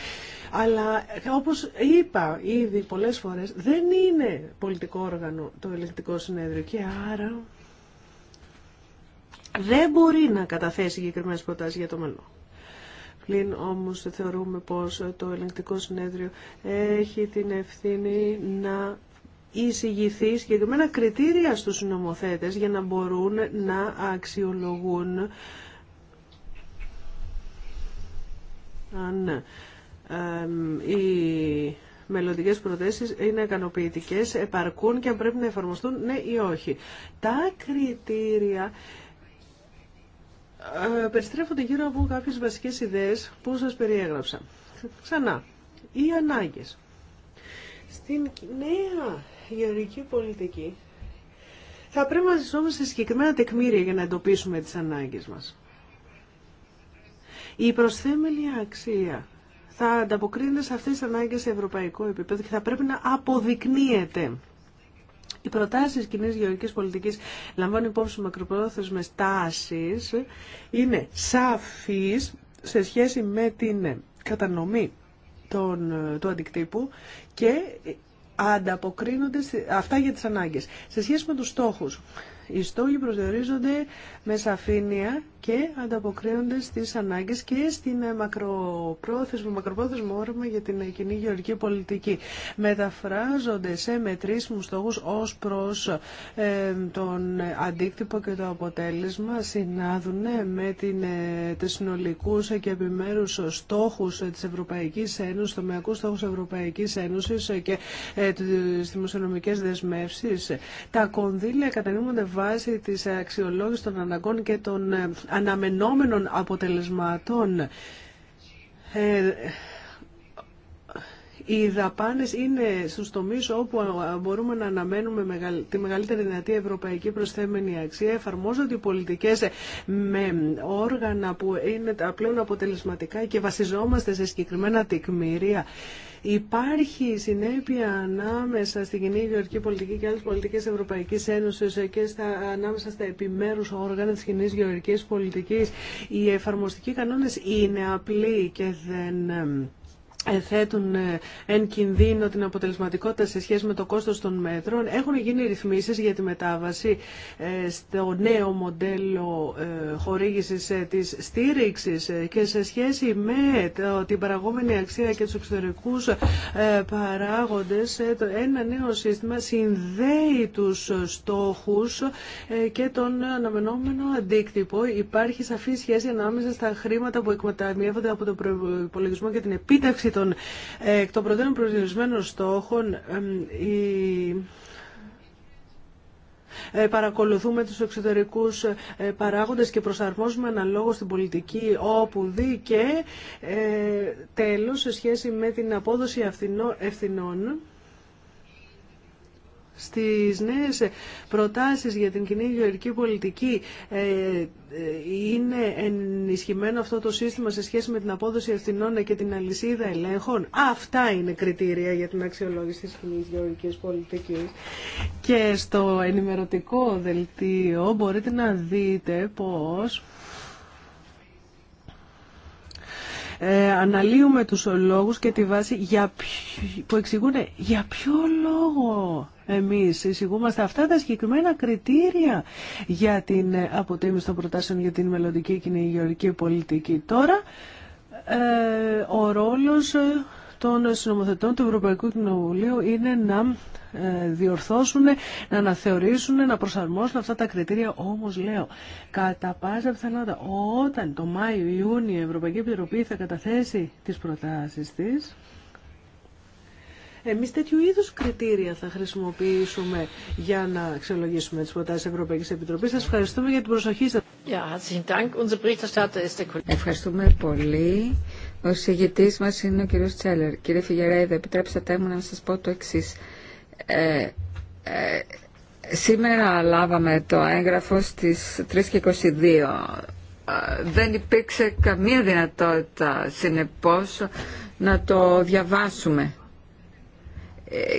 Αλλά όπω είπα ήδη πολλέ φορέ δεν είναι πολιτικό όργανο το ελεγκτικό συνέδριο και άρα δεν μπορεί να καταθέσει συγκεκριμένε προτάσει για το μέλλον. Πλην όμως θεωρούμε πως το ελεγκτικό συνέδριο έχει την ευθύνη να εισηγηθεί συγκεκριμένα κριτήρια στους νομοθέτες για να μπορούν να αξιολογούν αν οι μελλοντικέ προθέσει είναι ικανοποιητικέ, επαρκούν και αν πρέπει να εφαρμοστούν ναι ή όχι. Τα κριτήρια περιστρέφονται γύρω από κάποιες βασικές ιδέες που σας περιέγραψα. Ξανά, οι ανάγκες. Στην νέα γεωργική πολιτική θα πρέπει να ζητούμε σε συγκεκριμένα τεκμήρια για να εντοπίσουμε τις ανάγκες μας. Η προσθέμενη αξία θα ανταποκρίνεται σε αυτές τις ανάγκες σε ευρωπαϊκό επίπεδο και θα πρέπει να αποδεικνύεται. Οι προτάσεις κοινή γεωργική πολιτικής λαμβάνουν υπόψη μακροπρόθεσμες τάσεις, είναι σαφείς σε σχέση με την κατανομή των, του αντικτύπου και ανταποκρίνονται αυτά για τις ανάγκες. Σε σχέση με τους στόχους, οι στόχοι προσδιορίζονται με σαφήνεια και ανταποκρίνονται στις ανάγκες και στην ε, μακροπρόθεσμο, μακροπρόθεσμο όραμα για την ε, κοινή γεωργική πολιτική. Μεταφράζονται σε μετρήσιμους στόχους ως προς ε, τον αντίκτυπο και το αποτέλεσμα, συνάδουν με την, ε, τις συνολικούς και επιμέρους στόχους της Ευρωπαϊκής Ένωσης, τομεακούς στόχους Ευρωπαϊκής Ένωσης και ε, τις δημοσιονομικές δεσμεύσεις. Τα κονδύλια κατανείμονται βάσει της αξιολόγησης των αναγκών και των αναμενόμενων αποτελεσμάτων ε, οι δαπάνε είναι στου τομεί όπου μπορούμε να αναμένουμε τη μεγαλύτερη δυνατή ευρωπαϊκή προσθέμενη αξία. Εφαρμόζονται οι πολιτικές με όργανα που είναι τα αποτελεσματικά και βασιζόμαστε σε συγκεκριμένα τεκμήρια. Υπάρχει συνέπεια ανάμεσα στην κοινή γεωργική πολιτική και άλλες πολιτικές Ευρωπαϊκή Ένωση και στα, ανάμεσα στα επιμέρου όργανα τη κοινή γεωργική πολιτική, Οι εφαρμοστικοί κανόνε είναι απλοί και δεν ε, θέτουν ε, εν κινδύνο την αποτελεσματικότητα σε σχέση με το κόστος των μέτρων. Έχουν γίνει ρυθμίσεις για τη μετάβαση ε, στο νέο μοντέλο χορήγησης της στήριξης και σε σχέση με την παραγόμενη αξία και τους εξωτερικούς παράγοντες ένα νέο σύστημα συνδέει τους στόχους και τον αναμενόμενο αντίκτυπο. Υπάρχει σαφή σχέση ανάμεσα στα χρήματα που εκμεταμιεύονται από τον προπολογισμό και την των ε, εκ των προτέρων προσδιορισμένων στόχων ε, παρακολουθούμε τους εξωτερικούς ε, παράγοντες και προσαρμόζουμε αναλόγως την πολιτική όπου δει και τέλος σε σχέση με την απόδοση ευθυνών στις νέες προτάσεις για την κοινή γεωργική πολιτική ε, ε, είναι ενισχυμένο αυτό το σύστημα σε σχέση με την απόδοση ευθυνών και την αλυσίδα ελέγχων. Αυτά είναι κριτήρια για την αξιολόγηση της κοινής γεωργικής πολιτικής. Και στο ενημερωτικό δελτίο μπορείτε να δείτε πώς... Ε, αναλύουμε τους λόγους και τη βάση για που εξηγούν για ποιο λόγο εμείς εισηγούμαστε αυτά τα συγκεκριμένα κριτήρια για την ε, αποτίμηση των προτάσεων για την μελλοντική γεωργική πολιτική. Τώρα, ε, ο ρόλος ε, των συνομοθετών του Ευρωπαϊκού Κοινοβουλίου είναι να ε, διορθώσουν, να αναθεωρήσουν, να προσαρμόσουν αυτά τα κριτήρια. Όμως λέω, κατά πάσα πιθανότητα, όταν το Μάιο-Ιούνιο η Ευρωπαϊκή Επιτροπή θα καταθέσει τις προτάσεις της, εμείς τέτοιου είδους κριτήρια θα χρησιμοποιήσουμε για να αξιολογήσουμε τις προτάσεις της Ευρωπαϊκής Επιτροπής. Σας ευχαριστούμε για την προσοχή σας. Ευχαριστούμε πολύ. Ο συγητής μας είναι ο κ. Τσέλερ. Κύριε Φιγερέιδε, επιτρέψατε μου να σας πω το εξής. Ε, ε, σήμερα λάβαμε το έγγραφο στις 3 και 22 ε, δεν υπήρξε καμία δυνατότητα συνεπώς να το διαβάσουμε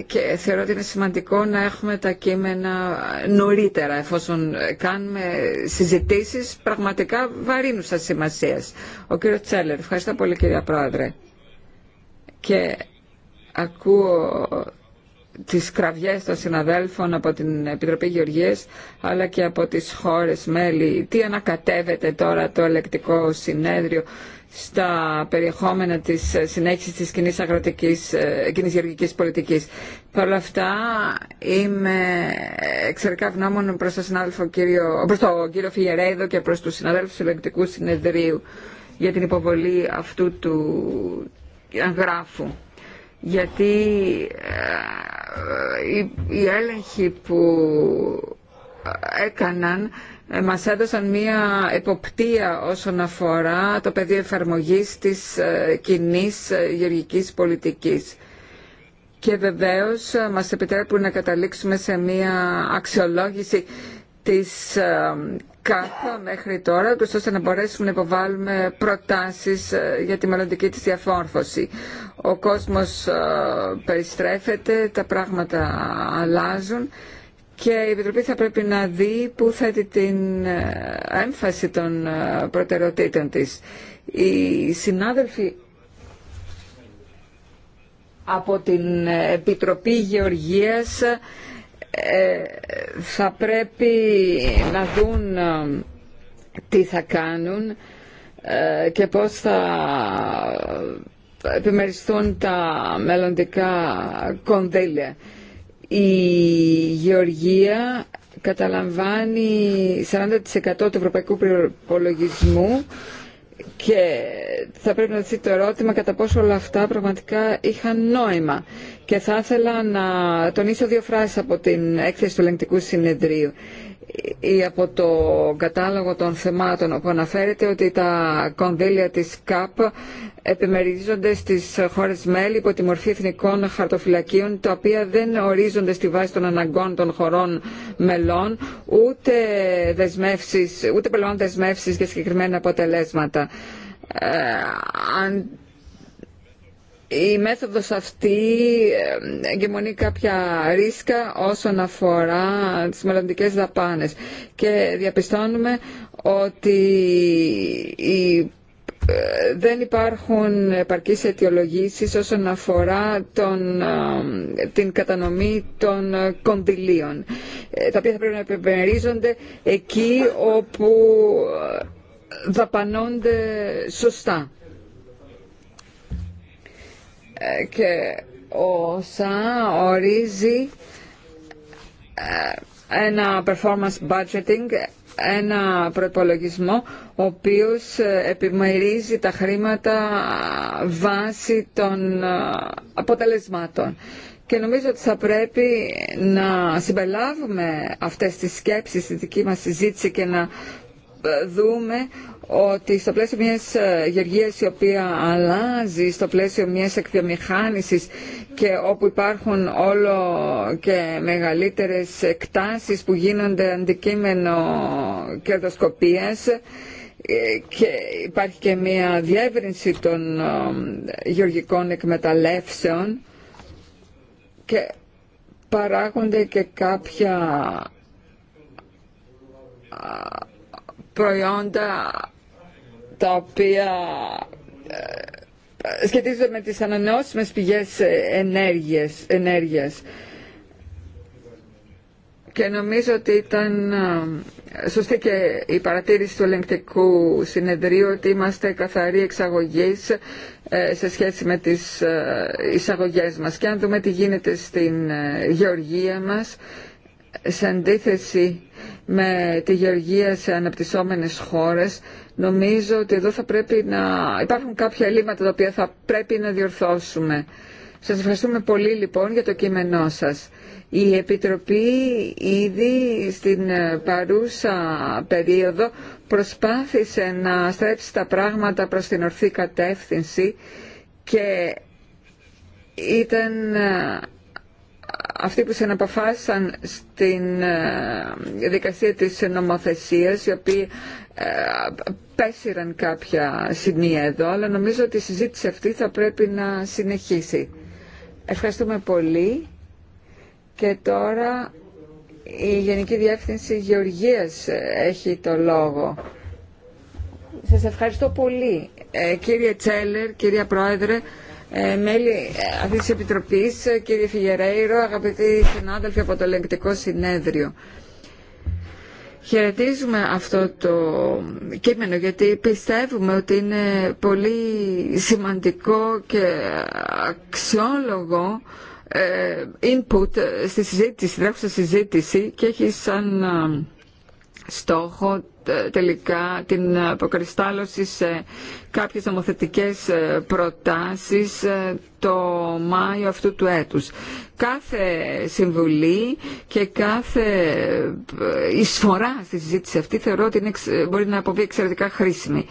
και θεωρώ ότι είναι σημαντικό να έχουμε τα κείμενα νωρίτερα εφόσον κάνουμε συζητήσεις πραγματικά βαρύνουσα σημασίας. Ο κύριος Τσέλερ, ευχαριστώ πολύ κυρία Πρόεδρε. Και ακούω τις κραυγές των συναδέλφων από την Επιτροπή Γεωργίας αλλά και από τις χώρες μέλη. Τι ανακατεύεται τώρα το ελεκτικό συνέδριο στα περιεχόμενα της συνέχισης της κοινής, αγροτικής, ε, κοινής γεωργικής πολιτικής. Παρ' όλα αυτά είμαι εξαιρετικά ευγνώμων προς τον, συνάδελφο κύριο, προς τον κύριο Φιερέδο και προς τους συναδέλφους του Ελεγκτικού Συνεδρίου για την υποβολή αυτού του γράφου. Γιατί ε, οι έλεγχοι που έκαναν ε, μας έδωσαν μία εποπτεία όσον αφορά το πεδίο εφαρμογής της ε, κοινή ε, γεωργικής πολιτικής. Και βεβαίως μας επιτρέπουν να καταλήξουμε σε μία αξιολόγηση της ΚΑΠΑ μέχρι τώρα, ώστε να μπορέσουμε να υποβάλουμε προτάσεις για τη μελλοντική της διαφόρφωση. Ο κόσμος περιστρέφεται, τα πράγματα αλλάζουν και η Επιτροπή θα πρέπει να δει πού θέτει την ε, έμφαση των ε, προτεραιοτήτων της. Οι συνάδελφοι από την Επιτροπή Γεωργίας ε, θα πρέπει να δουν τι θα κάνουν και πώς θα επιμεριστούν τα μελλοντικά κονδύλια. Η Γεωργία καταλαμβάνει 40% του ευρωπαϊκού προπολογισμού και θα πρέπει να δει το ερώτημα κατά πόσο όλα αυτά πραγματικά είχαν νόημα. Και θα ήθελα να τονίσω δύο φράσεις από την έκθεση του ελεγκτικού συνεδρίου ή από το κατάλογο των θεμάτων όπου αναφέρεται ότι τα κονδύλια της ΚΑΠ επιμερίζονται στις χώρες μέλη υπό τη μορφή εθνικών χαρτοφυλακίων τα οποία δεν ορίζονται στη βάση των αναγκών των χωρών μελών ούτε, δεσμεύσεις, ούτε δεσμεύσεις για συγκεκριμένα αποτελέσματα. Ε, η μέθοδος αυτή εγκαιμονεί κάποια ρίσκα όσον αφορά τις μελλοντικέ δαπάνες και διαπιστώνουμε ότι ε, δεν υπάρχουν επαρκείς αιτιολογήσεις όσον αφορά τον, την κατανομή των κονδυλίων, ε, τα οποία θα πρέπει να επιμερίζονται εκεί όπου ε, δαπανώνται σωστά και ο ΣΑ ορίζει ε, ένα performance budgeting, ένα προπολογισμό ο οποίος ε, επιμερίζει τα χρήματα ε, βάσει των αποτελεσμάτων. Και νομίζω ότι θα πρέπει να συμπελάβουμε αυτές τις σκέψεις στη δική μας συζήτηση και να δούμε ότι στο πλαίσιο μιας ε, γεργίας η οποία αλλάζει, στο πλαίσιο μιας εκβιομηχάνησης και όπου υπάρχουν όλο και μεγαλύτερες εκτάσεις που γίνονται αντικείμενο κερδοσκοπίας ε, και υπάρχει και μια διεύρυνση των ε, γεωργικών εκμεταλλεύσεων και παράγονται και κάποια προϊόντα τα οποία ε, σχετίζονται με τις ανανεώσιμες πηγές ε, ενέργειας, ενέργειας. Και νομίζω ότι ήταν ε, σωστή και η παρατήρηση του ελεγκτικού συνεδρίου ότι είμαστε καθαροί εξαγωγής σε σχέση με τις εισαγωγές μας. Και αν δούμε τι γίνεται στην γεωργία μας, σε αντίθεση με τη γεωργία σε αναπτυσσόμενες χώρες, Νομίζω ότι εδώ θα πρέπει να υπάρχουν κάποια ελλείμματα τα οποία θα πρέπει να διορθώσουμε. Σας ευχαριστούμε πολύ λοιπόν για το κείμενό σας. Η Επιτροπή ήδη στην ε, παρούσα περίοδο προσπάθησε να στρέψει τα πράγματα προς την ορθή κατεύθυνση και ήταν ε, αυτοί που συναποφάσισαν στην ε, δικασία της νομοθεσίας, οι οποίοι ε, πέσυραν κάποια σημεία εδώ, αλλά νομίζω ότι η συζήτηση αυτή θα πρέπει να συνεχίσει. Ευχαριστούμε πολύ. Και τώρα η Γενική Διεύθυνση Γεωργίας έχει το λόγο. Σας ευχαριστώ πολύ. Ε, κύριε Τσέλερ, κυρία Πρόεδρε, ε, μέλη ε, αυτή τη Επιτροπή, ε, κύριε Φιγερέιρο, αγαπητοί συνάδελφοι από το Ελεγκτικό Συνέδριο. Χαιρετίζουμε αυτό το κείμενο γιατί πιστεύουμε ότι είναι πολύ σημαντικό και αξιόλογο input στη συζήτηση, στη συζήτηση και έχει σαν στόχο ε, τελικά την αποκριστάλλωση σε κάποιες νομοθετικές ε, προτάσεις ε, το Μάιο αυτού του έτους. Κάθε συμβουλή και κάθε εισφορά στη συζήτηση αυτή θεωρώ ότι μπορεί να αποβεί εξαιρετικά χρήσιμη.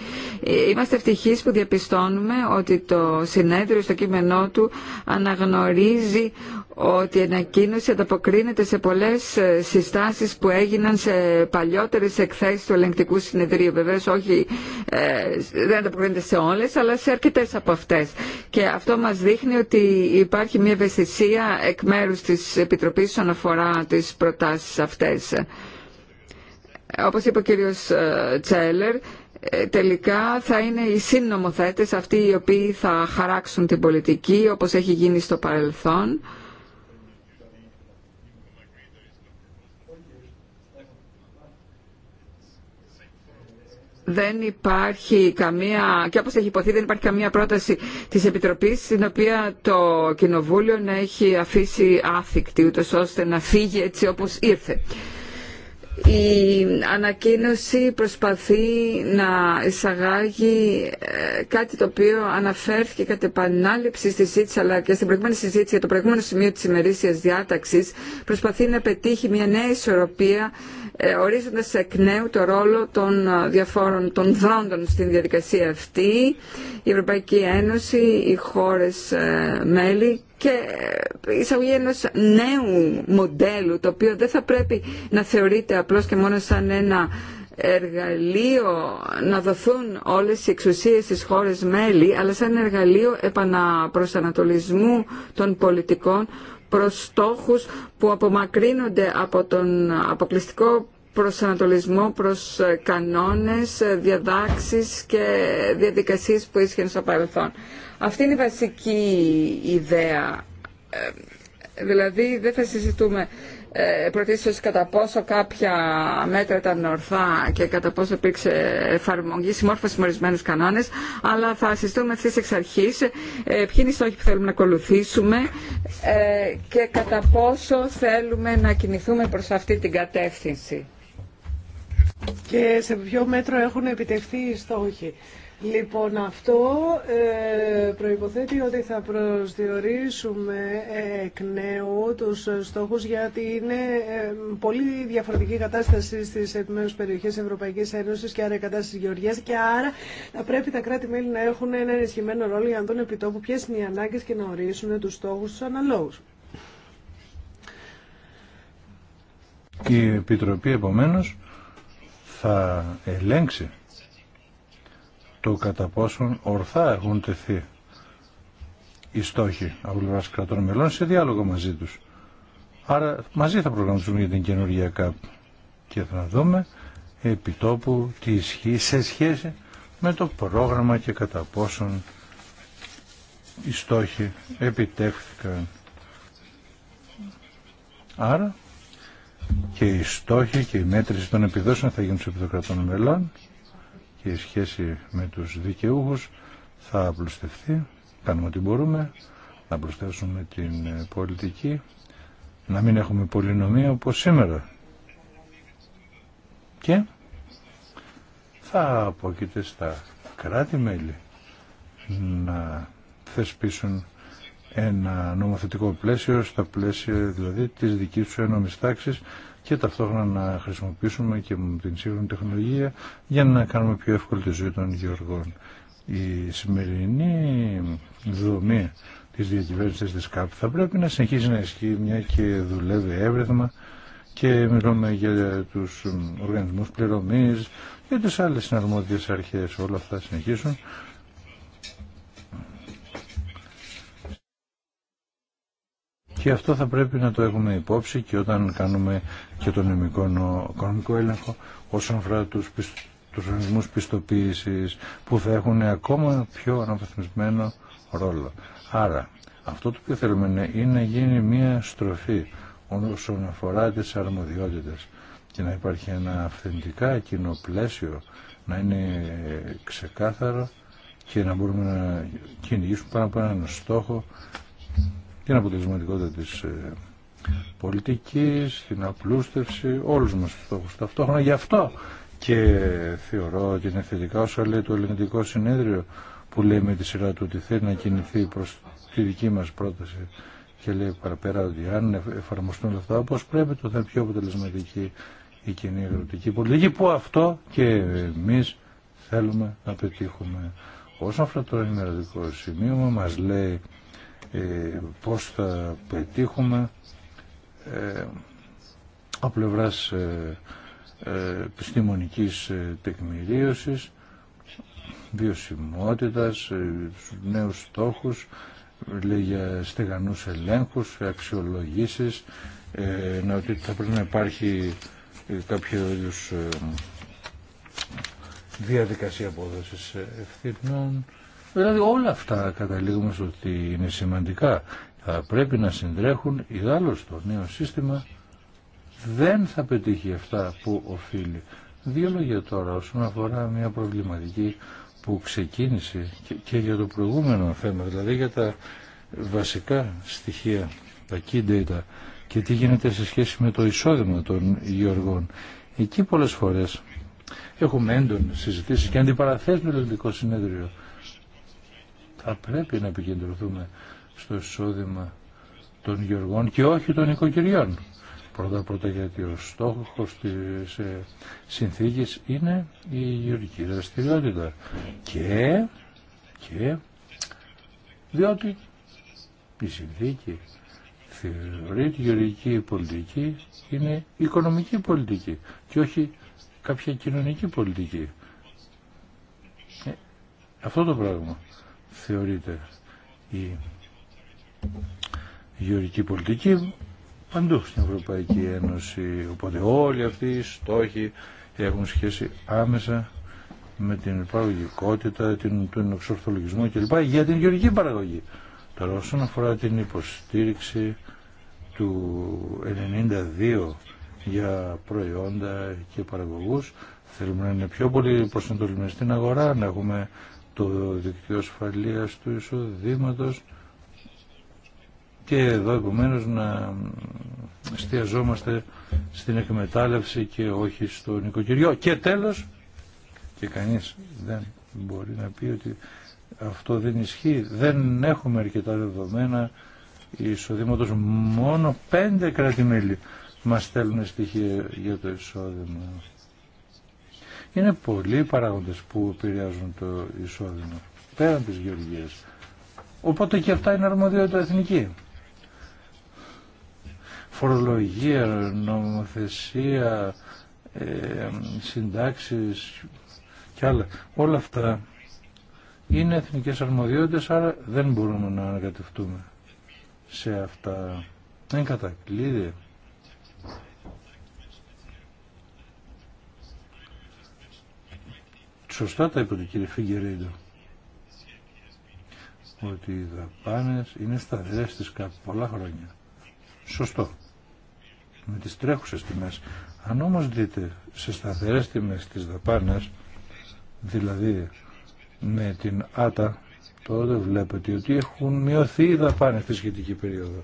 Είμαστε ευτυχείς που διαπιστώνουμε ότι το συνέδριο στο κείμενό του αναγνωρίζει ότι η ανακοίνωση ανταποκρίνεται σε πολλέ ε, συστάσεις που έγιναν σε παλιότερε εκθέσει του ελεγκτικού συνεδρίου. βεβαίω, όχι, ε, δεν ανταποκρίνεται σε όλε, αλλά σε αρκετέ από αυτέ. Και αυτό μας δείχνει ότι υπάρχει μια ευαισθησία εκ μέρου της επιτροπή όσον αφορά τι προτάσει αυτές. Όπως είπε ο κύριος ε, Τσέλερ, τελικά θα είναι οι συνομοθέτες αυτοί οι οποίοι θα χαράξουν την πολιτική όπως έχει γίνει στο παρελθόν δεν υπάρχει καμία, και όπως έχει υποθεί δεν υπάρχει καμία πρόταση της Επιτροπής στην οποία το Κοινοβούλιο να έχει αφήσει άθικτη ούτως ώστε να φύγει έτσι όπως ήρθε. Η ανακοίνωση προσπαθεί να εισαγάγει ε, κάτι το οποίο αναφέρθηκε κατά επανάληψη στη συζήτηση αλλά και στην προηγούμενη συζήτηση για το προηγούμενο σημείο της ημερήσιας διάταξης προσπαθεί να πετύχει μια νέα ισορροπία ε, ορίζοντας εκ νέου το ρόλο των ε, διαφόρων των δρόντων στην διαδικασία αυτή, η Ευρωπαϊκή Ένωση, οι χώρες ε, μέλη και η εισαγωγή ενό νέου μοντέλου, το οποίο δεν θα πρέπει να θεωρείται απλώς και μόνο σαν ένα εργαλείο να δοθούν όλες οι εξουσίες στις χώρες μέλη, αλλά σαν εργαλείο επαναπροσανατολισμού των πολιτικών προς στόχους που απομακρύνονται από τον αποκλειστικό προσανατολισμό προς ε, κανόνες, ε, διαδάξεις και διαδικασίες που ίσχυαν στο παρελθόν. Αυτή είναι η βασική ιδέα. Ε, δηλαδή δεν θα συζητούμε ε, Πρωτήσω κατά πόσο κάποια μέτρα ήταν ορθά και κατά πόσο υπήρξε εφαρμογή συμμόρφωση με ορισμένου κανόνε, αλλά θα συζητούμε αυτής εξ αρχή ε, ποιοι είναι οι στόχοι που θέλουμε να ακολουθήσουμε ε, και κατά πόσο θέλουμε να κινηθούμε προ αυτή την κατεύθυνση. Και σε ποιο μέτρο έχουν επιτευχθεί οι στόχοι. Λοιπόν, αυτό ε, προϋποθέτει ότι θα προσδιορίσουμε εκ νέου τους στόχους γιατί είναι ε, πολύ διαφορετική κατάσταση στις επιμέρους περιοχές Ευρωπαϊκής Ένωσης και άρα η κατάσταση της Γεωργίας και άρα θα πρέπει τα κράτη-μέλη να έχουν ένα ενισχυμένο ρόλο για να δουν επιτόπου ποιες είναι οι ανάγκες και να ορίσουν τους στόχους τους αναλόγους. Η Επιτροπή επομένως θα ελέγξει το κατά πόσον ορθά έχουν τεθεί οι στόχοι από πλευρά κρατών μελών σε διάλογο μαζί τους. Άρα μαζί θα προγραμματιστούμε για την καινούργια ΚΑΠ και θα δούμε επί τόπου τι ισχύει σε σχέση με το πρόγραμμα και κατά πόσον οι στόχοι επιτεύχθηκαν. Άρα και οι στόχοι και η μέτρηση των επιδόσεων θα γίνουν στους επιδοκρατών μελών η σχέση με τους δικαιούχους θα απλουστευτεί, κάνουμε ό,τι μπορούμε, να προσθέσουμε την ε, πολιτική, να μην έχουμε πολυνομία όπως σήμερα. Και θα απόκειται στα κράτη-μέλη να θεσπίσουν ένα νομοθετικό πλαίσιο στα πλαίσια δηλαδή της δικής του ένωμης τάξης και ταυτόχρονα να χρησιμοποιήσουμε και την σύγχρονη τεχνολογία για να κάνουμε πιο εύκολη τη ζωή των γεωργών. Η σημερινή δομή της διακυβέρνησης της ΚΑΠ θα πρέπει να συνεχίζει να ισχύει μια και δουλεύει έβρεθμα και μιλούμε για τους οργανισμούς πληρωμής, για τις άλλες συναρμόδιες αρχές, όλα αυτά συνεχίσουν Και αυτό θα πρέπει να το έχουμε υπόψη και όταν κάνουμε και τον οικονομικό έλεγχο όσον αφορά τους, τους οργανισμούς πιστοποίησης που θα έχουν ακόμα πιο αναβαθμισμένο ρόλο. Άρα, αυτό το οποίο θέλουμε είναι να γίνει μια στροφή όσον αφορά τις αρμοδιότητες και να υπάρχει ένα αυθεντικά κοινό πλαίσιο, να είναι ξεκάθαρο και να μπορούμε να κυνηγήσουμε πάνω από έναν στόχο την αποτελεσματικότητα της ε, πολιτικής, την απλούστευση, όλους μας στόχους ταυτόχρονα. Γι' αυτό και θεωρώ ότι είναι θετικά όσα λέει το ελληνικό συνέδριο που λέει με τη σειρά του ότι θέλει να κινηθεί προς τη δική μας πρόταση και λέει παραπέρα ότι αν εφαρμοστούν αυτά όπως πρέπει το θα είναι πιο αποτελεσματική η κοινή αγροτική πολιτική που αυτό και εμείς θέλουμε να πετύχουμε. Όσον αφορά το ενημερωτικό σημείο μας λέει ε, πώς θα πετύχουμε ε, από πλευράς ε, ε, επιστημονικής ε, τεκμηρίωσης, βιωσιμότητας, ε, νέους στόχους, λέει για στεγανούς ελέγχους, αξιολογήσεις, ε, να, ότι θα πρέπει να υπάρχει κάποιο διαδικασία απόδοσης ευθυνών, Δηλαδή όλα αυτά καταλήγουμε στο ότι είναι σημαντικά. Θα πρέπει να συντρέχουν, άλλο το νέο σύστημα δεν θα πετύχει αυτά που οφείλει. Δύο λόγια τώρα όσον αφορά μια προβληματική που ξεκίνησε και για το προηγούμενο θέμα, δηλαδή για τα βασικά στοιχεία, τα key data και τι γίνεται σε σχέση με το εισόδημα των γεωργών. Εκεί πολλές φορές έχουμε έντονες συζητήσεις και με το ελληνικό συνέδριο θα πρέπει να επικεντρωθούμε στο εισόδημα των γεωργών και όχι των οικοκυριών. Πρώτα-πρώτα γιατί ο στόχος της ε, συνθήκης είναι η γεωργική δραστηριότητα. Και, και διότι η συνθήκη θεωρεί τη γεωργική πολιτική είναι οικονομική πολιτική και όχι κάποια κοινωνική πολιτική. Ε, αυτό το πράγμα θεωρείται η γεωρική πολιτική παντού στην Ευρωπαϊκή Ένωση. Οπότε όλοι αυτοί οι στόχοι έχουν σχέση άμεσα με την παραγωγικότητα, την, τον εξορθολογισμό κλπ. για την γεωργική παραγωγή. Τώρα όσον αφορά την υποστήριξη του 92 για προϊόντα και παραγωγούς θέλουμε να είναι πιο πολύ προσανατολισμένοι στην αγορά, να έχουμε το Δικτύο Ασφαλείας του Εισοδήματος και εδώ επομένω να εστιαζόμαστε στην εκμετάλλευση και όχι στο νοικοκυριό. Και τέλος, και κανείς δεν μπορεί να πει ότι αυτό δεν ισχύει, δεν έχουμε αρκετά δεδομένα εισοδήματος, μόνο πέντε κράτη-μέλη μας στέλνουν στοιχεία για το εισόδημα. Είναι πολλοί παράγοντε που επηρεάζουν το εισόδημα πέραν τη γεωργία. Οπότε και αυτά είναι αρμοδιότητα εθνική. Φορολογία, νομοθεσία, ε, συντάξεις και άλλα. Όλα αυτά είναι εθνικές αρμοδιότητες, άρα δεν μπορούμε να ανακατευτούμε σε αυτά. Δεν κατακλείδη. Σωστά τα είπε το κύριε ότι οι δαπάνε είναι σταθερές της κάπου πολλά χρόνια. Σωστό. Με τις τρέχουσες τιμές. Αν όμως δείτε σε σταθερές τιμές τις δαπάνε, δηλαδή με την ΆΤΑ, τότε βλέπετε ότι έχουν μειωθεί οι δαπάνε στη σχετική περίοδο.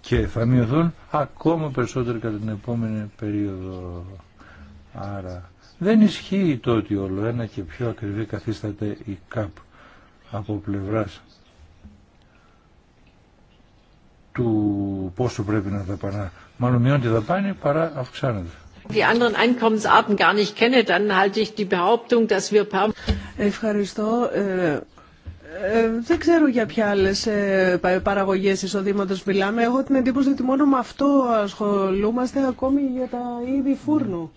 Και θα μειωθούν ακόμα περισσότερο κατά την επόμενη περίοδο. Άρα δεν ισχύει το ότι όλο ένα και πιο ακριβή καθίσταται η ΚΑΠ από πλευράς του πόσο πρέπει να δαπανά. Μάλλον μειώνει τη δαπάνη παρά αυξάνεται. Ευχαριστώ. Ε, δεν ξέρω για ποια άλλε ε, παραγωγέ εισοδήματο μιλάμε. Έχω την εντύπωση ότι μόνο με αυτό ασχολούμαστε ακόμη για τα είδη φούρνου.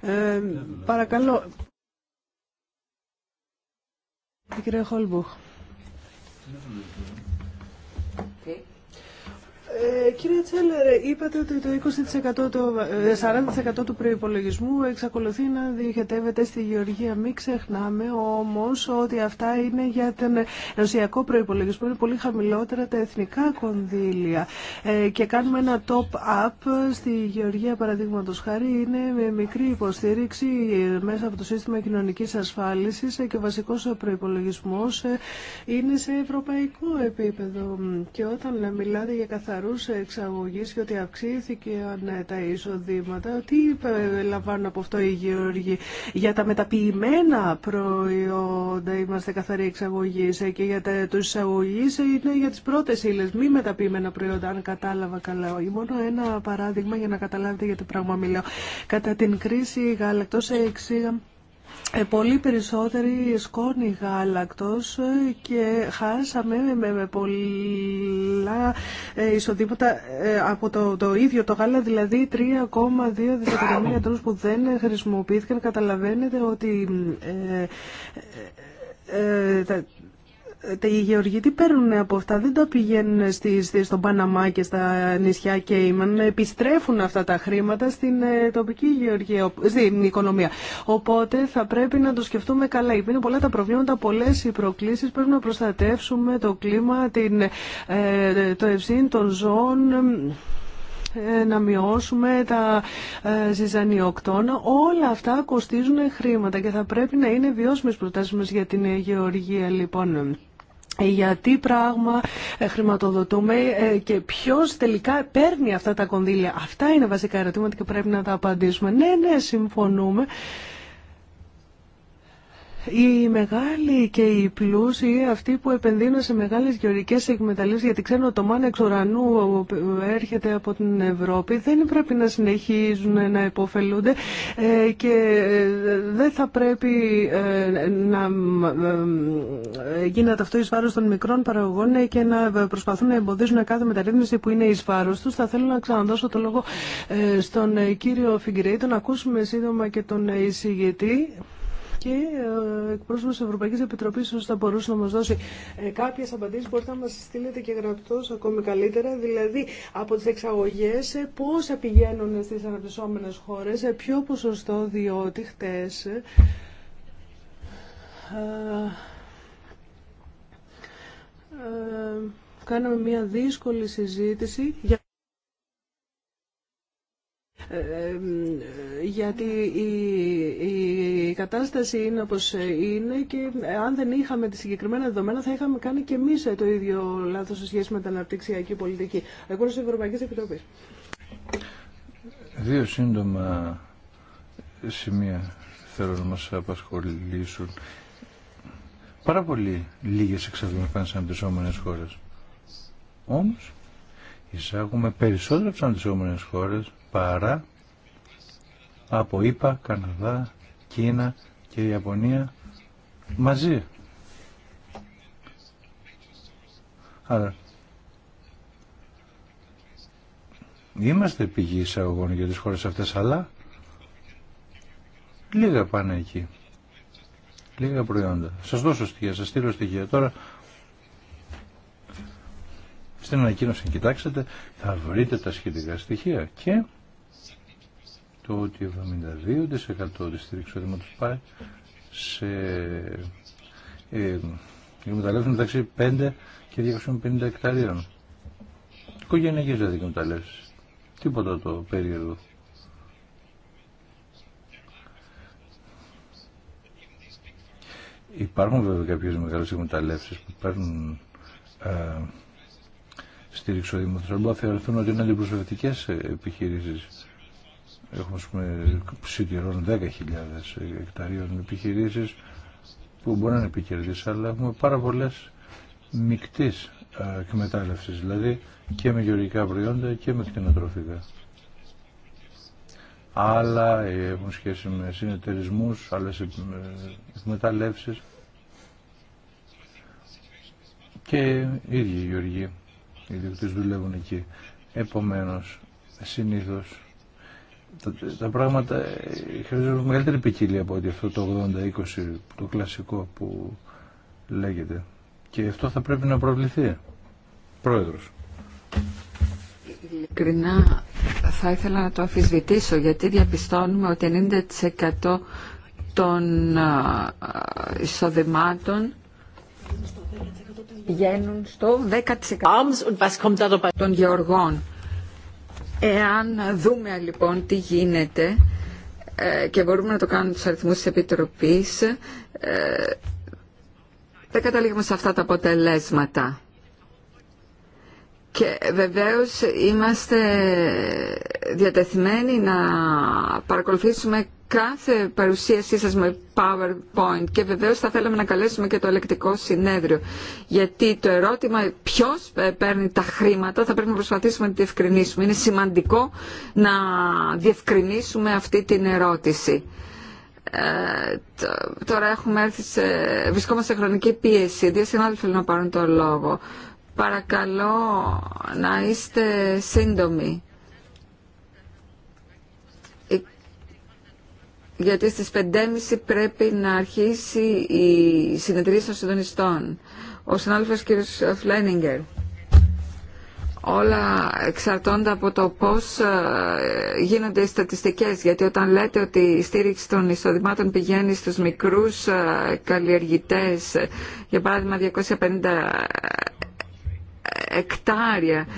Ε, παρακαλώ. Κύριε Χόλμπουχ. Ε, κύριε Τσέλερ, είπατε ότι το 20% το, 40% ε, του προϋπολογισμού εξακολουθεί να διοχετεύεται στη Γεωργία. Μην ξεχνάμε όμως ότι αυτά είναι για τον ενωσιακό προϋπολογισμό, είναι πολύ χαμηλότερα τα εθνικά κονδύλια. Ε, και κάνουμε ένα top-up στη Γεωργία, παραδείγματο χάρη, είναι με μικρή υποστήριξη μέσα από το σύστημα κοινωνικής ασφάλισης και ο βασικός προϋπολογισμός είναι σε ευρωπαϊκό επίπεδο. Και όταν μιλάτε για φόρους εξαγωγής και ότι αυξήθηκαν ε, τα εισοδήματα. Τι λαμβάνουν από αυτό οι γεωργοί. Για τα μεταποιημένα προϊόντα είμαστε καθαροί εξαγωγής ε, και για τα, τους εισαγωγείς είναι για τις πρώτες ύλες, μη μεταποιημένα προϊόντα, αν κατάλαβα καλά. Μόνο ένα παράδειγμα για να καταλάβετε για το πράγμα μιλάω. Κατά την κρίση γάλακτος ε, εξήγαμε ε, πολύ περισσότερη σκόνη γάλακτος ε, και χάσαμε με, πολλά ε, εισοδήματα από το, το ίδιο το γάλα, δηλαδή 3,2 δισεκατομμύρια τόνους που δεν χρησιμοποιήθηκαν. Καταλαβαίνετε ότι οι γεωργοί τι παίρνουν από αυτά, δεν τα πηγαίνουν στη, στη, στον Παναμά και στα νησιά Κέιμαν, επιστρέφουν αυτά τα χρήματα στην ε, τοπική γεωργία, στην οικονομία. Οπότε θα πρέπει να το σκεφτούμε καλά. Είναι πολλά τα προβλήματα, πολλέ οι προκλήσεις, πρέπει να προστατεύσουμε το κλίμα, την, ε, ε, το ευσύν των ζώων, ε, να μειώσουμε τα ε, ζυζανιοκτώνα. Όλα αυτά κοστίζουν χρήματα και θα πρέπει να είναι βιώσιμες προτάσεις μας για την ε, γεωργία λοιπόν γιατί πράγμα χρηματοδοτούμε και ποιος τελικά παίρνει αυτά τα κονδύλια. Αυτά είναι βασικά ερωτήματα και πρέπει να τα απαντήσουμε. Ναι, ναι, συμφωνούμε. Οι μεγάλοι και οι πλούσιοι, αυτοί που επενδύουν σε μεγάλες γεωρικές εκμεταλλεύσεις, γιατί ξέρω το μάνα εξ ουρανού έρχεται από την Ευρώπη, δεν πρέπει να συνεχίζουν να υποφελούνται ε, και ε, δεν θα πρέπει ε, να γίνεται αυτό εις βάρος των μικρών παραγωγών και να προσπαθούν να εμποδίζουν κάθε μεταρρύθμιση που είναι εις βάρος τους. Θα θέλω να ξαναδώσω το λόγο στον κύριο Φιγκρέη, τον ακούσουμε σύντομα και τον εισηγητή και ο ε, εκπρόσωπο τη Ευρωπαϊκή Επιτροπή ίσω θα μπορούσε να μα δώσει ε, κάποιε απαντήσει. Μπορείτε να μα στείλετε και γραπτό ακόμη καλύτερα. Δηλαδή, από τι εξαγωγέ, ε, πόσα πηγαίνουν στι αναπτυσσόμενε χώρε, ποιο ποσοστό, διότι χτε. κάναμε μια δύσκολη συζήτηση για γιατί η, κατάσταση είναι όπως είναι και αν δεν είχαμε τη συγκεκριμένα δεδομένα θα είχαμε κάνει και εμείς το ίδιο λάθος σε σχέση με την αναπτυξιακή πολιτική. Εγώ στις Ευρωπαίκες Επιτροπές. Δύο σύντομα σημεία θέλω να μας απασχολήσουν. Πάρα πολύ λίγες εξαρτημένες από τις τις χώρες. Όμως εισάγουμε περισσότερα από τις χώρες παρά από ΙΠΑ, Καναδά, Κίνα και Ιαπωνία μαζί. Άρα είμαστε πηγή εισαγωγών για τις χώρες αυτές, αλλά λίγα πάνε εκεί. Λίγα προϊόντα. Σας δώσω στοιχεία, σας στείλω στοιχεία. Τώρα στην ανακοίνωση, κοιτάξτε, θα βρείτε τα σχετικά στοιχεία και το ότι 72% της στήριξης πάει σε ε, μεταξύ 5 και 250 εκταρίων. Οικογενειακές δηλαδή εκμεταλλεύσεις. Τίποτα το περίεργο. Υπάρχουν βέβαια κάποιες μεγάλες εκμεταλλεύσεις που παίρνουν ε, στήριξη μπορούν να θεωρηθούν ότι είναι αντιπροσωπευτικές επιχειρήσεις Έχουμε, ας πούμε, 10.000 εκταρίων επιχειρήσεις που μπορεί να είναι επικερδείς, αλλά έχουμε πάρα πολλές μικτής εκμετάλλευσης, δηλαδή και με γεωργικά προϊόντα και με κτηνοτροφικά. Άλλα έχουν σχέση με συνεταιρισμούς, άλλες ε, εκμεταλλεύσεις και οι ίδιοι οι γεωργοί, οι δουλεύουν εκεί. Επομένως, συνήθως τα, πράγματα ε, χρειάζονται μεγαλύτερη ποικίλια από ότι αυτό το 80-20, το κλασικό που λέγεται. Και αυτό θα πρέπει να προβληθεί. Πρόεδρος. Ειλικρινά θα ήθελα να το αφισβητήσω γιατί διαπιστώνουμε ότι 90% των εισοδημάτων πηγαίνουν στο 10% των γεωργών. Εάν δούμε λοιπόν τι γίνεται ε, και μπορούμε να το κάνουμε τους αριθμούς της Επιτροπής, ε, δεν καταλήγουμε σε αυτά τα αποτελέσματα. Και βεβαίως είμαστε διατεθειμένοι να παρακολουθήσουμε κάθε παρουσίασή σας με PowerPoint και βεβαίως θα θέλαμε να καλέσουμε και το ελεκτικό συνέδριο. Γιατί το ερώτημα ποιος παίρνει τα χρήματα θα πρέπει να προσπαθήσουμε να διευκρινίσουμε. Είναι σημαντικό να διευκρινίσουμε αυτή την ερώτηση. Ε, τώρα έχουμε έρθει σε... βρισκόμαστε σε χρονική πίεση. Δύο συνάδελφοι να πάρουν το λόγο παρακαλώ να είστε σύντομοι. Γιατί στις 5.30 πρέπει να αρχίσει η συνεδρία των συντονιστών. Ο συνάδελφος κ. Φλένιγκερ. Όλα εξαρτώνται από το πώς ε, γίνονται οι στατιστικές. Γιατί όταν λέτε ότι η στήριξη των εισοδημάτων πηγαίνει στους μικρούς ε, καλλιεργητές, ε, για παράδειγμα 250 εκτάρια.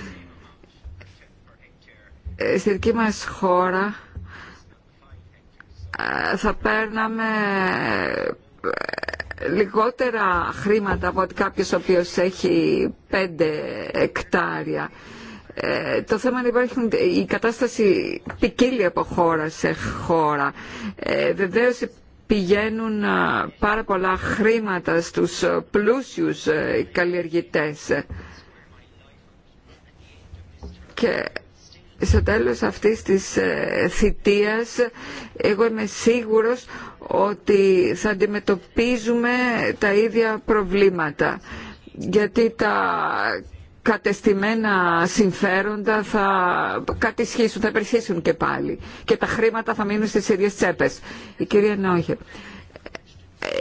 Ε, στη δική μας χώρα ε, θα παίρναμε ε, λιγότερα χρήματα από ότι κάποιος ο οποίος έχει πέντε εκτάρια. Ε, το θέμα είναι η κατάσταση ποικίλει από χώρα σε χώρα. Ε, βεβαίως πηγαίνουν πάρα πολλά χρήματα στους πλούσιους καλλιεργητές. Και στο τέλος αυτής της ε, θητείας εγώ είμαι σίγουρος ότι θα αντιμετωπίζουμε τα ίδια προβλήματα γιατί τα κατεστημένα συμφέροντα θα κατησχίσουν, θα υπερσχίσουν και πάλι και τα χρήματα θα μείνουν στις ίδιες τσέπες. Η κυρία Νόχερ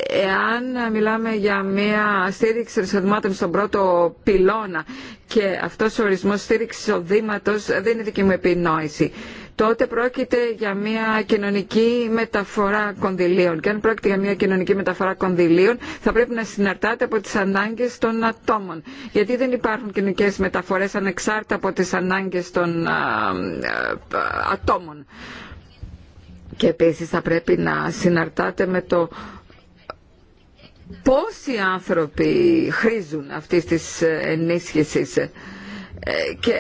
εάν μιλάμε για μια στήριξη εισοδημάτων στον πρώτο πυλώνα και αυτός ο ορισμός στήριξη εισοδήματος δεν είναι δική μου επινόηση τότε πρόκειται για μια κοινωνική μεταφορά κονδυλίων. Και αν πρόκειται για μια κοινωνική μεταφορά κονδυλίων, θα πρέπει να συναρτάται από τις ανάγκες των ατόμων. Γιατί δεν υπάρχουν κοινωνικέ μεταφορές ανεξάρτητα από τι ανάγκε των ατόμων. Και επίσης θα πρέπει να συναρτάται με το πόσοι άνθρωποι χρήζουν αυτής της ε, ενίσχυσης ε, και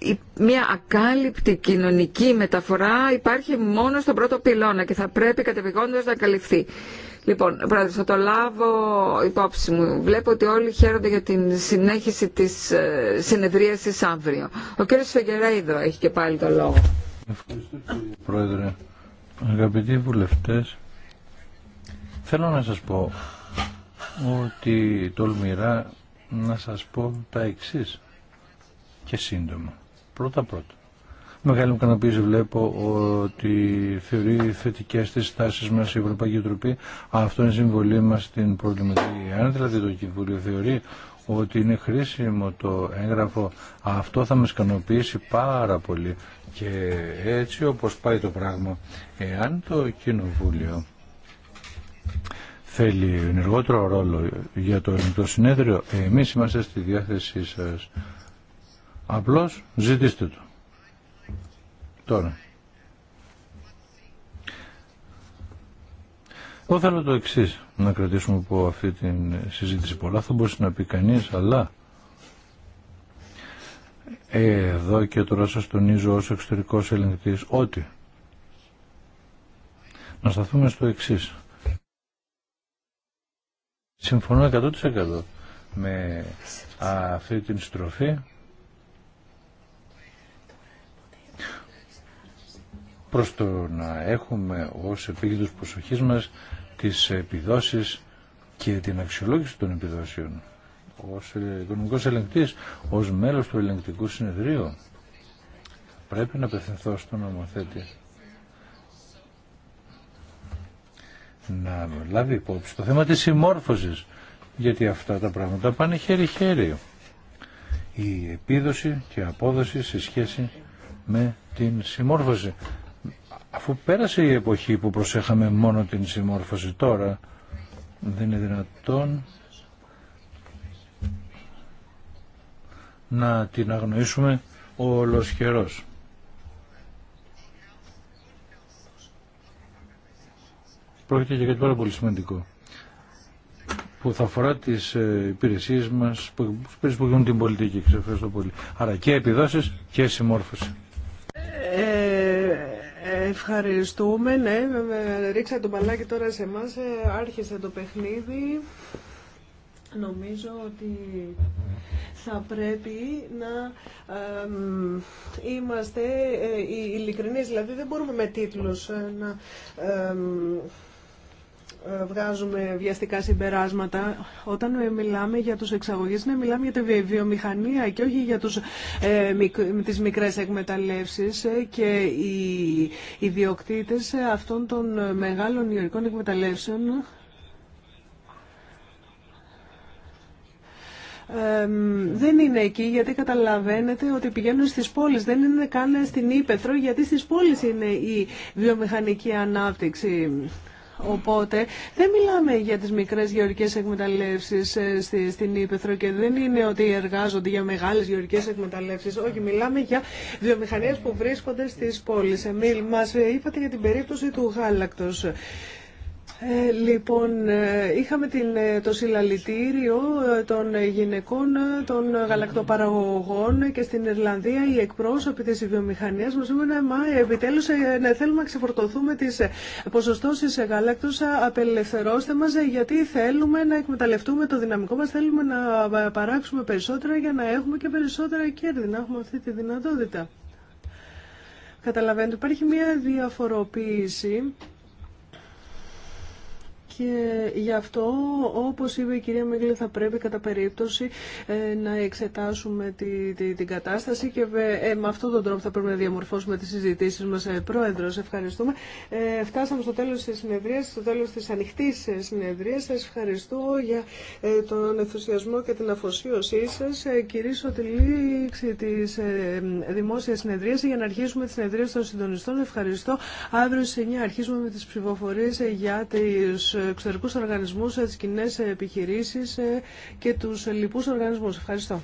ε, μια ακάλυπτη κοινωνική μεταφορά υπάρχει μόνο στον πρώτο πυλώνα και θα πρέπει κατεπηγόντως να καλυφθεί. Λοιπόν, πρόεδρε, θα το λάβω υπόψη μου. Βλέπω ότι όλοι χαίρονται για την συνέχιση της συνεδρίασης αύριο. Ο κύριος Φεγγερέιδο έχει και πάλι το λόγο. Ευχαριστώ, κύριε Πρόεδρε. Αγαπητοί βουλευτές, Θέλω να σας πω ότι τολμηρά να σας πω τα εξής και σύντομα. Πρώτα πρώτα. Μεγάλη μου ικανοποίηση βλέπω ότι θεωρεί θετικέ τι τάσει μα η Ευρωπαϊκή Τροπή. Αυτό είναι συμβολή μα στην προβληματική. Αν δηλαδή το Κοινοβούλιο θεωρεί ότι είναι χρήσιμο το έγγραφο, αυτό θα μας ικανοποιήσει πάρα πολύ. Και έτσι όπως πάει το πράγμα, εάν το Κοινοβούλιο θέλει ενεργότερο ρόλο για το ελληνικό συνέδριο, εμείς είμαστε στη διάθεσή σας. Απλώς ζητήστε το. Τώρα. Εγώ θέλω το εξή να κρατήσουμε από αυτή τη συζήτηση. Πολλά θα μπορούσε να πει κανεί, αλλά εδώ και τώρα σας τονίζω ως εξωτερικός ελεγκτής ότι να σταθούμε στο εξής. Συμφωνώ 100% με αυτή την στροφή. προς το να έχουμε ως επίγειδος προσοχής μας τις επιδόσεις και την αξιολόγηση των επιδόσεων ως ε, οικονομικός ελεγκτής, ως μέλος του ελεγκτικού συνεδρίου. Πρέπει να απευθυνθώ στον νομοθέτη να λάβει υπόψη το θέμα της συμμόρφωσης γιατί αυτά τα πράγματα πάνε χέρι-χέρι η επίδοση και η απόδοση σε σχέση με την συμμόρφωση αφού πέρασε η εποχή που προσέχαμε μόνο την συμμόρφωση τώρα δεν είναι δυνατόν να την αγνοήσουμε ολοσχερός. πρόκειται για κάτι πάρα πολύ σημαντικό που θα αφορά τι ε, υπηρεσίε μα που γίνουν την πολιτική. Ευχαριστώ πολύ. Άρα και επιδόσει και συμμόρφωση. Ε, ευχαριστούμε. Ναι, ρίξα το μπαλάκι τώρα σε εμά. Ε, άρχισε το παιχνίδι. Νομίζω ότι θα πρέπει να ε, ε, είμαστε Δηλαδή δεν μπορούμε με τίτλους ε, να ε, βγάζουμε βιαστικά συμπεράσματα. Όταν ε, μιλάμε για τους εξαγωγείς, ναι, μιλάμε για τη βιομηχανία και όχι για τους, ε, μικ, τις μικρές εκμεταλλεύσεις ε, και οι ιδιοκτήτες αυτών των μεγάλων ιωρικών εκμεταλλεύσεων δεν είναι εκεί γιατί καταλαβαίνετε ότι πηγαίνουν στις πόλεις. Δεν είναι καν στην Ήπεθρο γιατί στις πόλεις είναι η βιομηχανική ανάπτυξη. Οπότε δεν μιλάμε για τις μικρές γεωργικές εκμεταλλεύσεις ε, στην Ήπεθρο και δεν είναι ότι εργάζονται για μεγάλες γεωργικές εκμεταλλεύσεις. Όχι, μιλάμε για βιομηχανίες που βρίσκονται στις πόλεις. Εμίλ, μας ε, είπατε για την περίπτωση του γάλακτος. Ε, λοιπόν, ε, είχαμε την, ε, το συλλαλητήριο ε, των γυναικών των γαλακτοπαραγωγών και στην Ιρλανδία οι εκπρόσωποι της βιομηχανίας μας είπαν «Μα επιτέλους να θέλουμε να ξεφορτωθούμε τις ποσοστώσεις γάλακτος, απελευθερώστε μας γιατί θέλουμε να εκμεταλλευτούμε το δυναμικό μας, θέλουμε να παράξουμε περισσότερα για να έχουμε και περισσότερα κέρδη, να έχουμε αυτή τη δυνατότητα». Καταλαβαίνετε, υπάρχει μια διαφοροποίηση και γι' αυτό, όπως είπε η κυρία Μίγλε θα πρέπει κατά περίπτωση ε, να εξετάσουμε τη, την κατάσταση και ε, ε, με αυτόν τον τρόπο θα πρέπει να διαμορφώσουμε τις συζητήσεις μας. Ε, πρόεδρος, ευχαριστούμε. Ε, φτάσαμε στο τέλος της συνεδρίας, στο τέλος της ανοιχτής συνεδρίας. Σας ευχαριστώ για ε, τον ενθουσιασμό και την αφοσίωσή σας. Ε, κυρίσω τη λήξη της ε, δημόσιας συνεδρίας για να αρχίσουμε τη συνεδρία των συντονιστών. Ευχαριστώ. Αύριο στις αρχίζουμε με τις ψηφοφορίες για τις εξωτερικούς οργανισμούς, ε, τις κοινέ επιχειρήσεις ε, και τους λοιπούς οργανισμούς. Ευχαριστώ.